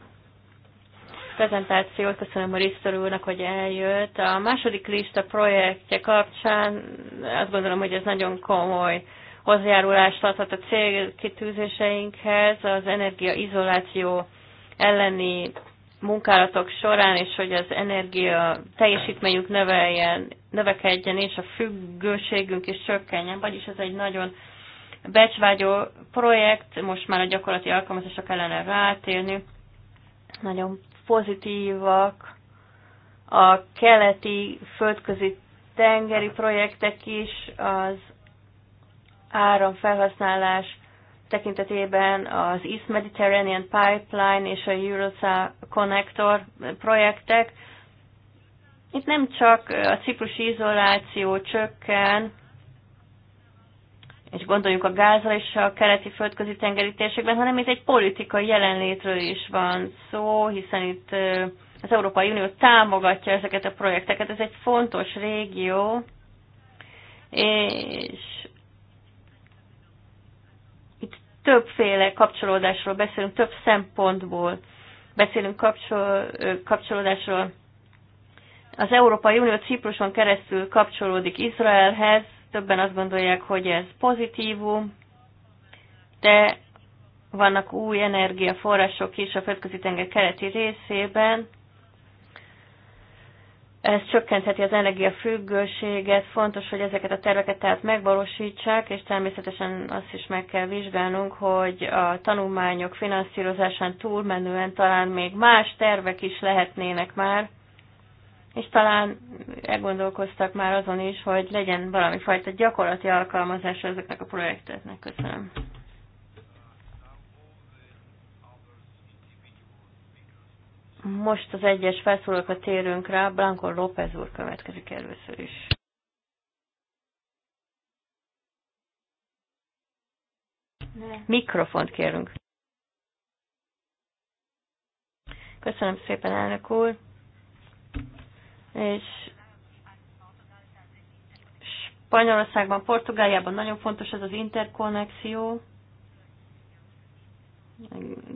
prezentációt, köszönöm a Risztor úrnak, hogy eljött. A második lista projektje kapcsán azt gondolom, hogy ez nagyon komoly hozzájárulást adhat a célkitűzéseinkhez, az energiaizoláció elleni munkálatok során, és hogy az energia teljesítményük növeljen, növekedjen, és a függőségünk is csökkenjen. Vagyis ez egy nagyon becsvágyó projekt, most már a gyakorlati alkalmazásra kellene rátérni. Nagyon pozitívak a keleti földközi tengeri projektek is, az áramfelhasználás tekintetében az East Mediterranean Pipeline és a Eurosa Connector projektek. Itt nem csak a ciprusi izoláció csökken, és gondoljuk a gázra és a keleti földközi tengeri térségben, hanem itt egy politikai jelenlétről is van szó, hiszen itt az Európai Unió támogatja ezeket a projekteket. Ez egy fontos régió, és többféle kapcsolódásról beszélünk, több szempontból beszélünk kapcsol, kapcsolódásról. Az Európai Unió Cipruson keresztül kapcsolódik Izraelhez, többen azt gondolják, hogy ez pozitívum, de vannak új energiaforrások is a földközi tenger keleti részében, ez csökkentheti az energiafüggőséget, fontos, hogy ezeket a terveket tehát megvalósítsák, és természetesen azt is meg kell vizsgálnunk, hogy a tanulmányok finanszírozásán túlmenően talán még más tervek is lehetnének már, és talán elgondolkoztak már azon is, hogy legyen valami fajta gyakorlati alkalmazása ezeknek a projekteknek. Köszönöm. Most az egyes felszólókra térünk rá, Blanco López úr következik először is. Mikrofont kérünk. Köszönöm szépen, elnök úr. És Spanyolországban, Portugáliában nagyon fontos ez az interkonnexió.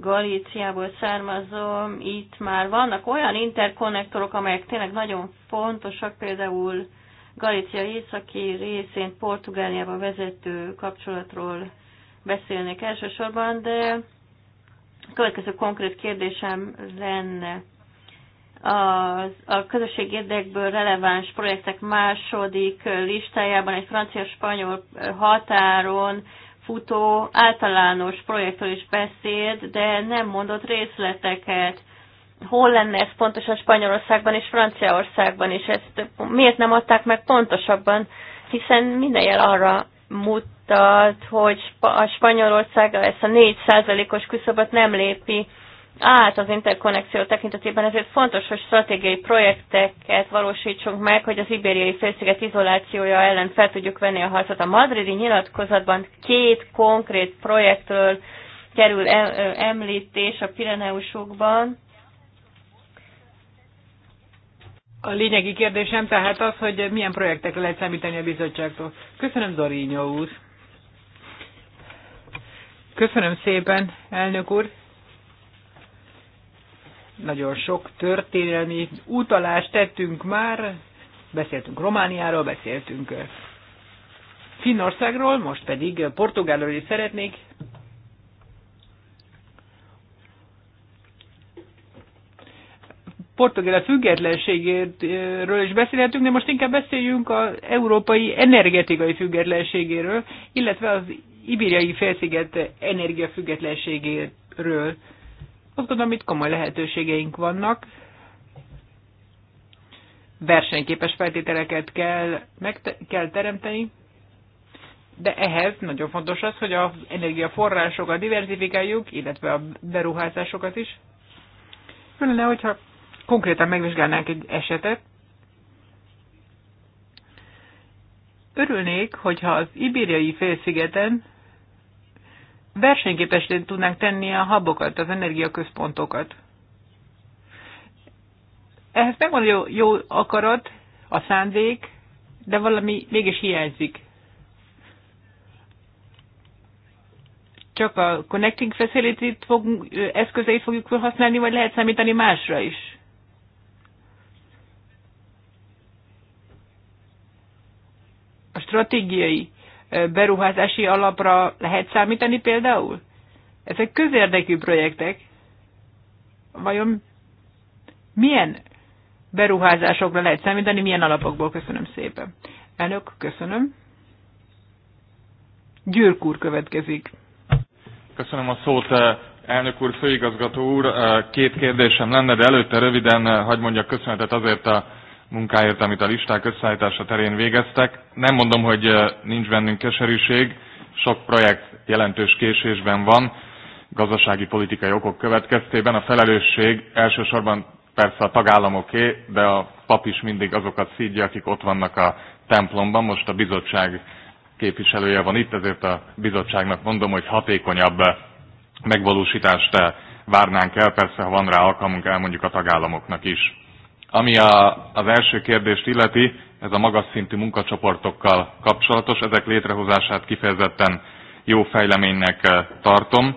Galíciából származom, itt már vannak olyan interkonnektorok, amelyek tényleg nagyon fontosak, például Galícia északi részén Portugáliába vezető kapcsolatról beszélnék elsősorban, de a következő konkrét kérdésem lenne a, a közösség érdekből releváns projektek második listájában egy francia-spanyol határon futó általános projektről is beszélt, de nem mondott részleteket. Hol lenne ez pontosan Spanyolországban és Franciaországban, is? ezt miért nem adták meg pontosabban, hiszen minden jel arra mutat, hogy a Spanyolország ezt a 4%-os küszöböt nem lépi át az interkonnekció tekintetében, ezért fontos, hogy stratégiai projekteket valósítsunk meg, hogy az ibériai félsziget izolációja ellen fel tudjuk venni a harcot. A madridi nyilatkozatban két konkrét projektről kerül e- említés a Pireneusokban. A lényegi kérdésem tehát az, hogy milyen projektekre lehet számítani a bizottságtól. Köszönöm, Zorinyó úr. Köszönöm szépen, elnök úr. Nagyon sok történelmi utalást tettünk már, beszéltünk Romániáról, beszéltünk Finnországról, most pedig Portugálról is szeretnék. Portugál függetlenségéről is beszélhetünk, de most inkább beszéljünk az európai energetikai függetlenségéről, illetve az ibériai félsziget energiafüggetlenségéről. Azt gondolom, itt komoly lehetőségeink vannak. Versenyképes feltételeket kell, meg kell teremteni, de ehhez nagyon fontos az, hogy az energiaforrásokat diversifikáljuk, illetve a beruházásokat is. Jó hogyha konkrétan megvizsgálnánk egy esetet. Örülnék, hogyha az ibériai félszigeten Versenyképesen tudnánk tenni a habokat, az energiaközpontokat. Ehhez megvan jó, jó akarat, a szándék, de valami mégis hiányzik. Csak a Connecting facility fog, eszközeit fogjuk használni, vagy lehet számítani másra is? A stratégiai beruházási alapra lehet számítani például? Ezek közérdekű projektek. Vajon milyen beruházásokra lehet számítani, milyen alapokból? Köszönöm szépen. Elnök, köszönöm. Gyürk úr következik. Köszönöm a szót, eh, elnök úr, főigazgató úr. Eh, két kérdésem lenne, de előtte röviden eh, hagyd mondjak köszönetet azért a munkáért, amit a listák összeállítása terén végeztek. Nem mondom, hogy nincs bennünk keserűség, sok projekt jelentős késésben van, gazdasági politikai okok következtében. A felelősség elsősorban persze a tagállamoké, de a pap is mindig azokat szídja, akik ott vannak a templomban. Most a bizottság képviselője van itt, ezért a bizottságnak mondom, hogy hatékonyabb megvalósítást várnánk el, persze ha van rá alkalmunk, elmondjuk a tagállamoknak is. Ami a, az első kérdést illeti, ez a magas szintű munkacsoportokkal kapcsolatos, ezek létrehozását kifejezetten jó fejleménynek eh, tartom,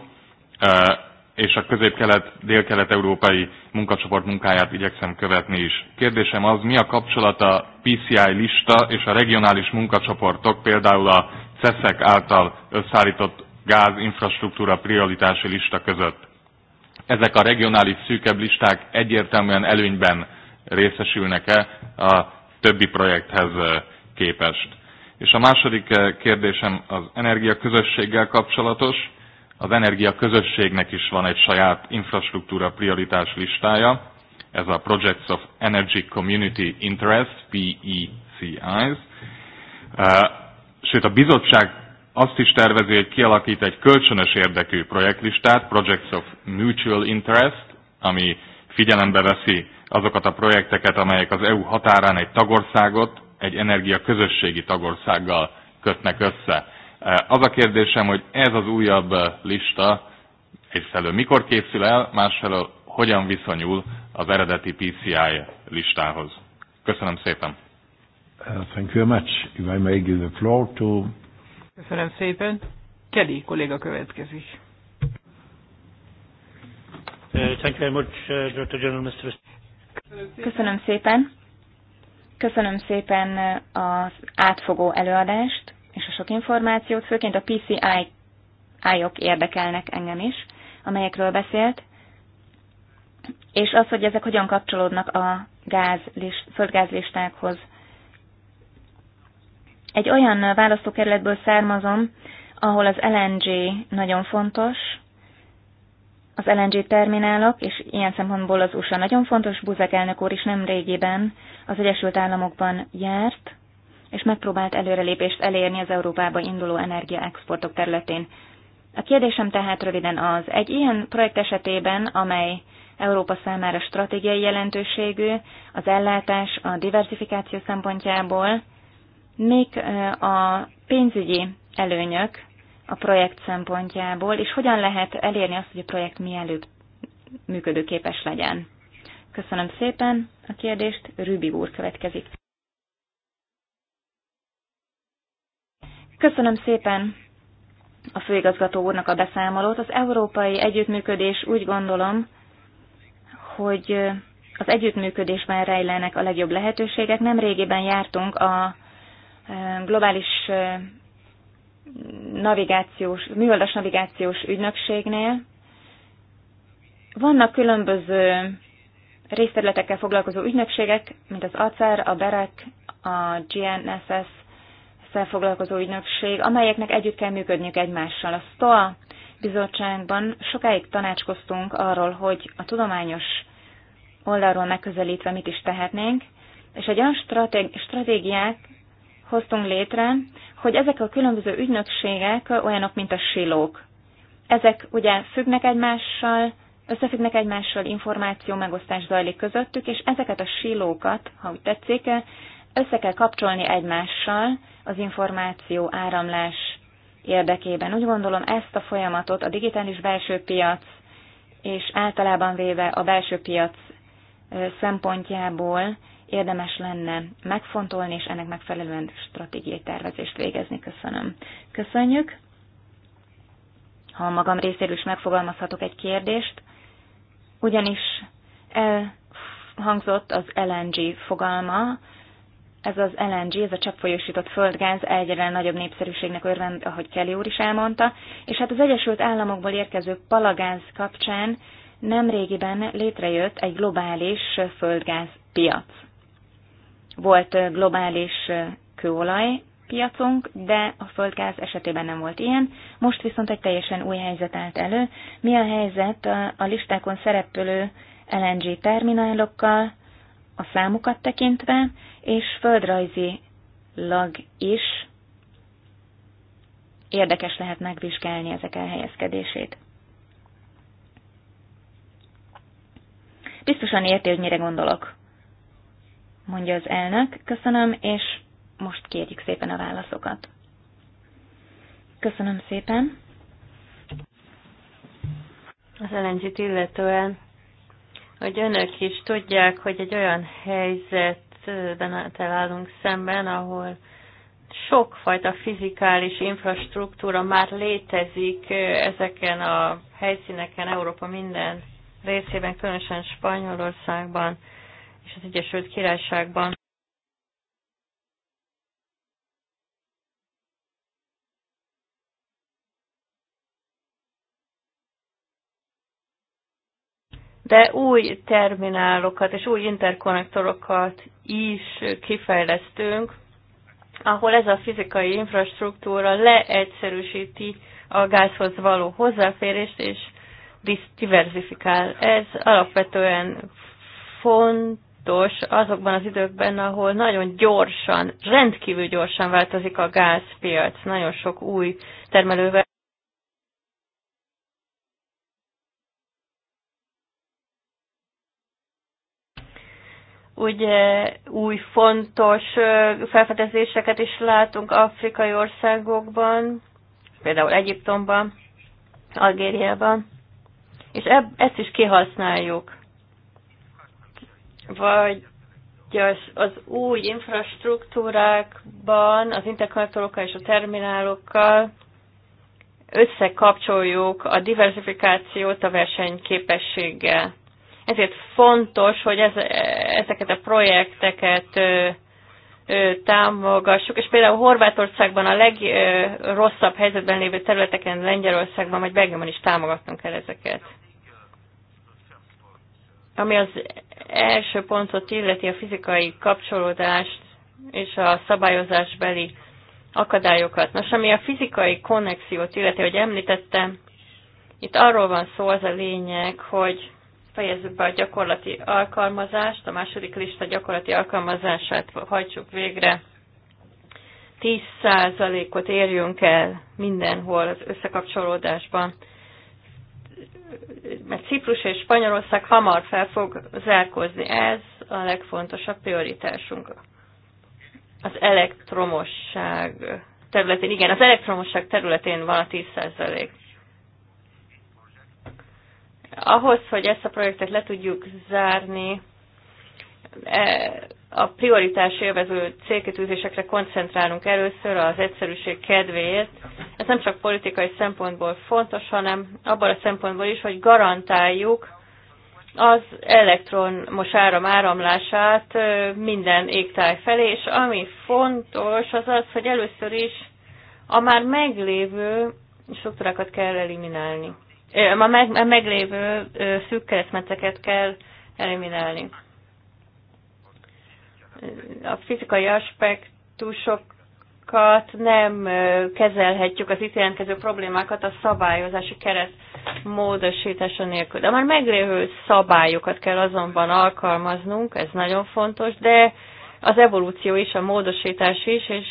eh, és a közép-kelet, dél-kelet-európai munkacsoport munkáját igyekszem követni is. Kérdésem az, mi a kapcsolat a PCI lista és a regionális munkacsoportok, például a CESZEK által összeállított gázinfrastruktúra prioritási lista között? Ezek a regionális szűkebb listák egyértelműen előnyben részesülnek-e a többi projekthez képest. És a második kérdésem az energiaközösséggel kapcsolatos. Az energiaközösségnek is van egy saját infrastruktúra prioritás listája, ez a Projects of Energy Community Interest, PECIs. Sőt, a bizottság azt is tervezi, hogy kialakít egy kölcsönös érdekű projektlistát, Projects of Mutual Interest, ami figyelembe veszi azokat a projekteket, amelyek az EU határán egy tagországot egy energia közösségi tagországgal kötnek össze. Eh, az a kérdésem, hogy ez az újabb eh, lista egyfelől mikor készül el, másfelől hogyan viszonyul az eredeti PCI listához. Köszönöm szépen. Uh, thank you very much. If I may give the floor to... Köszönöm szépen. Kelly kolléga következik. Uh, thank you very much, uh, Dr. General Mr. Köszönöm szépen. Köszönöm szépen az átfogó előadást és a sok információt, főként a PCI ájok -ok érdekelnek engem is, amelyekről beszélt, és az, hogy ezek hogyan kapcsolódnak a gáz, földgázlistákhoz. Egy olyan választókerületből származom, ahol az LNG nagyon fontos, az LNG terminálok, és ilyen szempontból az USA nagyon fontos, Buzek elnök úr is nem régiben az Egyesült Államokban járt, és megpróbált előrelépést elérni az Európába induló energiaexportok területén. A kérdésem tehát röviden az, egy ilyen projekt esetében, amely Európa számára stratégiai jelentőségű, az ellátás a diversifikáció szempontjából, még a pénzügyi előnyök a projekt szempontjából, és hogyan lehet elérni azt, hogy a projekt mielőbb működőképes legyen. Köszönöm szépen a kérdést, Rübi úr következik. Köszönöm szépen a főigazgató úrnak a beszámolót. Az európai együttműködés úgy gondolom, hogy az együttműködésben rejlenek a legjobb lehetőségek. Nem régében jártunk a eh, globális eh, navigációs, műholdas navigációs ügynökségnél. Vannak különböző részterületekkel foglalkozó ügynökségek, mint az ACER, a BEREC, e a e e GNSS-szel foglalkozó ügynökség, amelyeknek együtt kell működniük egymással. A STOA bizottságban sokáig tanácskoztunk arról, hogy a tudományos oldalról megközelítve mit is tehetnénk, és egy olyan stratégiát hoztunk létre, hogy ezek a különböző ügynökségek olyanok, mint a silók. Ezek ugye függnek egymással, összefüggnek egymással, információ megosztás zajlik közöttük, és ezeket a silókat, ha úgy tetszik, össze kell kapcsolni egymással az információ áramlás érdekében. Úgy gondolom ezt a folyamatot a digitális belső piac és általában véve a belső piac szempontjából érdemes lenne megfontolni, és ennek megfelelően stratégiai tervezést végezni. Köszönöm. Köszönjük. Ha magam részéről is megfogalmazhatok egy kérdést, ugyanis elhangzott az LNG fogalma, ez az LNG, ez a cseppfolyósított földgáz egyre nagyobb népszerűségnek örvend, ahogy Kelly úr is elmondta, és hát az Egyesült Államokból érkező palagáz kapcsán nemrégiben létrejött egy globális földgáz piac. Volt globális kőolaj piacunk, de a földgáz esetében nem volt ilyen. Most viszont egy teljesen új helyzet állt elő. Mi a helyzet a listákon szereplő LNG terminálokkal, a számukat tekintve, és földrajzilag is érdekes lehet megvizsgálni ezek elhelyezkedését. Biztosan érti, hogy mire gondolok mondja az elnök. Köszönöm, és most kérjük szépen a válaszokat. Köszönöm szépen. Az ellencsét illetően, hogy önök is tudják, hogy egy olyan helyzetben találunk szemben, ahol sokfajta fizikális infrastruktúra már létezik ezeken a helyszíneken Európa minden részében, különösen Spanyolországban és az Egyesült Királyságban. de új terminálokat és új interkonnektorokat is kifejlesztünk, ahol ez a fizikai infrastruktúra leegyszerűsíti a gázhoz való hozzáférést, és diversifikál. Ez alapvetően font, fontos azokban az időkben, ahol nagyon gyorsan, rendkívül gyorsan változik a gázpiac, nagyon sok új termelővel. Ugye új fontos felfedezéseket is látunk afrikai országokban, például Egyiptomban, Algériában, és ezt is kihasználjuk vagy az, az új infrastruktúrákban, az interkonnektorokkal és a terminálokkal összekapcsoljuk a diversifikációt a versenyképességgel. Ezért fontos, hogy ez, ezeket a projekteket ö, ö, támogassuk, és például Horvátországban a legrosszabb helyzetben lévő területeken, Lengyelországban vagy Belgiumban is támogatnunk kell ezeket. Ami az első pontot illeti a fizikai kapcsolódást és a szabályozásbeli akadályokat. Nos, ami a fizikai konnexiót illeti, hogy említettem, itt arról van szó az a lényeg, hogy fejezzük be a gyakorlati alkalmazást, a második lista gyakorlati alkalmazását hajtsuk végre. 10%-ot érjünk el mindenhol az összekapcsolódásban mert Ciprus és Spanyolország hamar fel fog zárkozni. Ez a legfontosabb prioritásunk. Az elektromosság területén, igen, az elektromosság területén van a 10%. Ahhoz, hogy ezt a projektet le tudjuk zárni, e, a prioritás élvező célkitűzésekre koncentrálunk először az egyszerűség kedvéért. Ez nem csak politikai szempontból fontos, hanem abban a szempontból is, hogy garantáljuk az elektromos áram áramlását minden égtáj felé, és ami fontos az az, hogy először is a már meglévő struktúrákat kell eliminálni. A meglévő szűk kell eliminálni a fizikai aspektusokat nem kezelhetjük az itt jelentkező problémákat a szabályozási keret módosítása nélkül. De már meglévő szabályokat kell azonban alkalmaznunk, ez nagyon fontos, de az evolúció is, a módosítás is, és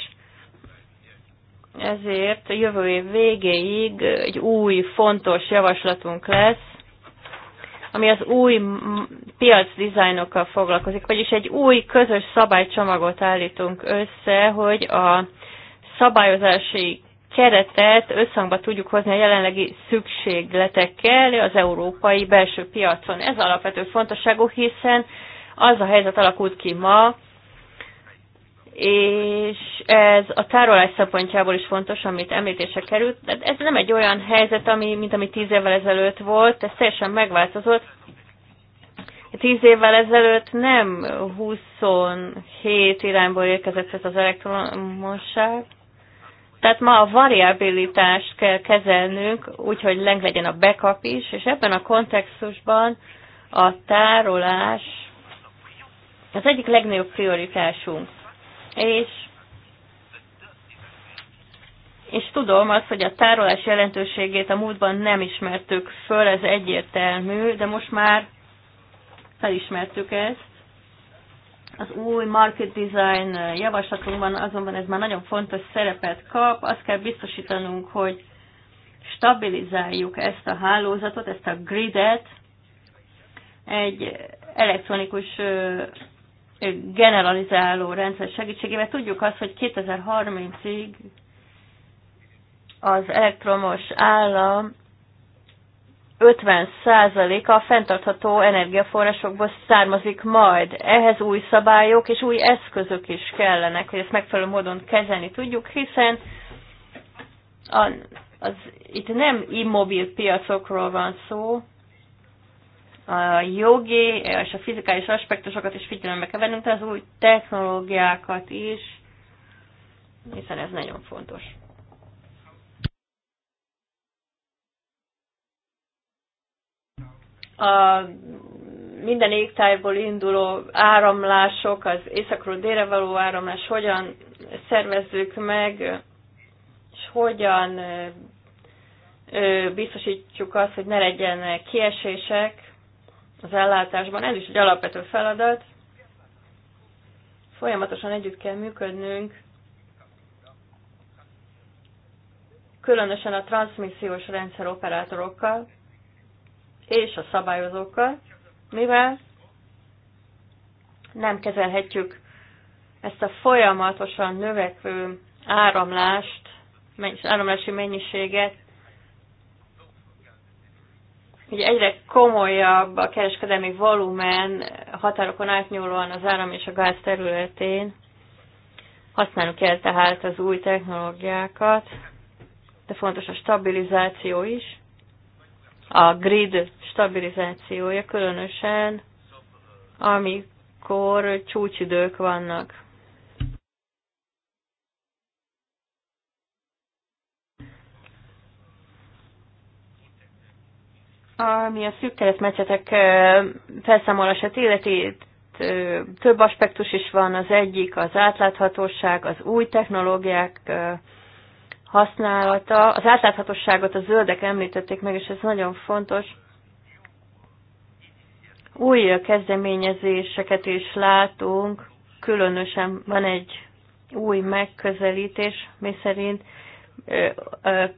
ezért jövő év végéig egy új, fontos javaslatunk lesz, ami az új piac dizájnokkal foglalkozik, vagyis egy új közös szabálycsomagot állítunk össze, hogy a szabályozási keretet összhangba tudjuk hozni a jelenlegi szükségletekkel az európai belső piacon. Ez alapvető fontosságú, hiszen az a helyzet alakult ki ma, és ez a tárolás szempontjából is fontos, amit említése került. De ez nem egy olyan helyzet, ami, mint ami tíz évvel ezelőtt volt, ez teljesen megváltozott. Tíz évvel ezelőtt nem 27 irányból érkezett ez az elektromosság. Tehát ma a variabilitást kell kezelnünk, úgyhogy leng legyen a backup is, és ebben a kontextusban a tárolás az egyik legnagyobb prioritásunk és és tudom azt, hogy a tárolás jelentőségét a múltban nem ismertük föl, ez egyértelmű, de most már felismertük ezt. Az új market design javaslatunkban azonban ez már nagyon fontos szerepet kap, azt kell biztosítanunk, hogy stabilizáljuk ezt a hálózatot, ezt a gridet egy elektronikus generalizáló rendszer segítségével tudjuk azt, hogy 2030-ig az elektromos állam 50%-a a fenntartható energiaforrásokból származik majd. Ehhez új szabályok és új eszközök is kellenek, hogy ezt megfelelő módon kezelni tudjuk, hiszen a, az, itt nem immobil piacokról van szó, a jogi és a fizikális aspektusokat is figyelembe kell vennünk, tehát az új technológiákat is, hiszen ez nagyon fontos. A minden égtájból induló áramlások, az északról délre való áramlás, hogyan szervezzük meg, és hogyan biztosítjuk azt, hogy ne legyen kiesések, az ellátásban. Ez is egy alapvető feladat. Folyamatosan együtt kell működnünk, különösen a transmissziós rendszer operátorokkal és a szabályozókkal, mivel nem kezelhetjük ezt a folyamatosan növekvő áramlást, áramlási mennyiséget hogy egyre komolyabb a kereskedelmi volumen határokon átnyúlóan az áram és a gáz területén. Használnunk kell tehát az új technológiákat, de fontos a stabilizáció is, a grid stabilizációja különösen, amikor csúcsidők vannak. Ami a szűk keresztmetszetek felszámolását illeti, több aspektus is van. Az egyik az átláthatóság, az új technológiák használata. Az átláthatóságot a zöldek említették meg, és ez nagyon fontos. Új kezdeményezéseket is látunk, különösen van egy új megközelítés, mi szerint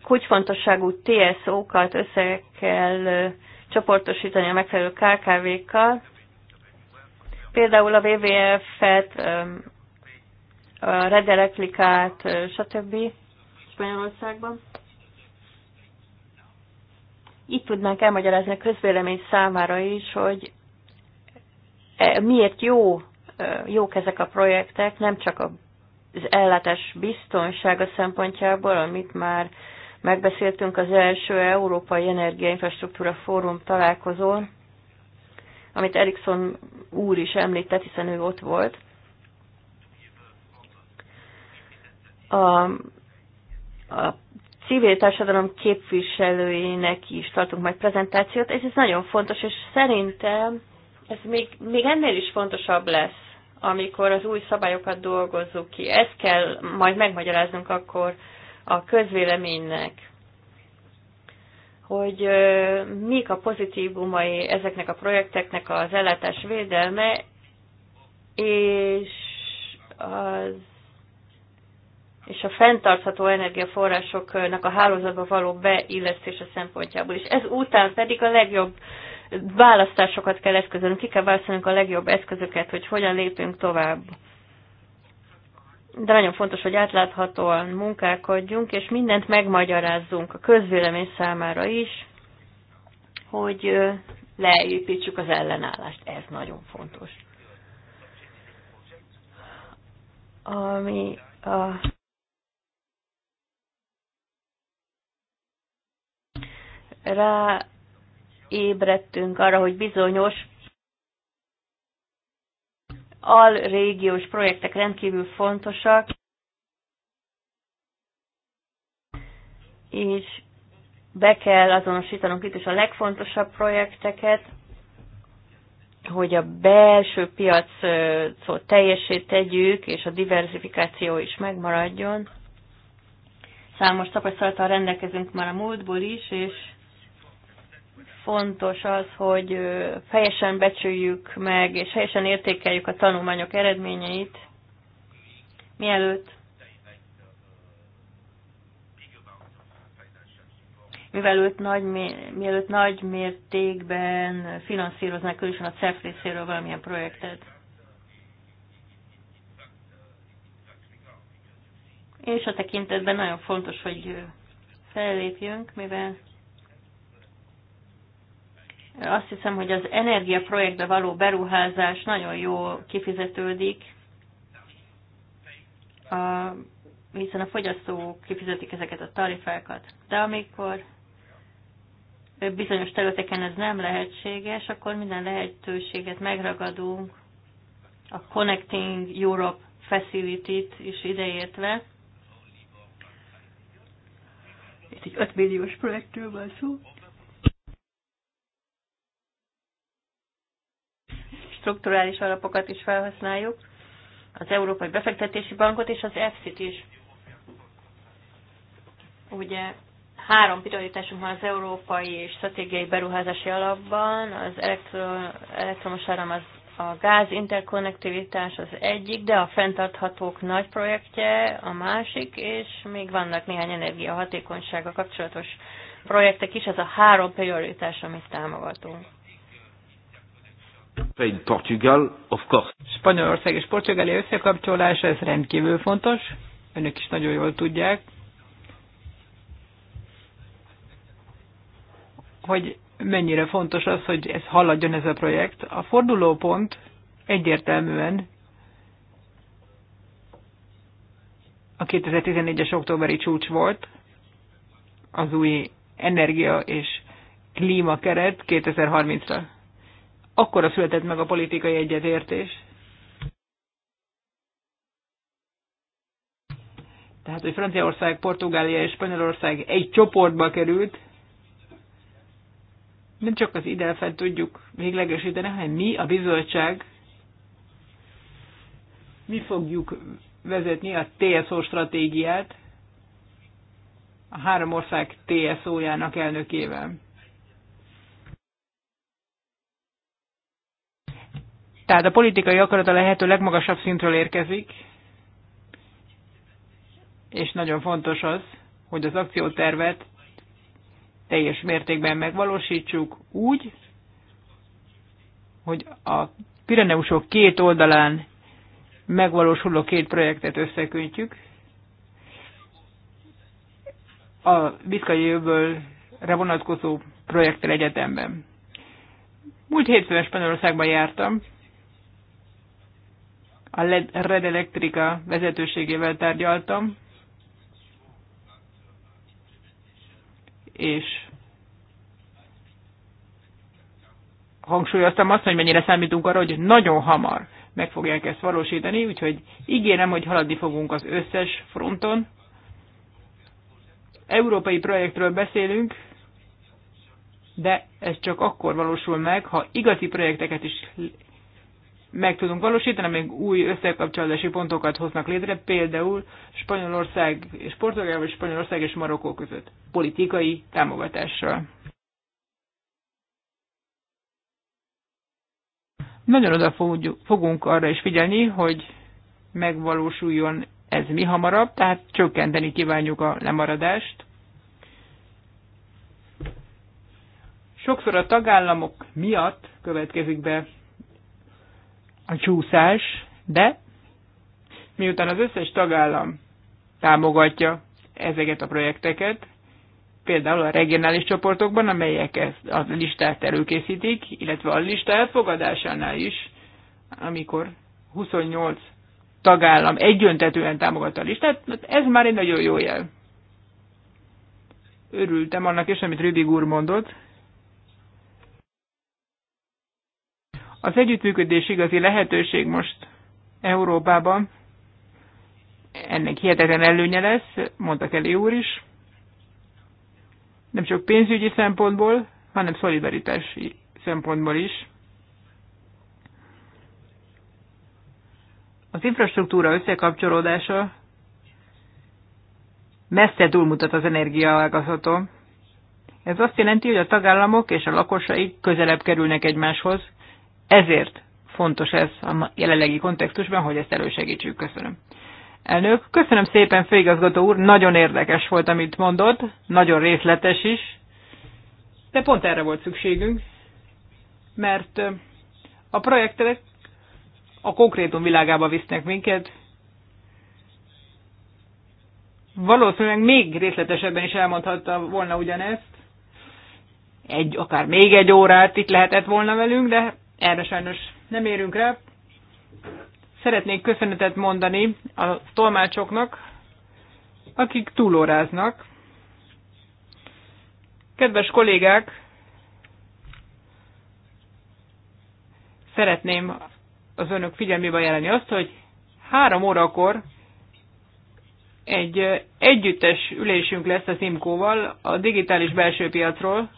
kulcsfontosságú TSO-kat össze kell csoportosítani a megfelelő KKV-kkal. Például a WWF-et, a Red Electricát, stb. Spanyolországban. Itt tudnánk elmagyarázni a közvélemény számára is, hogy miért jó, jók ezek a projektek, nem csak a az ellátás biztonsága szempontjából, amit már megbeszéltünk az első Európai Infrastruktúra Fórum találkozón, amit Erikson úr is említett, hiszen ő ott volt. A, a civil társadalom képviselőinek is tartunk majd prezentációt, Ez ez nagyon fontos, és szerintem ez még, még ennél is fontosabb lesz amikor az új szabályokat dolgozzuk ki. Ezt kell majd megmagyaráznunk akkor a közvéleménynek, hogy mik a pozitívumai ezeknek a projekteknek az ellátás védelme, és az és a fenntartható energiaforrásoknak a hálózatba való beillesztése szempontjából. És ez után pedig a legjobb választásokat kell eszközölni, ki kell választanunk a legjobb eszközöket, hogy hogyan lépünk tovább. De nagyon fontos, hogy átláthatóan munkálkodjunk, és mindent megmagyarázzunk a közvélemény számára is, hogy leépítsük az ellenállást. Ez nagyon fontos. Ami a rá ébredtünk arra, hogy bizonyos alrégiós projektek rendkívül fontosak, és be kell azonosítanunk itt is a legfontosabb projekteket, hogy a belső piacot teljesé tegyük, és a diversifikáció is megmaradjon. Számos tapasztalattal rendelkezünk már a múltból is, és fontos az, hogy helyesen becsüljük meg, és helyesen értékeljük a tanulmányok eredményeit, mielőtt mivel őt nagy, mielőtt nagy mértékben finanszíroznak különösen a CEF részéről valamilyen projektet. És a tekintetben nagyon fontos, hogy fellépjünk, mivel azt hiszem, hogy az energiaprojektbe való beruházás nagyon jó kifizetődik, a, hiszen a fogyasztók kifizetik ezeket a tarifákat. De amikor bizonyos területeken ez nem lehetséges, akkor minden lehetőséget megragadunk, a Connecting Europe Facility-t is ideértve. Itt egy 5 milliós projektről van szó. strukturális alapokat is felhasználjuk, az Európai Befektetési Bankot és az EFSZ-t is. Ugye három prioritásunk van az európai és stratégiai beruházási alapban, az elektro, elektromos áram az a gáz interkonnektivitás az egyik, de a fenntarthatók nagy projektje a másik, és még vannak néhány energiahatékonysága kapcsolatos projektek is, ez a három prioritás, amit támogatunk. Spain, Portugal, of course. Spanyolország és Portugália összekapcsolása, ez rendkívül fontos. Önök is nagyon jól tudják, hogy mennyire fontos az, hogy ez haladjon ez a projekt. A fordulópont egyértelműen a 2014-es októberi csúcs volt, az új energia és klímakeret 2030-ra akkora született meg a politikai egyetértés. Tehát, hogy Franciaország, Portugália és Spanyolország egy csoportba került, nem csak az fel tudjuk véglegesíteni, hanem mi, a bizottság, mi fogjuk vezetni a TSO stratégiát a három ország TSO-jának elnökével. Tehát a politikai akarat a lehető legmagasabb szintről érkezik, és nagyon fontos az, hogy az akciótervet teljes mértékben megvalósítsuk úgy, hogy a Pireneusok két oldalán megvalósuló két projektet összeköntjük. A Biszkai jövőre vonatkozó projektel egyetemben. Múlt hétfőn Spanyolországban jártam, a e Red Electrica vezetőségével tárgyaltam, és hangsúlyoztam azt, hogy mennyire számítunk arra, hogy nagyon hamar meg fogják ezt valósítani, úgyhogy ígérem, hogy haladni fogunk az összes fronton. Európai projektről beszélünk, de ez csak akkor valósul meg, ha igazi projekteket is meg tudunk valósítani, még új összekapcsolódási pontokat hoznak létre, például Spanyolország és Portugál, vagy Spanyolország és Marokkó között politikai támogatással. Nagyon oda fogunk arra is figyelni, hogy megvalósuljon ez mi hamarabb, tehát csökkenteni kívánjuk a lemaradást. Sokszor a tagállamok miatt következik be a csúszás, de miután az összes tagállam támogatja ezeket a projekteket, például a regionális csoportokban, amelyek ezt a listát előkészítik, illetve a lista elfogadásánál is, amikor 28 tagállam egyöntetően támogatta a listát, hát ez már egy nagyon jó jel. Örültem annak is, amit Rübig úr mondott, Az együttműködés igazi lehetőség most Európában. Ennek hihetetlen előnye lesz, mondta Kelly úr is. Nem csak pénzügyi szempontból, hanem szolidaritási szempontból is. Az infrastruktúra összekapcsolódása messze túlmutat az energiaágazaton. Ez azt jelenti, hogy a tagállamok és a lakosai közelebb kerülnek egymáshoz, ezért fontos ez a jelenlegi kontextusban, hogy ezt elősegítsük. Köszönöm. Elnök, köszönöm szépen, főigazgató úr, nagyon érdekes volt, amit mondott, nagyon részletes is, de pont erre volt szükségünk, mert a projektek a konkrétum világába visznek minket, valószínűleg még részletesebben is elmondhatta volna ugyanezt. Egy, akár még egy órát itt lehetett volna velünk, de erre sajnos nem érünk rá. Szeretnék köszönetet mondani a tolmácsoknak, akik túlóráznak. Kedves kollégák, szeretném az önök figyelmébe jelenni azt, hogy három órakor egy együttes ülésünk lesz az IMCO-val a digitális belső piacról,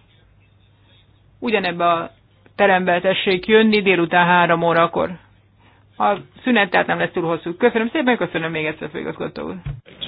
ugyanebben a terembe tessék jönni délután három órakor. A szünet tehát nem lesz túl hosszú. Köszönöm szépen, köszönöm még egyszer, főigazgató úr.